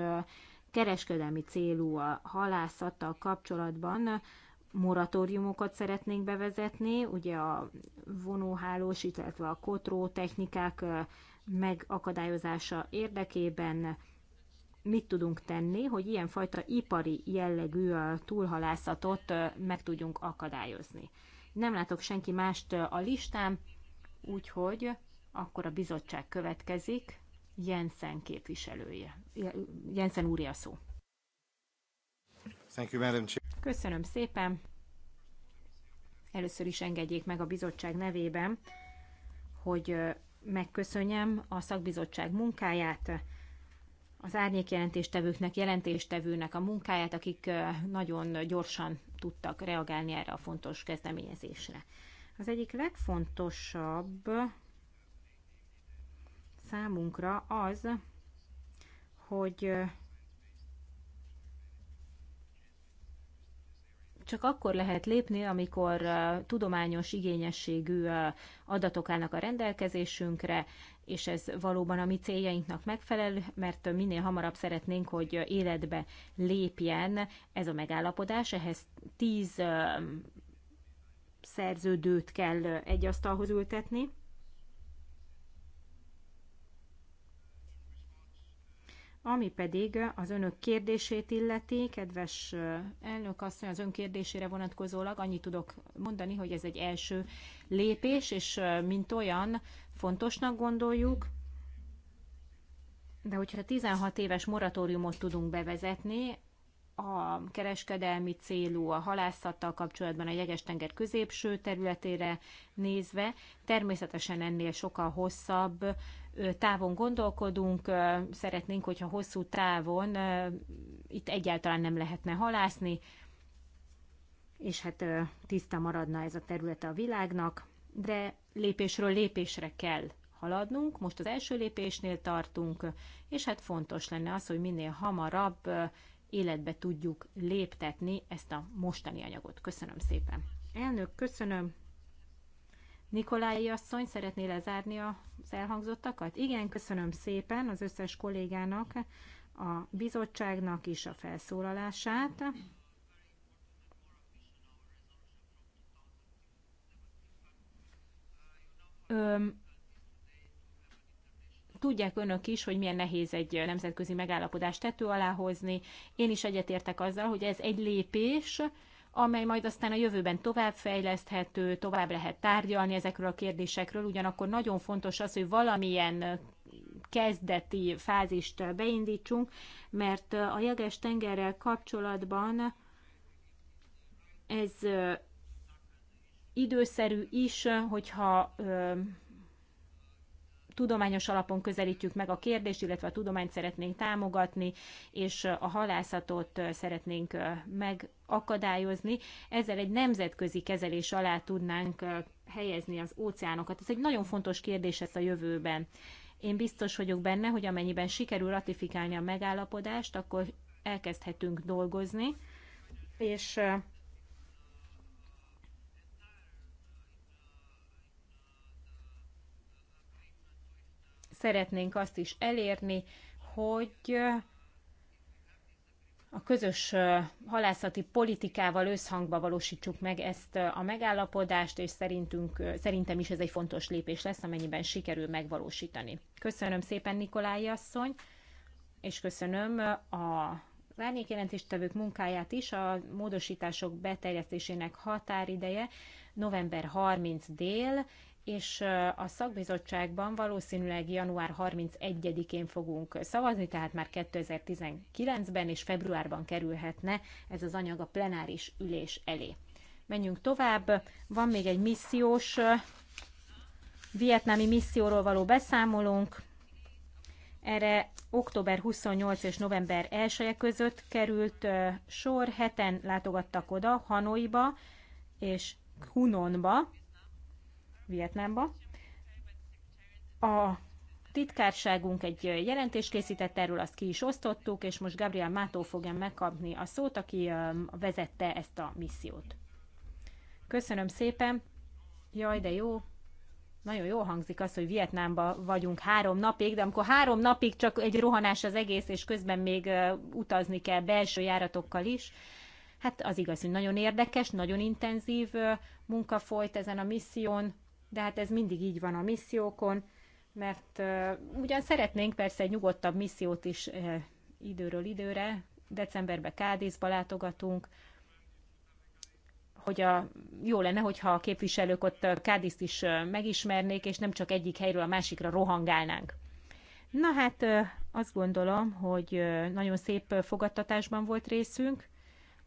kereskedelmi célú a halászattal kapcsolatban moratóriumokat szeretnénk bevezetni, ugye a vonóhálós, illetve a kotró technikák megakadályozása érdekében mit tudunk tenni, hogy ilyenfajta ipari jellegű túlhalászatot meg tudjunk akadályozni. Nem látok senki mást a listán, úgyhogy akkor a bizottság következik, Jensen képviselője. Jensen úr a szó. Thank you, Madam Köszönöm szépen. Először is engedjék meg a bizottság nevében, hogy megköszönjem a szakbizottság munkáját, az árnyékjelentéstevőknek, jelentéstevőnek a munkáját, akik nagyon gyorsan tudtak reagálni erre a fontos kezdeményezésre. Az egyik legfontosabb számunkra az, hogy csak akkor lehet lépni, amikor tudományos igényességű adatok állnak a rendelkezésünkre, és ez valóban a mi céljainknak megfelel, mert minél hamarabb szeretnénk, hogy életbe lépjen ez a megállapodás. Ehhez tíz szerződőt kell egy asztalhoz ültetni. Ami pedig az önök kérdését illeti, kedves elnök asszony, az ön kérdésére vonatkozólag annyit tudok mondani, hogy ez egy első lépés, és mint olyan fontosnak gondoljuk, de hogyha 16 éves moratóriumot tudunk bevezetni, a kereskedelmi célú, a halászattal kapcsolatban a Jegestenger középső területére nézve, természetesen ennél sokkal hosszabb távon gondolkodunk, szeretnénk, hogyha hosszú távon itt egyáltalán nem lehetne halászni, és hát tiszta maradna ez a területe a világnak, de lépésről lépésre kell haladnunk. Most az első lépésnél tartunk, és hát fontos lenne az, hogy minél hamarabb életbe tudjuk léptetni ezt a mostani anyagot. Köszönöm szépen. Elnök, köszönöm. Nikolái asszony, szeretné lezárni az elhangzottakat? Igen, köszönöm szépen az összes kollégának, a bizottságnak is a felszólalását. Öm, tudják önök is, hogy milyen nehéz egy nemzetközi megállapodást tető alá hozni. Én is egyetértek azzal, hogy ez egy lépés, amely majd aztán a jövőben továbbfejleszthető, tovább lehet tárgyalni ezekről a kérdésekről, ugyanakkor nagyon fontos az, hogy valamilyen kezdeti fázist beindítsunk, mert a jeges tengerrel kapcsolatban ez időszerű is, hogyha tudományos alapon közelítjük meg a kérdést, illetve a tudományt szeretnénk támogatni, és a halászatot szeretnénk megakadályozni. Ezzel egy nemzetközi kezelés alá tudnánk helyezni az óceánokat. Ez egy nagyon fontos kérdés ez a jövőben. Én biztos vagyok benne, hogy amennyiben sikerül ratifikálni a megállapodást, akkor elkezdhetünk dolgozni, és szeretnénk azt is elérni, hogy a közös halászati politikával összhangba valósítsuk meg ezt a megállapodást, és szerintünk, szerintem is ez egy fontos lépés lesz, amennyiben sikerül megvalósítani. Köszönöm szépen, Nikolái asszony, és köszönöm a árnyékjelentéstevők munkáját is, a módosítások beterjesztésének határideje november 30 dél, és a szakbizottságban valószínűleg január 31-én fogunk szavazni, tehát már 2019-ben és februárban kerülhetne ez az anyag a plenáris ülés elé. Menjünk tovább, van még egy missziós, vietnámi misszióról való beszámolónk, erre október 28 és november 1 -e között került sor, heten látogattak oda, Hanoiba és Hunonba, Vietnámba. A titkárságunk egy jelentést készített erről, azt ki is osztottuk, és most Gabriel Mátó fogja megkapni a szót, aki um, vezette ezt a missziót. Köszönöm szépen! Jaj, de jó! Nagyon jól hangzik az, hogy Vietnámba vagyunk három napig, de amikor három napig csak egy rohanás az egész, és közben még uh, utazni kell belső járatokkal is, hát az igaz, hogy nagyon érdekes, nagyon intenzív uh, munka folyt ezen a misszión, de hát ez mindig így van a missziókon, mert ugyan szeretnénk persze egy nyugodtabb missziót is időről időre, decemberben Kádészba látogatunk, hogy a, jó lenne, hogyha a képviselők ott Kádiszt is megismernék, és nem csak egyik helyről a másikra rohangálnánk. Na hát azt gondolom, hogy nagyon szép fogadtatásban volt részünk.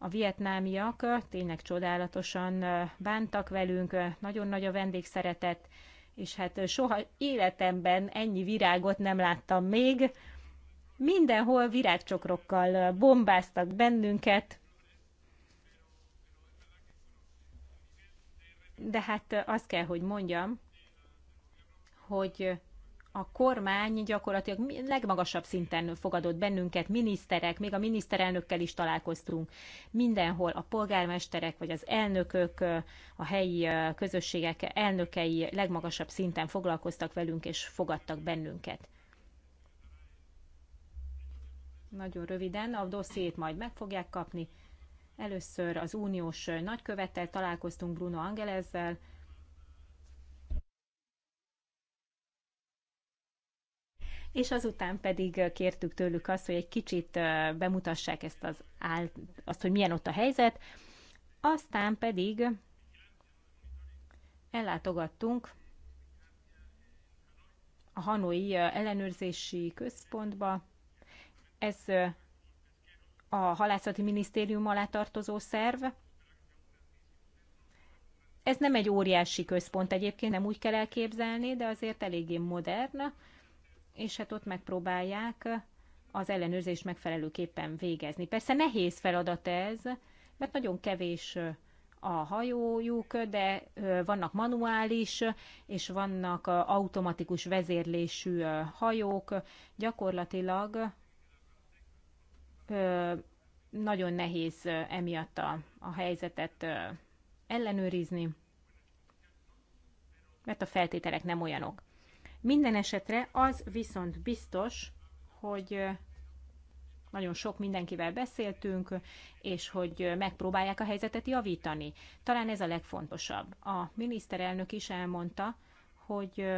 A vietnámiak tényleg csodálatosan bántak velünk, nagyon nagy a vendégszeretet, és hát soha életemben ennyi virágot nem láttam még. Mindenhol virágcsokrokkal bombáztak bennünket, de hát azt kell, hogy mondjam, hogy a kormány gyakorlatilag legmagasabb szinten fogadott bennünket, miniszterek, még a miniszterelnökkel is találkoztunk. Mindenhol a polgármesterek vagy az elnökök, a helyi közösségek elnökei legmagasabb szinten foglalkoztak velünk és fogadtak bennünket. Nagyon röviden, a dossziét majd meg fogják kapni. Először az uniós nagykövettel találkoztunk Bruno Angelezzel, és azután pedig kértük tőlük azt, hogy egy kicsit bemutassák ezt az áll, azt, hogy milyen ott a helyzet, aztán pedig ellátogattunk a Hanoi ellenőrzési központba. Ez a halászati minisztérium alá tartozó szerv. Ez nem egy óriási központ egyébként, nem úgy kell elképzelni, de azért eléggé modern és hát ott megpróbálják az ellenőrzést megfelelőképpen végezni. Persze nehéz feladat ez, mert nagyon kevés a hajójuk, de vannak manuális, és vannak automatikus vezérlésű hajók. Gyakorlatilag nagyon nehéz emiatt a, a helyzetet ellenőrizni, mert a feltételek nem olyanok. Minden esetre az viszont biztos, hogy nagyon sok mindenkivel beszéltünk, és hogy megpróbálják a helyzetet javítani. Talán ez a legfontosabb. A miniszterelnök is elmondta, hogy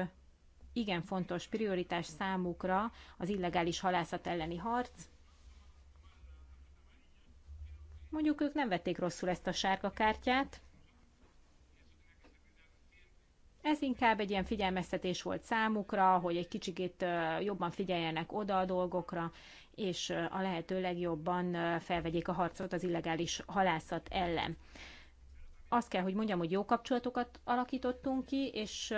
igen fontos prioritás számukra az illegális halászat elleni harc. Mondjuk ők nem vették rosszul ezt a sárga kártyát, ez inkább egy ilyen figyelmeztetés volt számukra, hogy egy kicsikét jobban figyeljenek oda a dolgokra, és a lehető legjobban felvegyék a harcot az illegális halászat ellen. Azt kell, hogy mondjam, hogy jó kapcsolatokat alakítottunk ki, és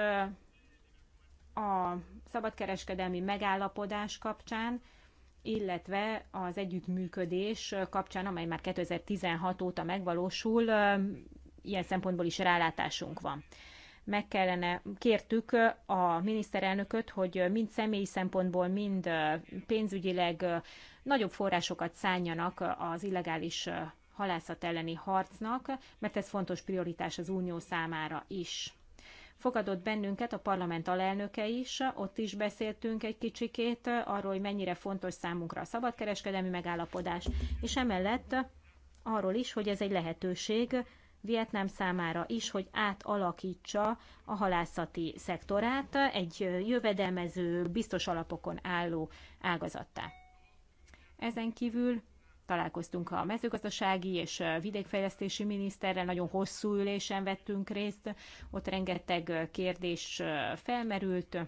a szabadkereskedelmi megállapodás kapcsán illetve az együttműködés kapcsán, amely már 2016 óta megvalósul, ilyen szempontból is rálátásunk van meg kellene, kértük a miniszterelnököt, hogy mind személyi szempontból, mind pénzügyileg nagyobb forrásokat szálljanak az illegális halászat elleni harcnak, mert ez fontos prioritás az unió számára is. Fogadott bennünket a parlament alelnöke is, ott is beszéltünk egy kicsikét arról, hogy mennyire fontos számunkra a szabadkereskedelmi megállapodás, és emellett arról is, hogy ez egy lehetőség Vietnám számára is, hogy átalakítsa a halászati szektorát egy jövedelmező, biztos alapokon álló ágazattá. Ezen kívül találkoztunk a mezőgazdasági és vidékfejlesztési miniszterrel, nagyon hosszú ülésen vettünk részt, ott rengeteg kérdés felmerült,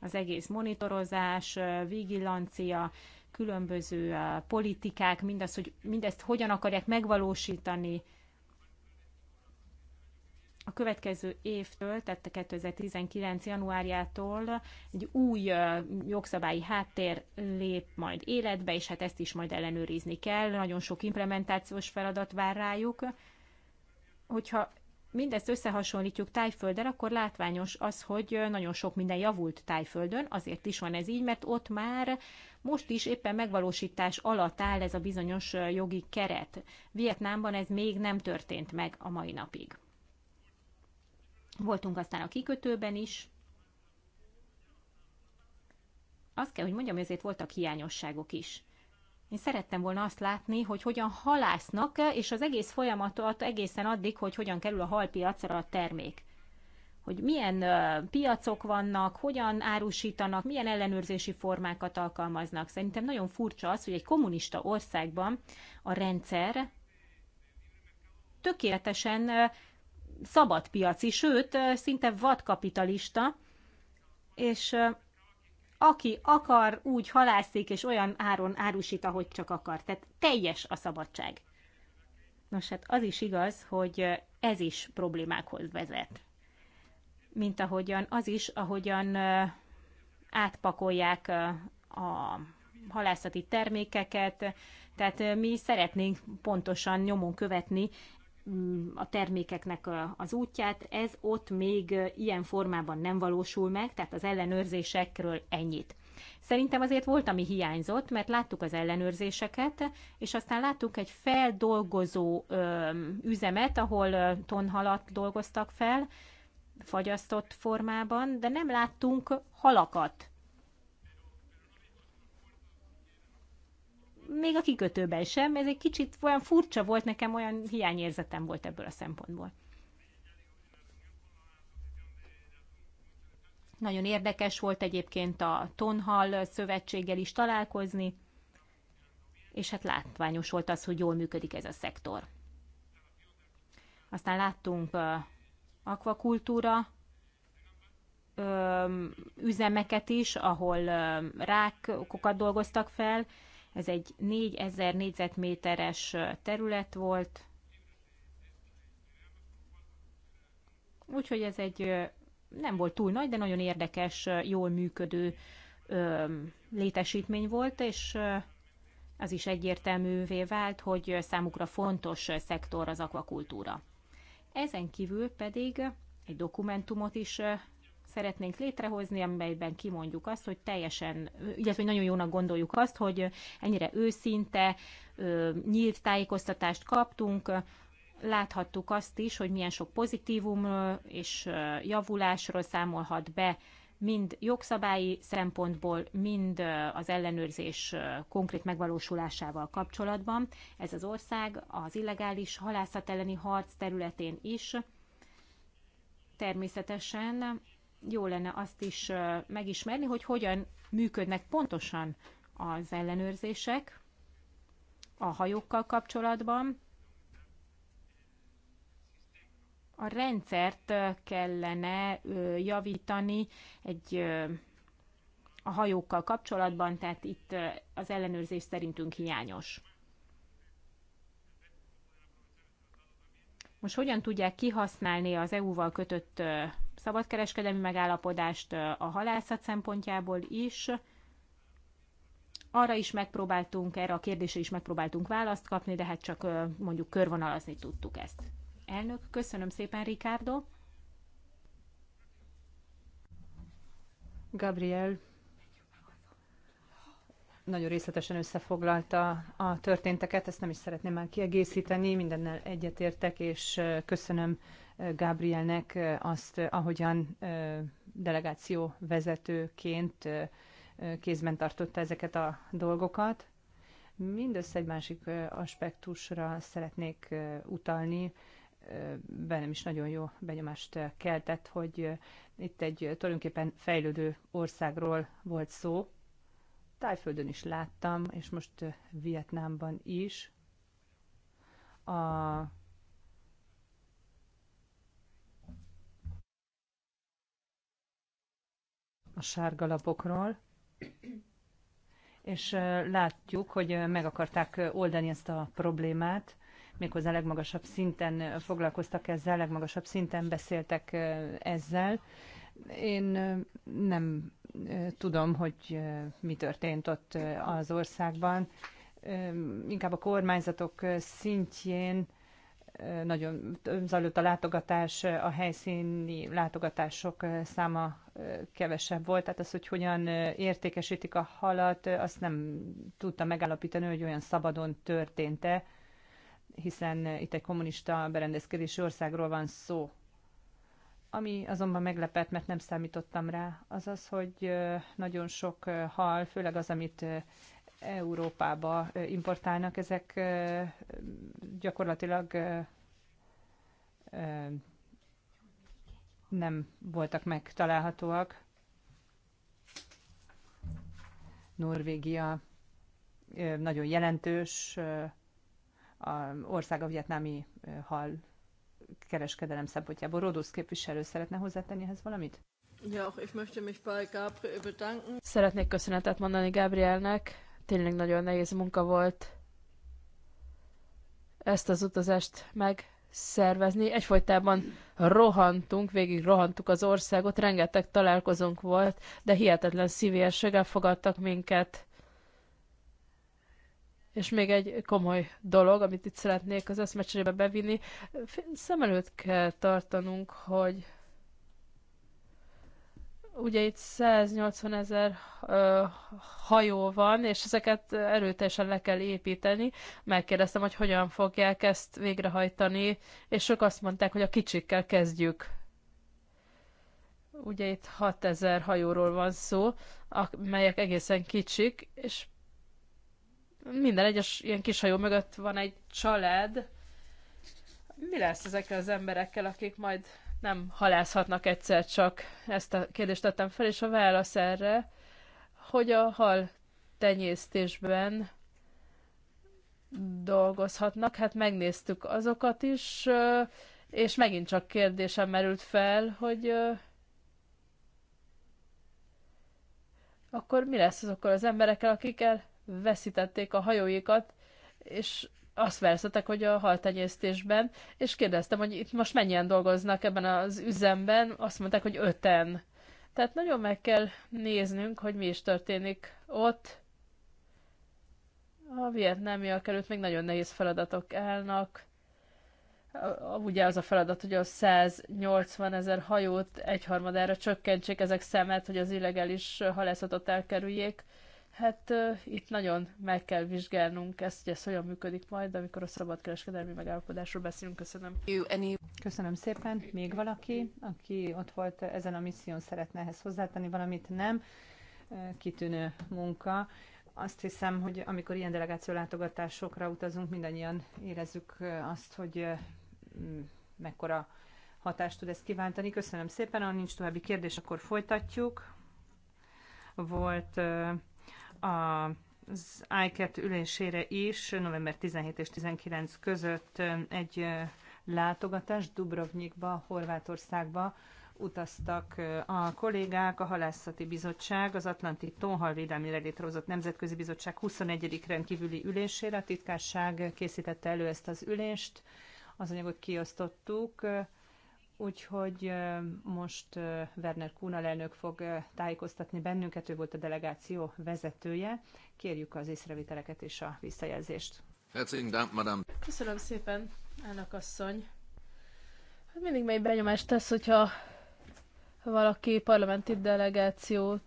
az egész monitorozás, vigilancia, különböző politikák, mindaz, hogy mindezt hogyan akarják megvalósítani a következő évtől, tehát a 2019. januárjától egy új jogszabályi háttér lép majd életbe, és hát ezt is majd ellenőrizni kell. Nagyon sok implementációs feladat vár rájuk. Hogyha mindezt összehasonlítjuk Tájfölddel, akkor látványos az, hogy nagyon sok minden javult Tájföldön, azért is van ez így, mert ott már most is éppen megvalósítás alatt áll ez a bizonyos jogi keret. Vietnámban ez még nem történt meg a mai napig. Voltunk aztán a kikötőben is. Azt kell, hogy mondjam, hogy azért voltak hiányosságok is. Én szerettem volna azt látni, hogy hogyan halásznak, és az egész folyamatot egészen addig, hogy hogyan kerül a halpiacra a termék. Hogy milyen piacok vannak, hogyan árusítanak, milyen ellenőrzési formákat alkalmaznak. Szerintem nagyon furcsa az, hogy egy kommunista országban a rendszer tökéletesen szabadpiaci, sőt, szinte vadkapitalista, és aki akar, úgy halászik, és olyan áron árusít, ahogy csak akar. Tehát teljes a szabadság. Nos, hát az is igaz, hogy ez is problémákhoz vezet. Mint ahogyan az is, ahogyan átpakolják a halászati termékeket, tehát mi szeretnénk pontosan nyomon követni Mm, a termékeknek az útját, ez ott még ilyen formában nem valósul meg, tehát az ellenőrzésekről ennyit. Szerintem azért volt, ami hiányzott, mert láttuk az ellenőrzéseket, és aztán láttuk egy feldolgozó ö, üzemet, ahol ö, tonhalat dolgoztak fel, fagyasztott formában, de nem láttunk halakat. még a kikötőben sem. Ez egy kicsit olyan furcsa volt nekem, olyan hiányérzetem volt ebből a szempontból. Nagyon érdekes volt egyébként a Tonhal szövetséggel is találkozni, és hát látványos volt az, hogy jól működik ez a szektor. Aztán láttunk akvakultúra üzemeket is, ahol rákokat dolgoztak fel, ez egy 4000 négyzetméteres terület volt, úgyhogy ez egy nem volt túl nagy, de nagyon érdekes, jól működő létesítmény volt, és az is egyértelművé vált, hogy számukra fontos szektor az akvakultúra. Ezen kívül pedig egy dokumentumot is szeretnénk létrehozni, amelyben kimondjuk azt, hogy teljesen, illetve nagyon jónak gondoljuk azt, hogy ennyire őszinte, nyílt tájékoztatást kaptunk, láthattuk azt is, hogy milyen sok pozitívum és javulásról számolhat be mind jogszabályi szempontból, mind az ellenőrzés konkrét megvalósulásával kapcsolatban. Ez az ország az illegális halászat elleni harc területén is természetesen jó lenne azt is megismerni, hogy hogyan működnek pontosan az ellenőrzések a hajókkal kapcsolatban. A rendszert kellene javítani egy a hajókkal kapcsolatban, tehát itt az ellenőrzés szerintünk hiányos. Most hogyan tudják kihasználni az EU-val kötött szabadkereskedelmi megállapodást a halászat szempontjából is. Arra is megpróbáltunk, erre a kérdésre is megpróbáltunk választ kapni, de hát csak mondjuk körvonalazni tudtuk ezt. Elnök, köszönöm szépen, Ricardo. Gabriel nagyon részletesen összefoglalta a történteket, ezt nem is szeretném már kiegészíteni, mindennel egyetértek, és köszönöm Gabrielnek azt, ahogyan delegáció vezetőként kézben tartotta ezeket a dolgokat. Mindössze egy másik aspektusra szeretnék utalni, bennem is nagyon jó benyomást keltett, hogy itt egy tulajdonképpen fejlődő országról volt szó. Tájföldön is láttam, és most Vietnámban is. A a sárga lapokról, és látjuk, hogy meg akarták oldani ezt a problémát, méghozzá legmagasabb szinten foglalkoztak ezzel, legmagasabb szinten beszéltek ezzel. Én nem tudom, hogy mi történt ott az országban. Inkább a kormányzatok szintjén nagyon zajlott a látogatás, a helyszíni látogatások száma kevesebb volt, tehát az, hogy hogyan értékesítik a halat, azt nem tudta megállapítani, hogy olyan szabadon történt-e, hiszen itt egy kommunista berendezkedési országról van szó. Ami azonban meglepett, mert nem számítottam rá, az az, hogy nagyon sok hal, főleg az, amit Európába importálnak, ezek gyakorlatilag nem voltak megtalálhatóak. Norvégia nagyon jelentős a ország a vietnámi hal kereskedelem szempontjából. Rodusz képviselő szeretne hozzátenni ehhez valamit? Ja, ich möchte mich bei Gabriel bedanken. Szeretnék köszönetet mondani Gabrielnek Tényleg nagyon nehéz munka volt ezt az utazást megszervezni. Egyfolytában rohantunk, végig rohantuk az országot, rengeteg találkozónk volt, de hihetetlen szívérséggel fogadtak minket. És még egy komoly dolog, amit itt szeretnék az eszmecserébe bevinni, szem előtt kell tartanunk, hogy Ugye itt 180 ezer hajó van, és ezeket erőteljesen le kell építeni. Megkérdeztem, hogy hogyan fogják ezt végrehajtani, és ők azt mondták, hogy a kicsikkel kezdjük ugye itt 6000 hajóról van szó, melyek egészen kicsik, és minden egyes ilyen kis hajó mögött van egy család. Mi lesz ezekkel az emberekkel, akik majd nem halászhatnak egyszer csak. Ezt a kérdést tettem fel, és a válasz erre, hogy a hal tenyésztésben dolgozhatnak. Hát megnéztük azokat is, és megint csak kérdésem merült fel, hogy akkor mi lesz azokkal az emberekkel, akik veszítették a hajóikat, és azt veszetek, hogy a haltenyésztésben, és kérdeztem, hogy itt most mennyien dolgoznak ebben az üzemben, azt mondták, hogy öten. Tehát nagyon meg kell néznünk, hogy mi is történik ott. A vietnámiak előtt még nagyon nehéz feladatok állnak. Ugye az a feladat, hogy a 180 ezer hajót egyharmadára csökkentsék ezek szemet, hogy az illegális halászatot elkerüljék. Hát uh, itt nagyon meg kell vizsgálnunk ezt, hogy ez hogyan működik majd, amikor a szabadkereskedelmi megállapodásról beszélünk. Köszönöm. Köszönöm szépen. Még valaki, aki ott volt ezen a misszión, szeretne ehhez hozzátenni valamit? Nem. Kitűnő munka. Azt hiszem, hogy amikor ilyen delegáció látogatásokra utazunk, mindannyian érezzük azt, hogy mekkora hatást tud ez kiváltani. Köszönöm szépen, ha nincs további kérdés, akkor folytatjuk. Volt a az I2 e ülésére is november 17 és 19 között egy látogatás Dubrovnikba, Horvátországba utaztak a kollégák, a Halászati Bizottság, az Atlanti Tonhalvédelmire létrehozott Nemzetközi Bizottság 21. rendkívüli ülésére. A titkárság készítette elő ezt az ülést, az anyagot kiosztottuk. Úgyhogy most Werner Kuna elnök fog tájékoztatni bennünket, ő volt a delegáció vezetője. Kérjük az észrevételeket és a visszajelzést. Köszönöm szépen, elnök asszony. Hát mindig mely benyomást tesz, hogyha valaki parlamenti delegációt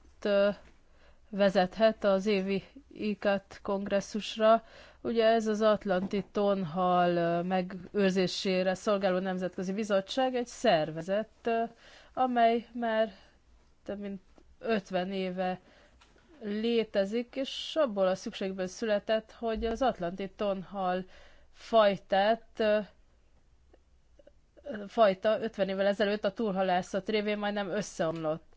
vezethet az évi ICAT kongresszusra. Ugye ez az Atlanti Tonhal megőrzésére szolgáló nemzetközi bizottság egy szervezet, amely már több mint 50 éve létezik, és abból a szükségből született, hogy az Atlanti Tonhal fajtát fajta 50 évvel ezelőtt a túlhalászat révén majdnem összeomlott.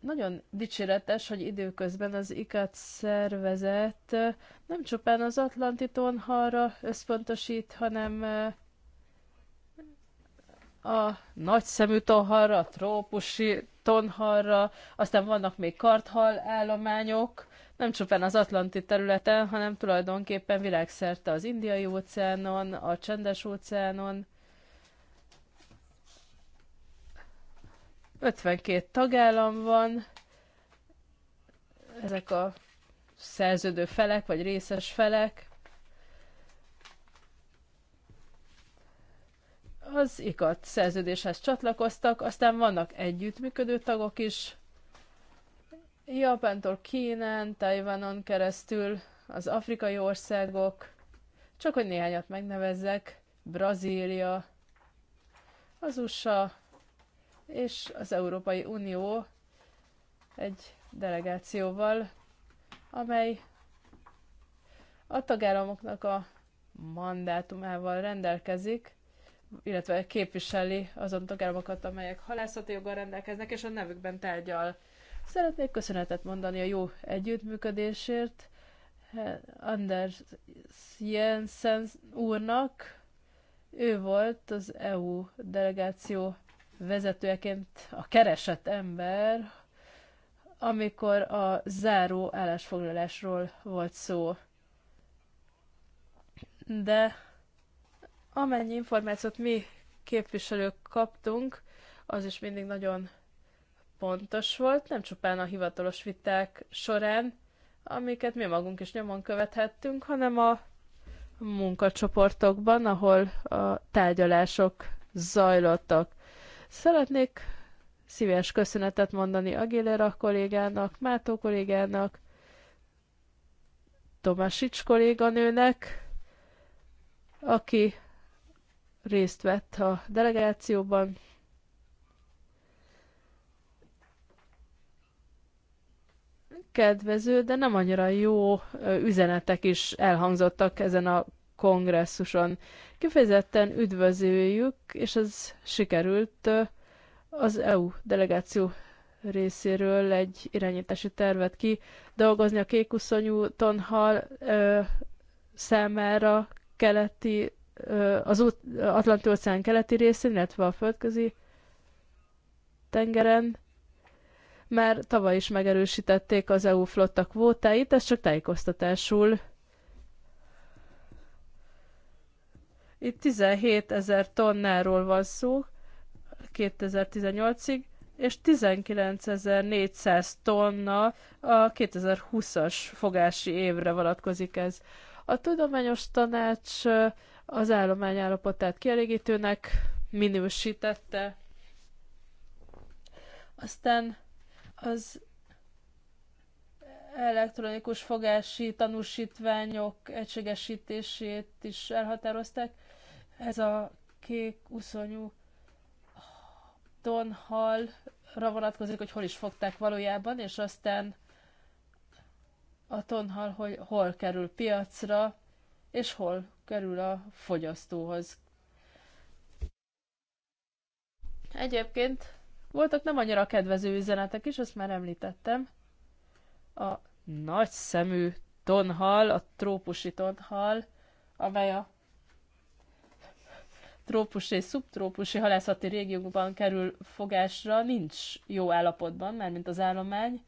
Nagyon dicséretes, hogy időközben az ICAT szervezet nem csupán az Atlanti tonhalra összpontosít, hanem a nagyszemű tonhalra, a trópusi tonhalra, aztán vannak még karthal állományok, nem csupán az Atlanti területen, hanem tulajdonképpen világszerte az Indiai óceánon, a Csendes óceánon, 52 tagállam van, ezek a szerződő felek, vagy részes felek. Az ikat szerződéshez csatlakoztak, aztán vannak együttműködő tagok is, Japántól Kínán, Tajvanon keresztül, az afrikai országok, csak hogy néhányat megnevezzek, Brazília, az USA, és az Európai Unió egy delegációval, amely a tagállamoknak a mandátumával rendelkezik, illetve képviseli azon tagállamokat, amelyek halászati joggal rendelkeznek, és a nevükben tárgyal. Szeretnék köszönetet mondani a jó együttműködésért Anders Jensen úrnak. Ő volt az EU delegáció vezetőjeként a keresett ember, amikor a záró állásfoglalásról volt szó. De amennyi információt mi képviselők kaptunk, az is mindig nagyon pontos volt, nem csupán a hivatalos viták során, amiket mi magunk is nyomon követhettünk, hanem a munkacsoportokban, ahol a tárgyalások zajlottak. Szeretnék szíves köszönetet mondani Agilera kollégának, Mátó kollégának, Tomásics kolléganőnek, aki részt vett a delegációban. Kedvező, de nem annyira jó üzenetek is elhangzottak ezen a kongresszuson. Kifejezetten üdvözöljük, és ez sikerült az EU delegáció részéről egy irányítási tervet ki dolgozni a kékuszonyú tonhal ö, számára keleti, ö, az Atlanti-óceán keleti részén, illetve a földközi tengeren. Már tavaly is megerősítették az EU flotta kvótáit, ez csak tájékoztatásul Itt 17 ezer tonnáról van szó 2018-ig, és 19.400 tonna a 2020-as fogási évre vonatkozik ez. A tudományos tanács az állomány állapotát kielégítőnek minősítette. Aztán az elektronikus fogási tanúsítványok egységesítését is elhatározták. Ez a kék uszonyú tonhalra vonatkozik, hogy hol is fogták valójában, és aztán a tonhal, hogy hol kerül piacra, és hol kerül a fogyasztóhoz. Egyébként voltak nem annyira kedvező üzenetek is, azt már említettem. A nagy szemű tonhal, a trópusi tonhal, amely a trópusi és szubtrópusi halászati régiókban kerül fogásra, nincs jó állapotban, mint az állomány.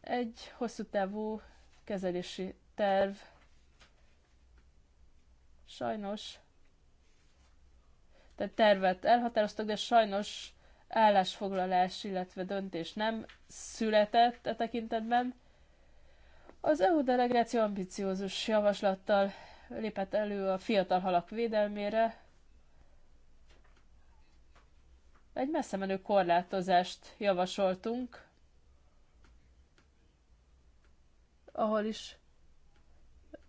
Egy hosszú távú kezelési terv sajnos tehát tervet elhatároztak, de sajnos állásfoglalás, illetve döntés nem született e tekintetben. Az EU delegáció ambiciózus javaslattal lépett elő a fiatal halak védelmére, egy messze menő korlátozást javasoltunk, ahol is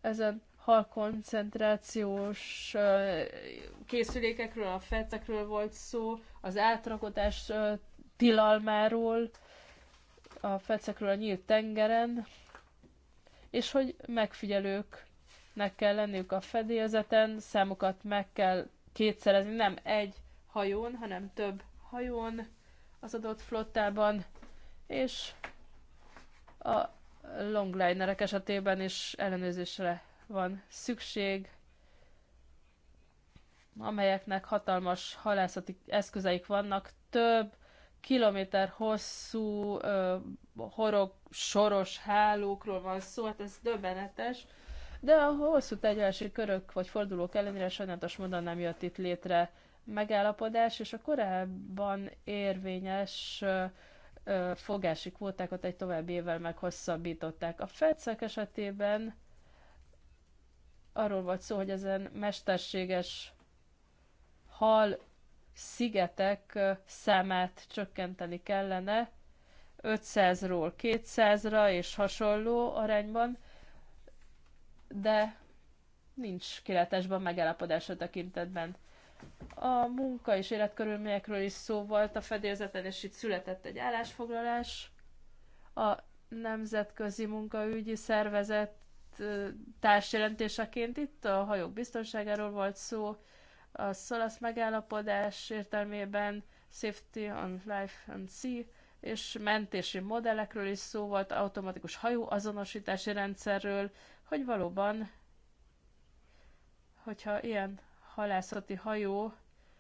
ezen halkoncentrációs készülékekről, a fettekről volt szó, az átrakotás tilalmáról, a fecekről a nyílt tengeren, és hogy megfigyelők nek kell lenniük a fedélzeten, számukat meg kell kétszerezni, nem egy hajón, hanem több hajón az adott flottában, és a longlinerek esetében is ellenőrzésre van szükség, amelyeknek hatalmas halászati eszközeik vannak, több kilométer hosszú ö, horog soros hálókról van szó, hát ez döbbenetes, de a hosszú tegyelési körök vagy fordulók ellenére sajnálatos módon nem jött itt létre megállapodás, és a korábban érvényes fogási kvótákat egy további évvel meghosszabbították. A fedszek esetében arról volt szó, hogy ezen mesterséges hal szigetek számát csökkenteni kellene 500-ról 200-ra és hasonló arányban, de nincs kilátásban megállapodás a tekintetben. A munka és életkörülményekről is szó volt a fedélzeten, és itt született egy állásfoglalás. A Nemzetközi Munkaügyi Szervezet társjelentéseként itt a hajók biztonságáról volt szó, a SZALASZ megállapodás értelmében Safety on Life and Sea, és mentési modellekről is szó volt, automatikus hajó azonosítási rendszerről, hogy valóban, hogyha ilyen halászati hajó,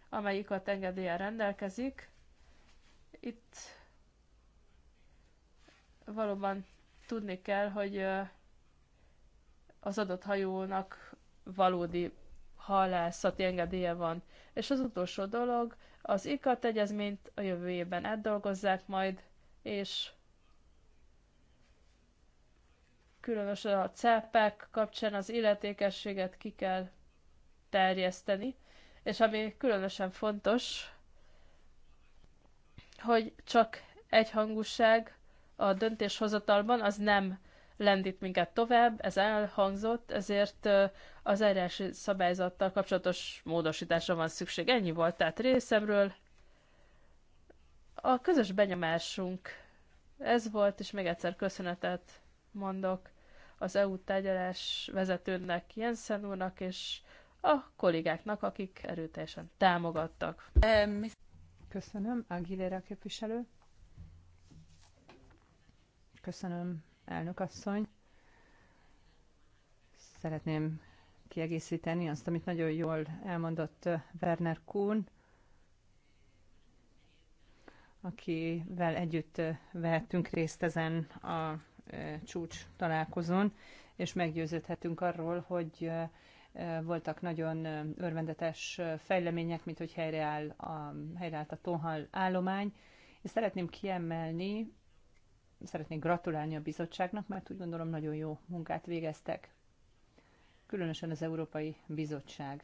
amelyik a tengedélyen rendelkezik, itt valóban tudni kell, hogy az adott hajónak valódi halászati engedélye van. És az utolsó dolog, az ICAT egyezményt a jövőjében átdolgozzák majd, és különösen a CEPEK kapcsán az illetékességet ki kell terjeszteni, és ami különösen fontos, hogy csak egyhangúság a döntéshozatalban az nem lendít minket tovább, ez elhangzott, ezért az eljárási szabályzattal kapcsolatos módosításra van szükség. Ennyi volt tehát részemről. A közös benyomásunk ez volt, és még egyszer köszönetet mondok az EU tárgyalás vezetőnek Jensen úrnak, és a kollégáknak, akik erőteljesen támogattak. Köszönöm, Aguilera képviselő. Köszönöm, elnök asszony. Szeretném kiegészíteni azt, amit nagyon jól elmondott Werner Kuhn, akivel együtt vehettünk részt ezen a csúcs találkozón, és meggyőződhetünk arról, hogy voltak nagyon örvendetes fejlemények, mint hogy helyreáll a, helyreállt a tonhal állomány. És szeretném kiemelni, szeretnék gratulálni a bizottságnak, mert úgy gondolom nagyon jó munkát végeztek. Különösen az Európai Bizottság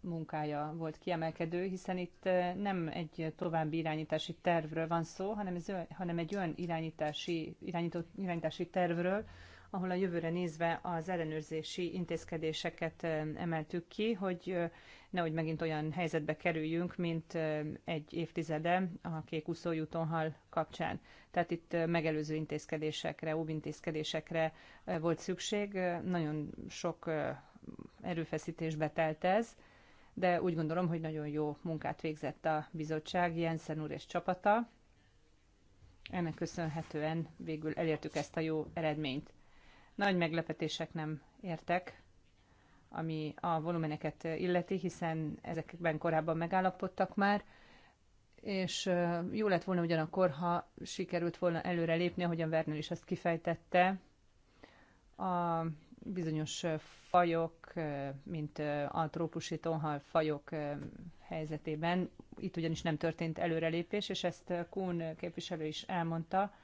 munkája volt kiemelkedő, hiszen itt eh, nem egy további irányítási tervről van szó, hanem, ez, hanem egy olyan irányítási, irányító, irányítási tervről, ahol a jövőre nézve az ellenőrzési intézkedéseket eh, emeltük ki, hogy eh, nehogy megint olyan helyzetbe kerüljünk, mint egy évtizede a kék úszójútonhal kapcsán. Tehát itt megelőző intézkedésekre, óvintézkedésekre volt szükség, nagyon sok erőfeszítésbe telt ez, de úgy gondolom, hogy nagyon jó munkát végzett a bizottság, Jensen úr és csapata. Ennek köszönhetően végül elértük ezt a jó eredményt. Nagy meglepetések nem értek, ami a volumeneket illeti, hiszen ezekben korábban megállapodtak már, és jó lett volna ugyanakkor, ha sikerült volna előre lépni, ahogyan Werner is azt kifejtette, a bizonyos fajok, mint a trópusi tonhal fajok helyzetében. Itt ugyanis nem történt előrelépés, és ezt Kuhn képviselő is elmondta.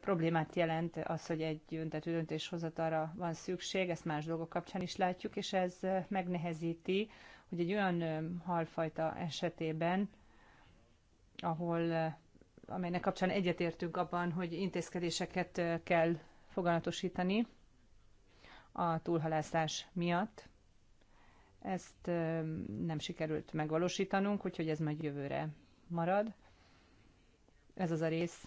Problémát jelent az, hogy egy öntető döntéshozatalra van szükség, ezt más dolgok kapcsán is látjuk, és ez megnehezíti, hogy egy olyan halfajta esetében, ahol amelynek kapcsán egyetértünk abban, hogy intézkedéseket kell foganatosítani, a túlhalászás miatt. Ezt nem sikerült megvalósítanunk, úgyhogy ez majd jövőre marad. Ez az a rész,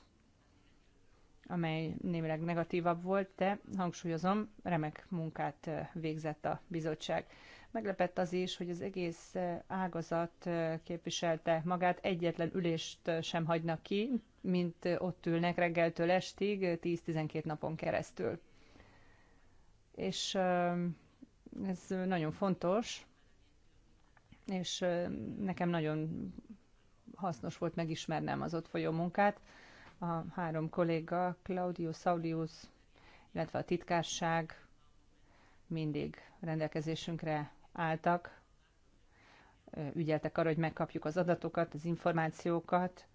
amely némileg negatívabb volt, de hangsúlyozom, remek munkát végzett a bizottság. Meglepett az is, hogy az egész ágazat képviselte magát, egyetlen ülést sem hagynak ki, mint ott ülnek reggeltől estig, 10-12 napon keresztül és ez nagyon fontos, és nekem nagyon hasznos volt megismernem az ott folyó munkát. A három kolléga, Claudius, Saulius, illetve a titkárság mindig rendelkezésünkre álltak, ügyeltek arra, hogy megkapjuk az adatokat, az információkat,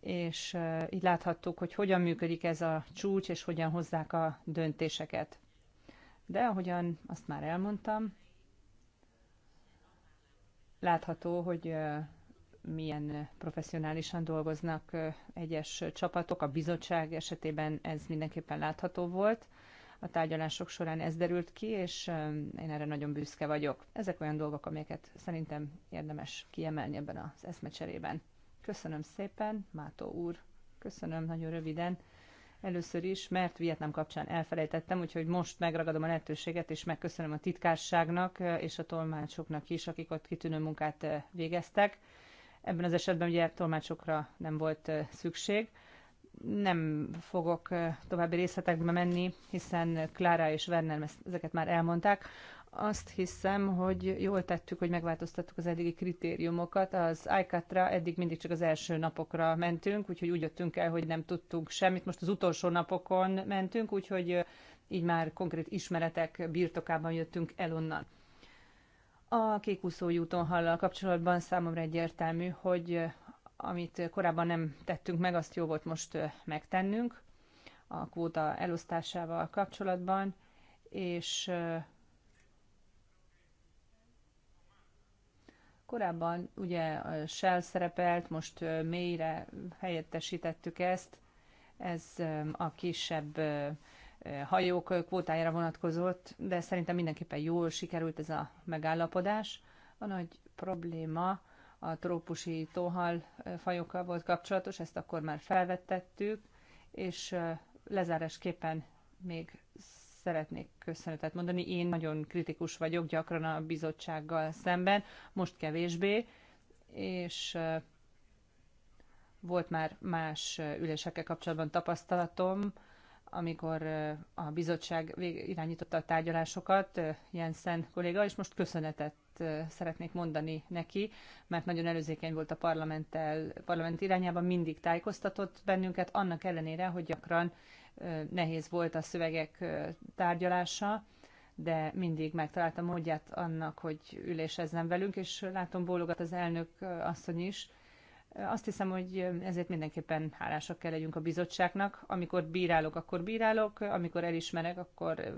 és így láthattuk, hogy hogyan működik ez a csúcs, és hogyan hozzák a döntéseket. De ahogyan azt már elmondtam, látható, hogy milyen professzionálisan dolgoznak egyes csapatok. A bizottság esetében ez mindenképpen látható volt. A tárgyalások során ez derült ki, és én erre nagyon büszke vagyok. Ezek olyan dolgok, amelyeket szerintem érdemes kiemelni ebben az eszmecserében. Köszönöm szépen, Mátó úr. Köszönöm nagyon röviden. Először is, mert Vietnám kapcsán elfelejtettem, úgyhogy most megragadom a lehetőséget, és megköszönöm a titkárságnak eh, és a tolmácsoknak is, akik ott kitűnő munkát eh, végeztek. Ebben az esetben ugye tolmácsokra nem volt eh, szükség. Nem fogok további részletekbe menni, hiszen Klára és Werner ezeket már elmondták. Azt hiszem, hogy jól tettük, hogy megváltoztattuk az eddigi kritériumokat. Az ICAT-ra eddig mindig csak az első napokra mentünk, úgyhogy úgy jöttünk el, hogy nem tudtunk semmit. Most az utolsó napokon mentünk, úgyhogy így már konkrét ismeretek birtokában jöttünk el onnan. A kékúszói úton hallal kapcsolatban számomra egyértelmű, hogy amit korábban nem tettünk meg, azt jó volt most megtennünk a kvóta elosztásával kapcsolatban, és Korábban ugye a Shell szerepelt, most mélyre helyettesítettük ezt, ez a kisebb hajók kvótájára vonatkozott, de szerintem mindenképpen jól sikerült ez a megállapodás. A nagy probléma a trópusi tóhal fajokkal volt kapcsolatos, ezt akkor már felvettettük, és lezárásképpen még szeretnék köszönetet mondani. Én nagyon kritikus vagyok gyakran a bizottsággal szemben, most kevésbé, és volt már más ülésekkel kapcsolatban tapasztalatom, amikor a bizottság irányította a tárgyalásokat, Jensen kolléga, és most köszönetet szeretnék mondani neki, mert nagyon előzékeny volt a parlamenttel, parlament irányában, mindig tájékoztatott bennünket, annak ellenére, hogy gyakran nehéz volt a szövegek tárgyalása, de mindig megtaláltam módját annak, hogy ülésezzen velünk, és látom bólogat az elnök asszony is. Azt hiszem, hogy ezért mindenképpen hálásak kell legyünk a bizottságnak. Amikor bírálok, akkor bírálok, amikor elismerek, akkor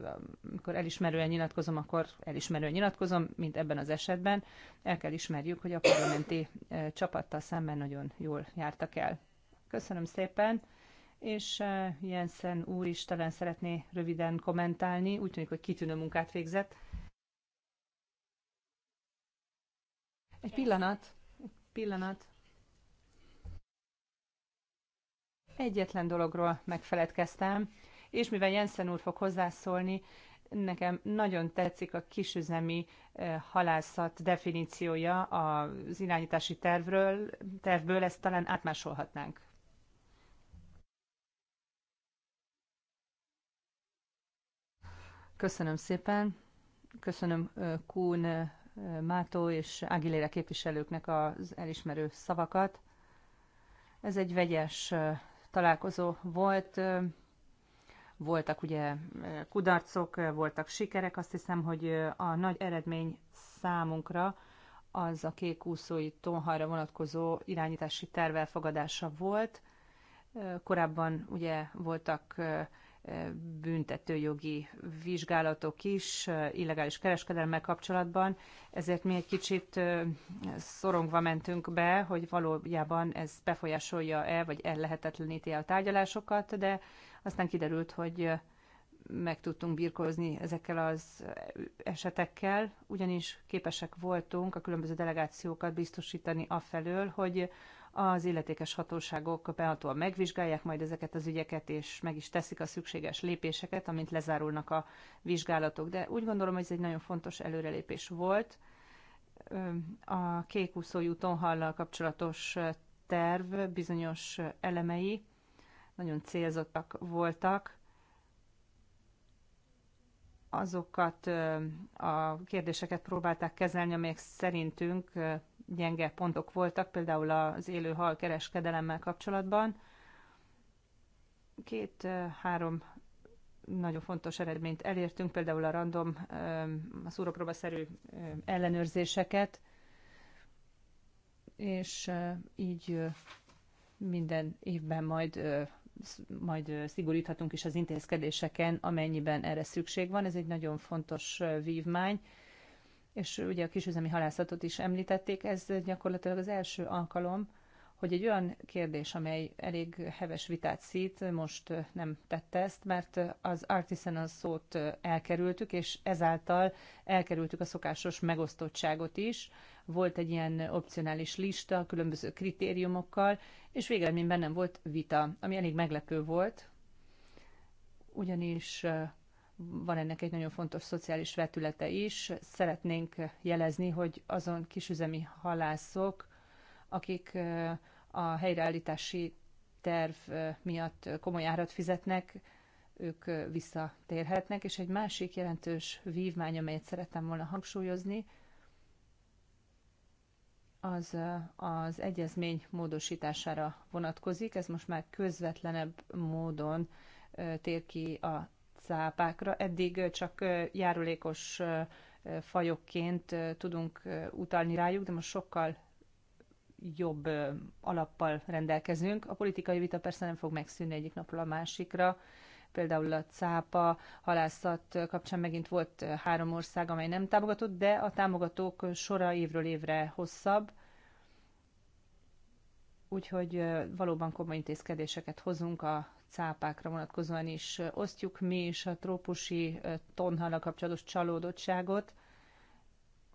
amikor elismerően nyilatkozom, akkor elismerően nyilatkozom, mint ebben az esetben. El kell ismerjük, hogy a parlamenti csapattal szemben nagyon jól jártak el. Köszönöm szépen! és eh, Jensen úr is talán szeretné röviden kommentálni. Úgy tűnik, hogy kitűnő munkát végzett. Egy pillanat, egy pillanat. Egyetlen dologról megfeledkeztem, és mivel Jensen úr fog hozzászólni, nekem nagyon tetszik a kisüzemi eh, halászat definíciója az irányítási tervről, tervből, ezt talán átmásolhatnánk. Köszönöm szépen. Köszönöm Kuhn, Mátó és Ágilére képviselőknek az elismerő szavakat. Ez egy vegyes találkozó volt. Voltak ugye kudarcok, voltak sikerek. Azt hiszem, hogy a nagy eredmény számunkra az a kék úszói tonhajra vonatkozó irányítási terv elfogadása volt. Korábban ugye voltak büntetőjogi vizsgálatok is illegális kereskedelemmel kapcsolatban, ezért mi egy kicsit szorongva mentünk be, hogy valójában ez befolyásolja-e, vagy el lehetetleníti a tárgyalásokat, de aztán kiderült, hogy meg tudtunk birkózni ezekkel az esetekkel, ugyanis képesek voltunk a különböző delegációkat biztosítani afelől, hogy az illetékes hatóságok behatóan megvizsgálják majd ezeket az ügyeket, és meg is teszik a szükséges lépéseket, amint lezárulnak a vizsgálatok. De úgy gondolom, hogy ez egy nagyon fontos előrelépés volt. A kék úton hallal kapcsolatos terv bizonyos elemei nagyon célzottak voltak, azokat a kérdéseket próbálták kezelni, amelyek szerintünk gyenge pontok voltak, például az élő hal kereskedelemmel kapcsolatban. Két-három nagyon fontos eredményt elértünk, például a random, a szúropróbaszerű ellenőrzéseket, és így minden évben majd majd szigoríthatunk is az intézkedéseken, amennyiben erre szükség van. Ez egy nagyon fontos vívmány, és ugye a kisüzemi halászatot is említették, ez gyakorlatilag az első alkalom, hogy egy olyan kérdés, amely elég heves vitát szít, most nem tette ezt, mert az artisanal szót elkerültük, és ezáltal elkerültük a szokásos megosztottságot is. Volt egy ilyen opcionális lista különböző kritériumokkal, és végeredményben nem volt vita, ami elég meglepő volt, ugyanis van ennek egy nagyon fontos szociális vetülete is. Szeretnénk jelezni, hogy azon kisüzemi halászok, akik a helyreállítási terv miatt komoly árat fizetnek, ők visszatérhetnek. És egy másik jelentős vívmány, amelyet szerettem volna hangsúlyozni, az az egyezmény módosítására vonatkozik. Ez most már közvetlenebb módon tér ki a cápákra. Eddig csak járulékos fajokként tudunk utalni rájuk, de most sokkal jobb alappal rendelkezünk. A politikai vita persze nem fog megszűnni egyik napról a másikra. Például a cápa halászat kapcsán megint volt három ország, amely nem támogatott, de a támogatók sora évről évre hosszabb. Úgyhogy valóban komoly intézkedéseket hozunk a cápákra vonatkozóan is osztjuk mi is a trópusi tonhalak kapcsolatos csalódottságot.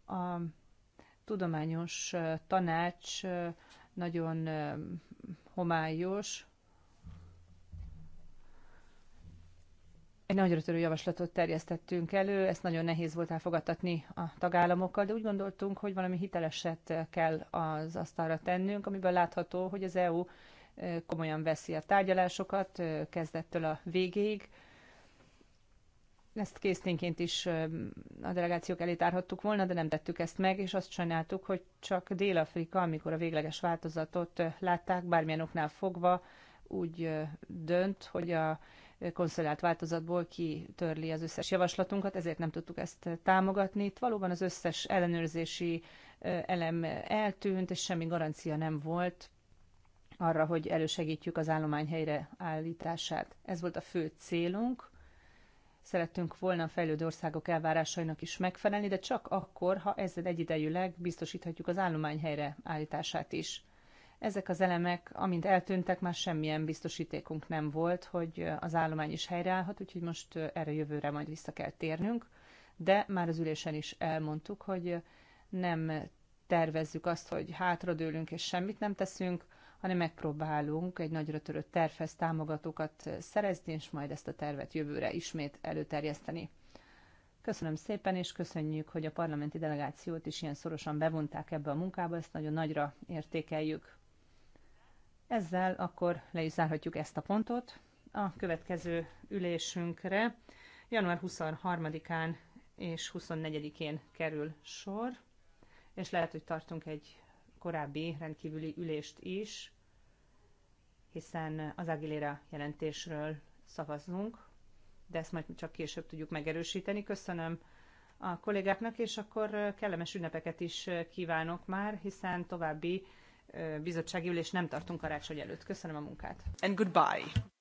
A tudományos tanács nagyon homályos, egy nagyon törő javaslatot terjesztettünk elő, ezt nagyon nehéz volt elfogadtatni a tagállamokkal, de úgy gondoltunk, hogy valami hiteleset kell az asztalra tennünk, amiben látható, hogy az EU komolyan veszi a tárgyalásokat kezdettől a végéig. Ezt készténként is a delegációk elé tárhattuk volna, de nem tettük ezt meg, és azt sajnáltuk, hogy csak Dél-Afrika, amikor a végleges változatot látták, bármilyen oknál fogva, úgy dönt, hogy a konszolált változatból kitörli az összes javaslatunkat, ezért nem tudtuk ezt támogatni. Itt valóban az összes ellenőrzési elem eltűnt, és semmi garancia nem volt arra, hogy elősegítjük az állomány helyre állítását. Ez volt a fő célunk. Szerettünk volna a fejlődő országok elvárásainak is megfelelni, de csak akkor, ha ezzel egyidejűleg biztosíthatjuk az állomány helyre állítását is. Ezek az elemek, amint eltűntek, már semmilyen biztosítékunk nem volt, hogy az állomány is helyreállhat, úgyhogy most erre jövőre majd vissza kell térnünk, de már az ülésen is elmondtuk, hogy nem tervezzük azt, hogy hátradőlünk és semmit nem teszünk, hanem megpróbálunk egy nagyra törött tervhez támogatókat szerezni, és majd ezt a tervet jövőre ismét előterjeszteni. Köszönöm szépen, és köszönjük, hogy a parlamenti delegációt is ilyen szorosan bevonták ebbe a munkába, ezt nagyon nagyra értékeljük. Ezzel akkor le is zárhatjuk ezt a pontot. A következő ülésünkre január 23-án és 24-én kerül sor, és lehet, hogy tartunk egy korábbi rendkívüli ülést is, hiszen az Aguilera jelentésről szavazzunk, de ezt majd csak később tudjuk megerősíteni. Köszönöm a kollégáknak, és akkor kellemes ünnepeket is kívánok már, hiszen további bizottsági ülés nem tartunk karácsony előtt. Köszönöm a munkát. And goodbye.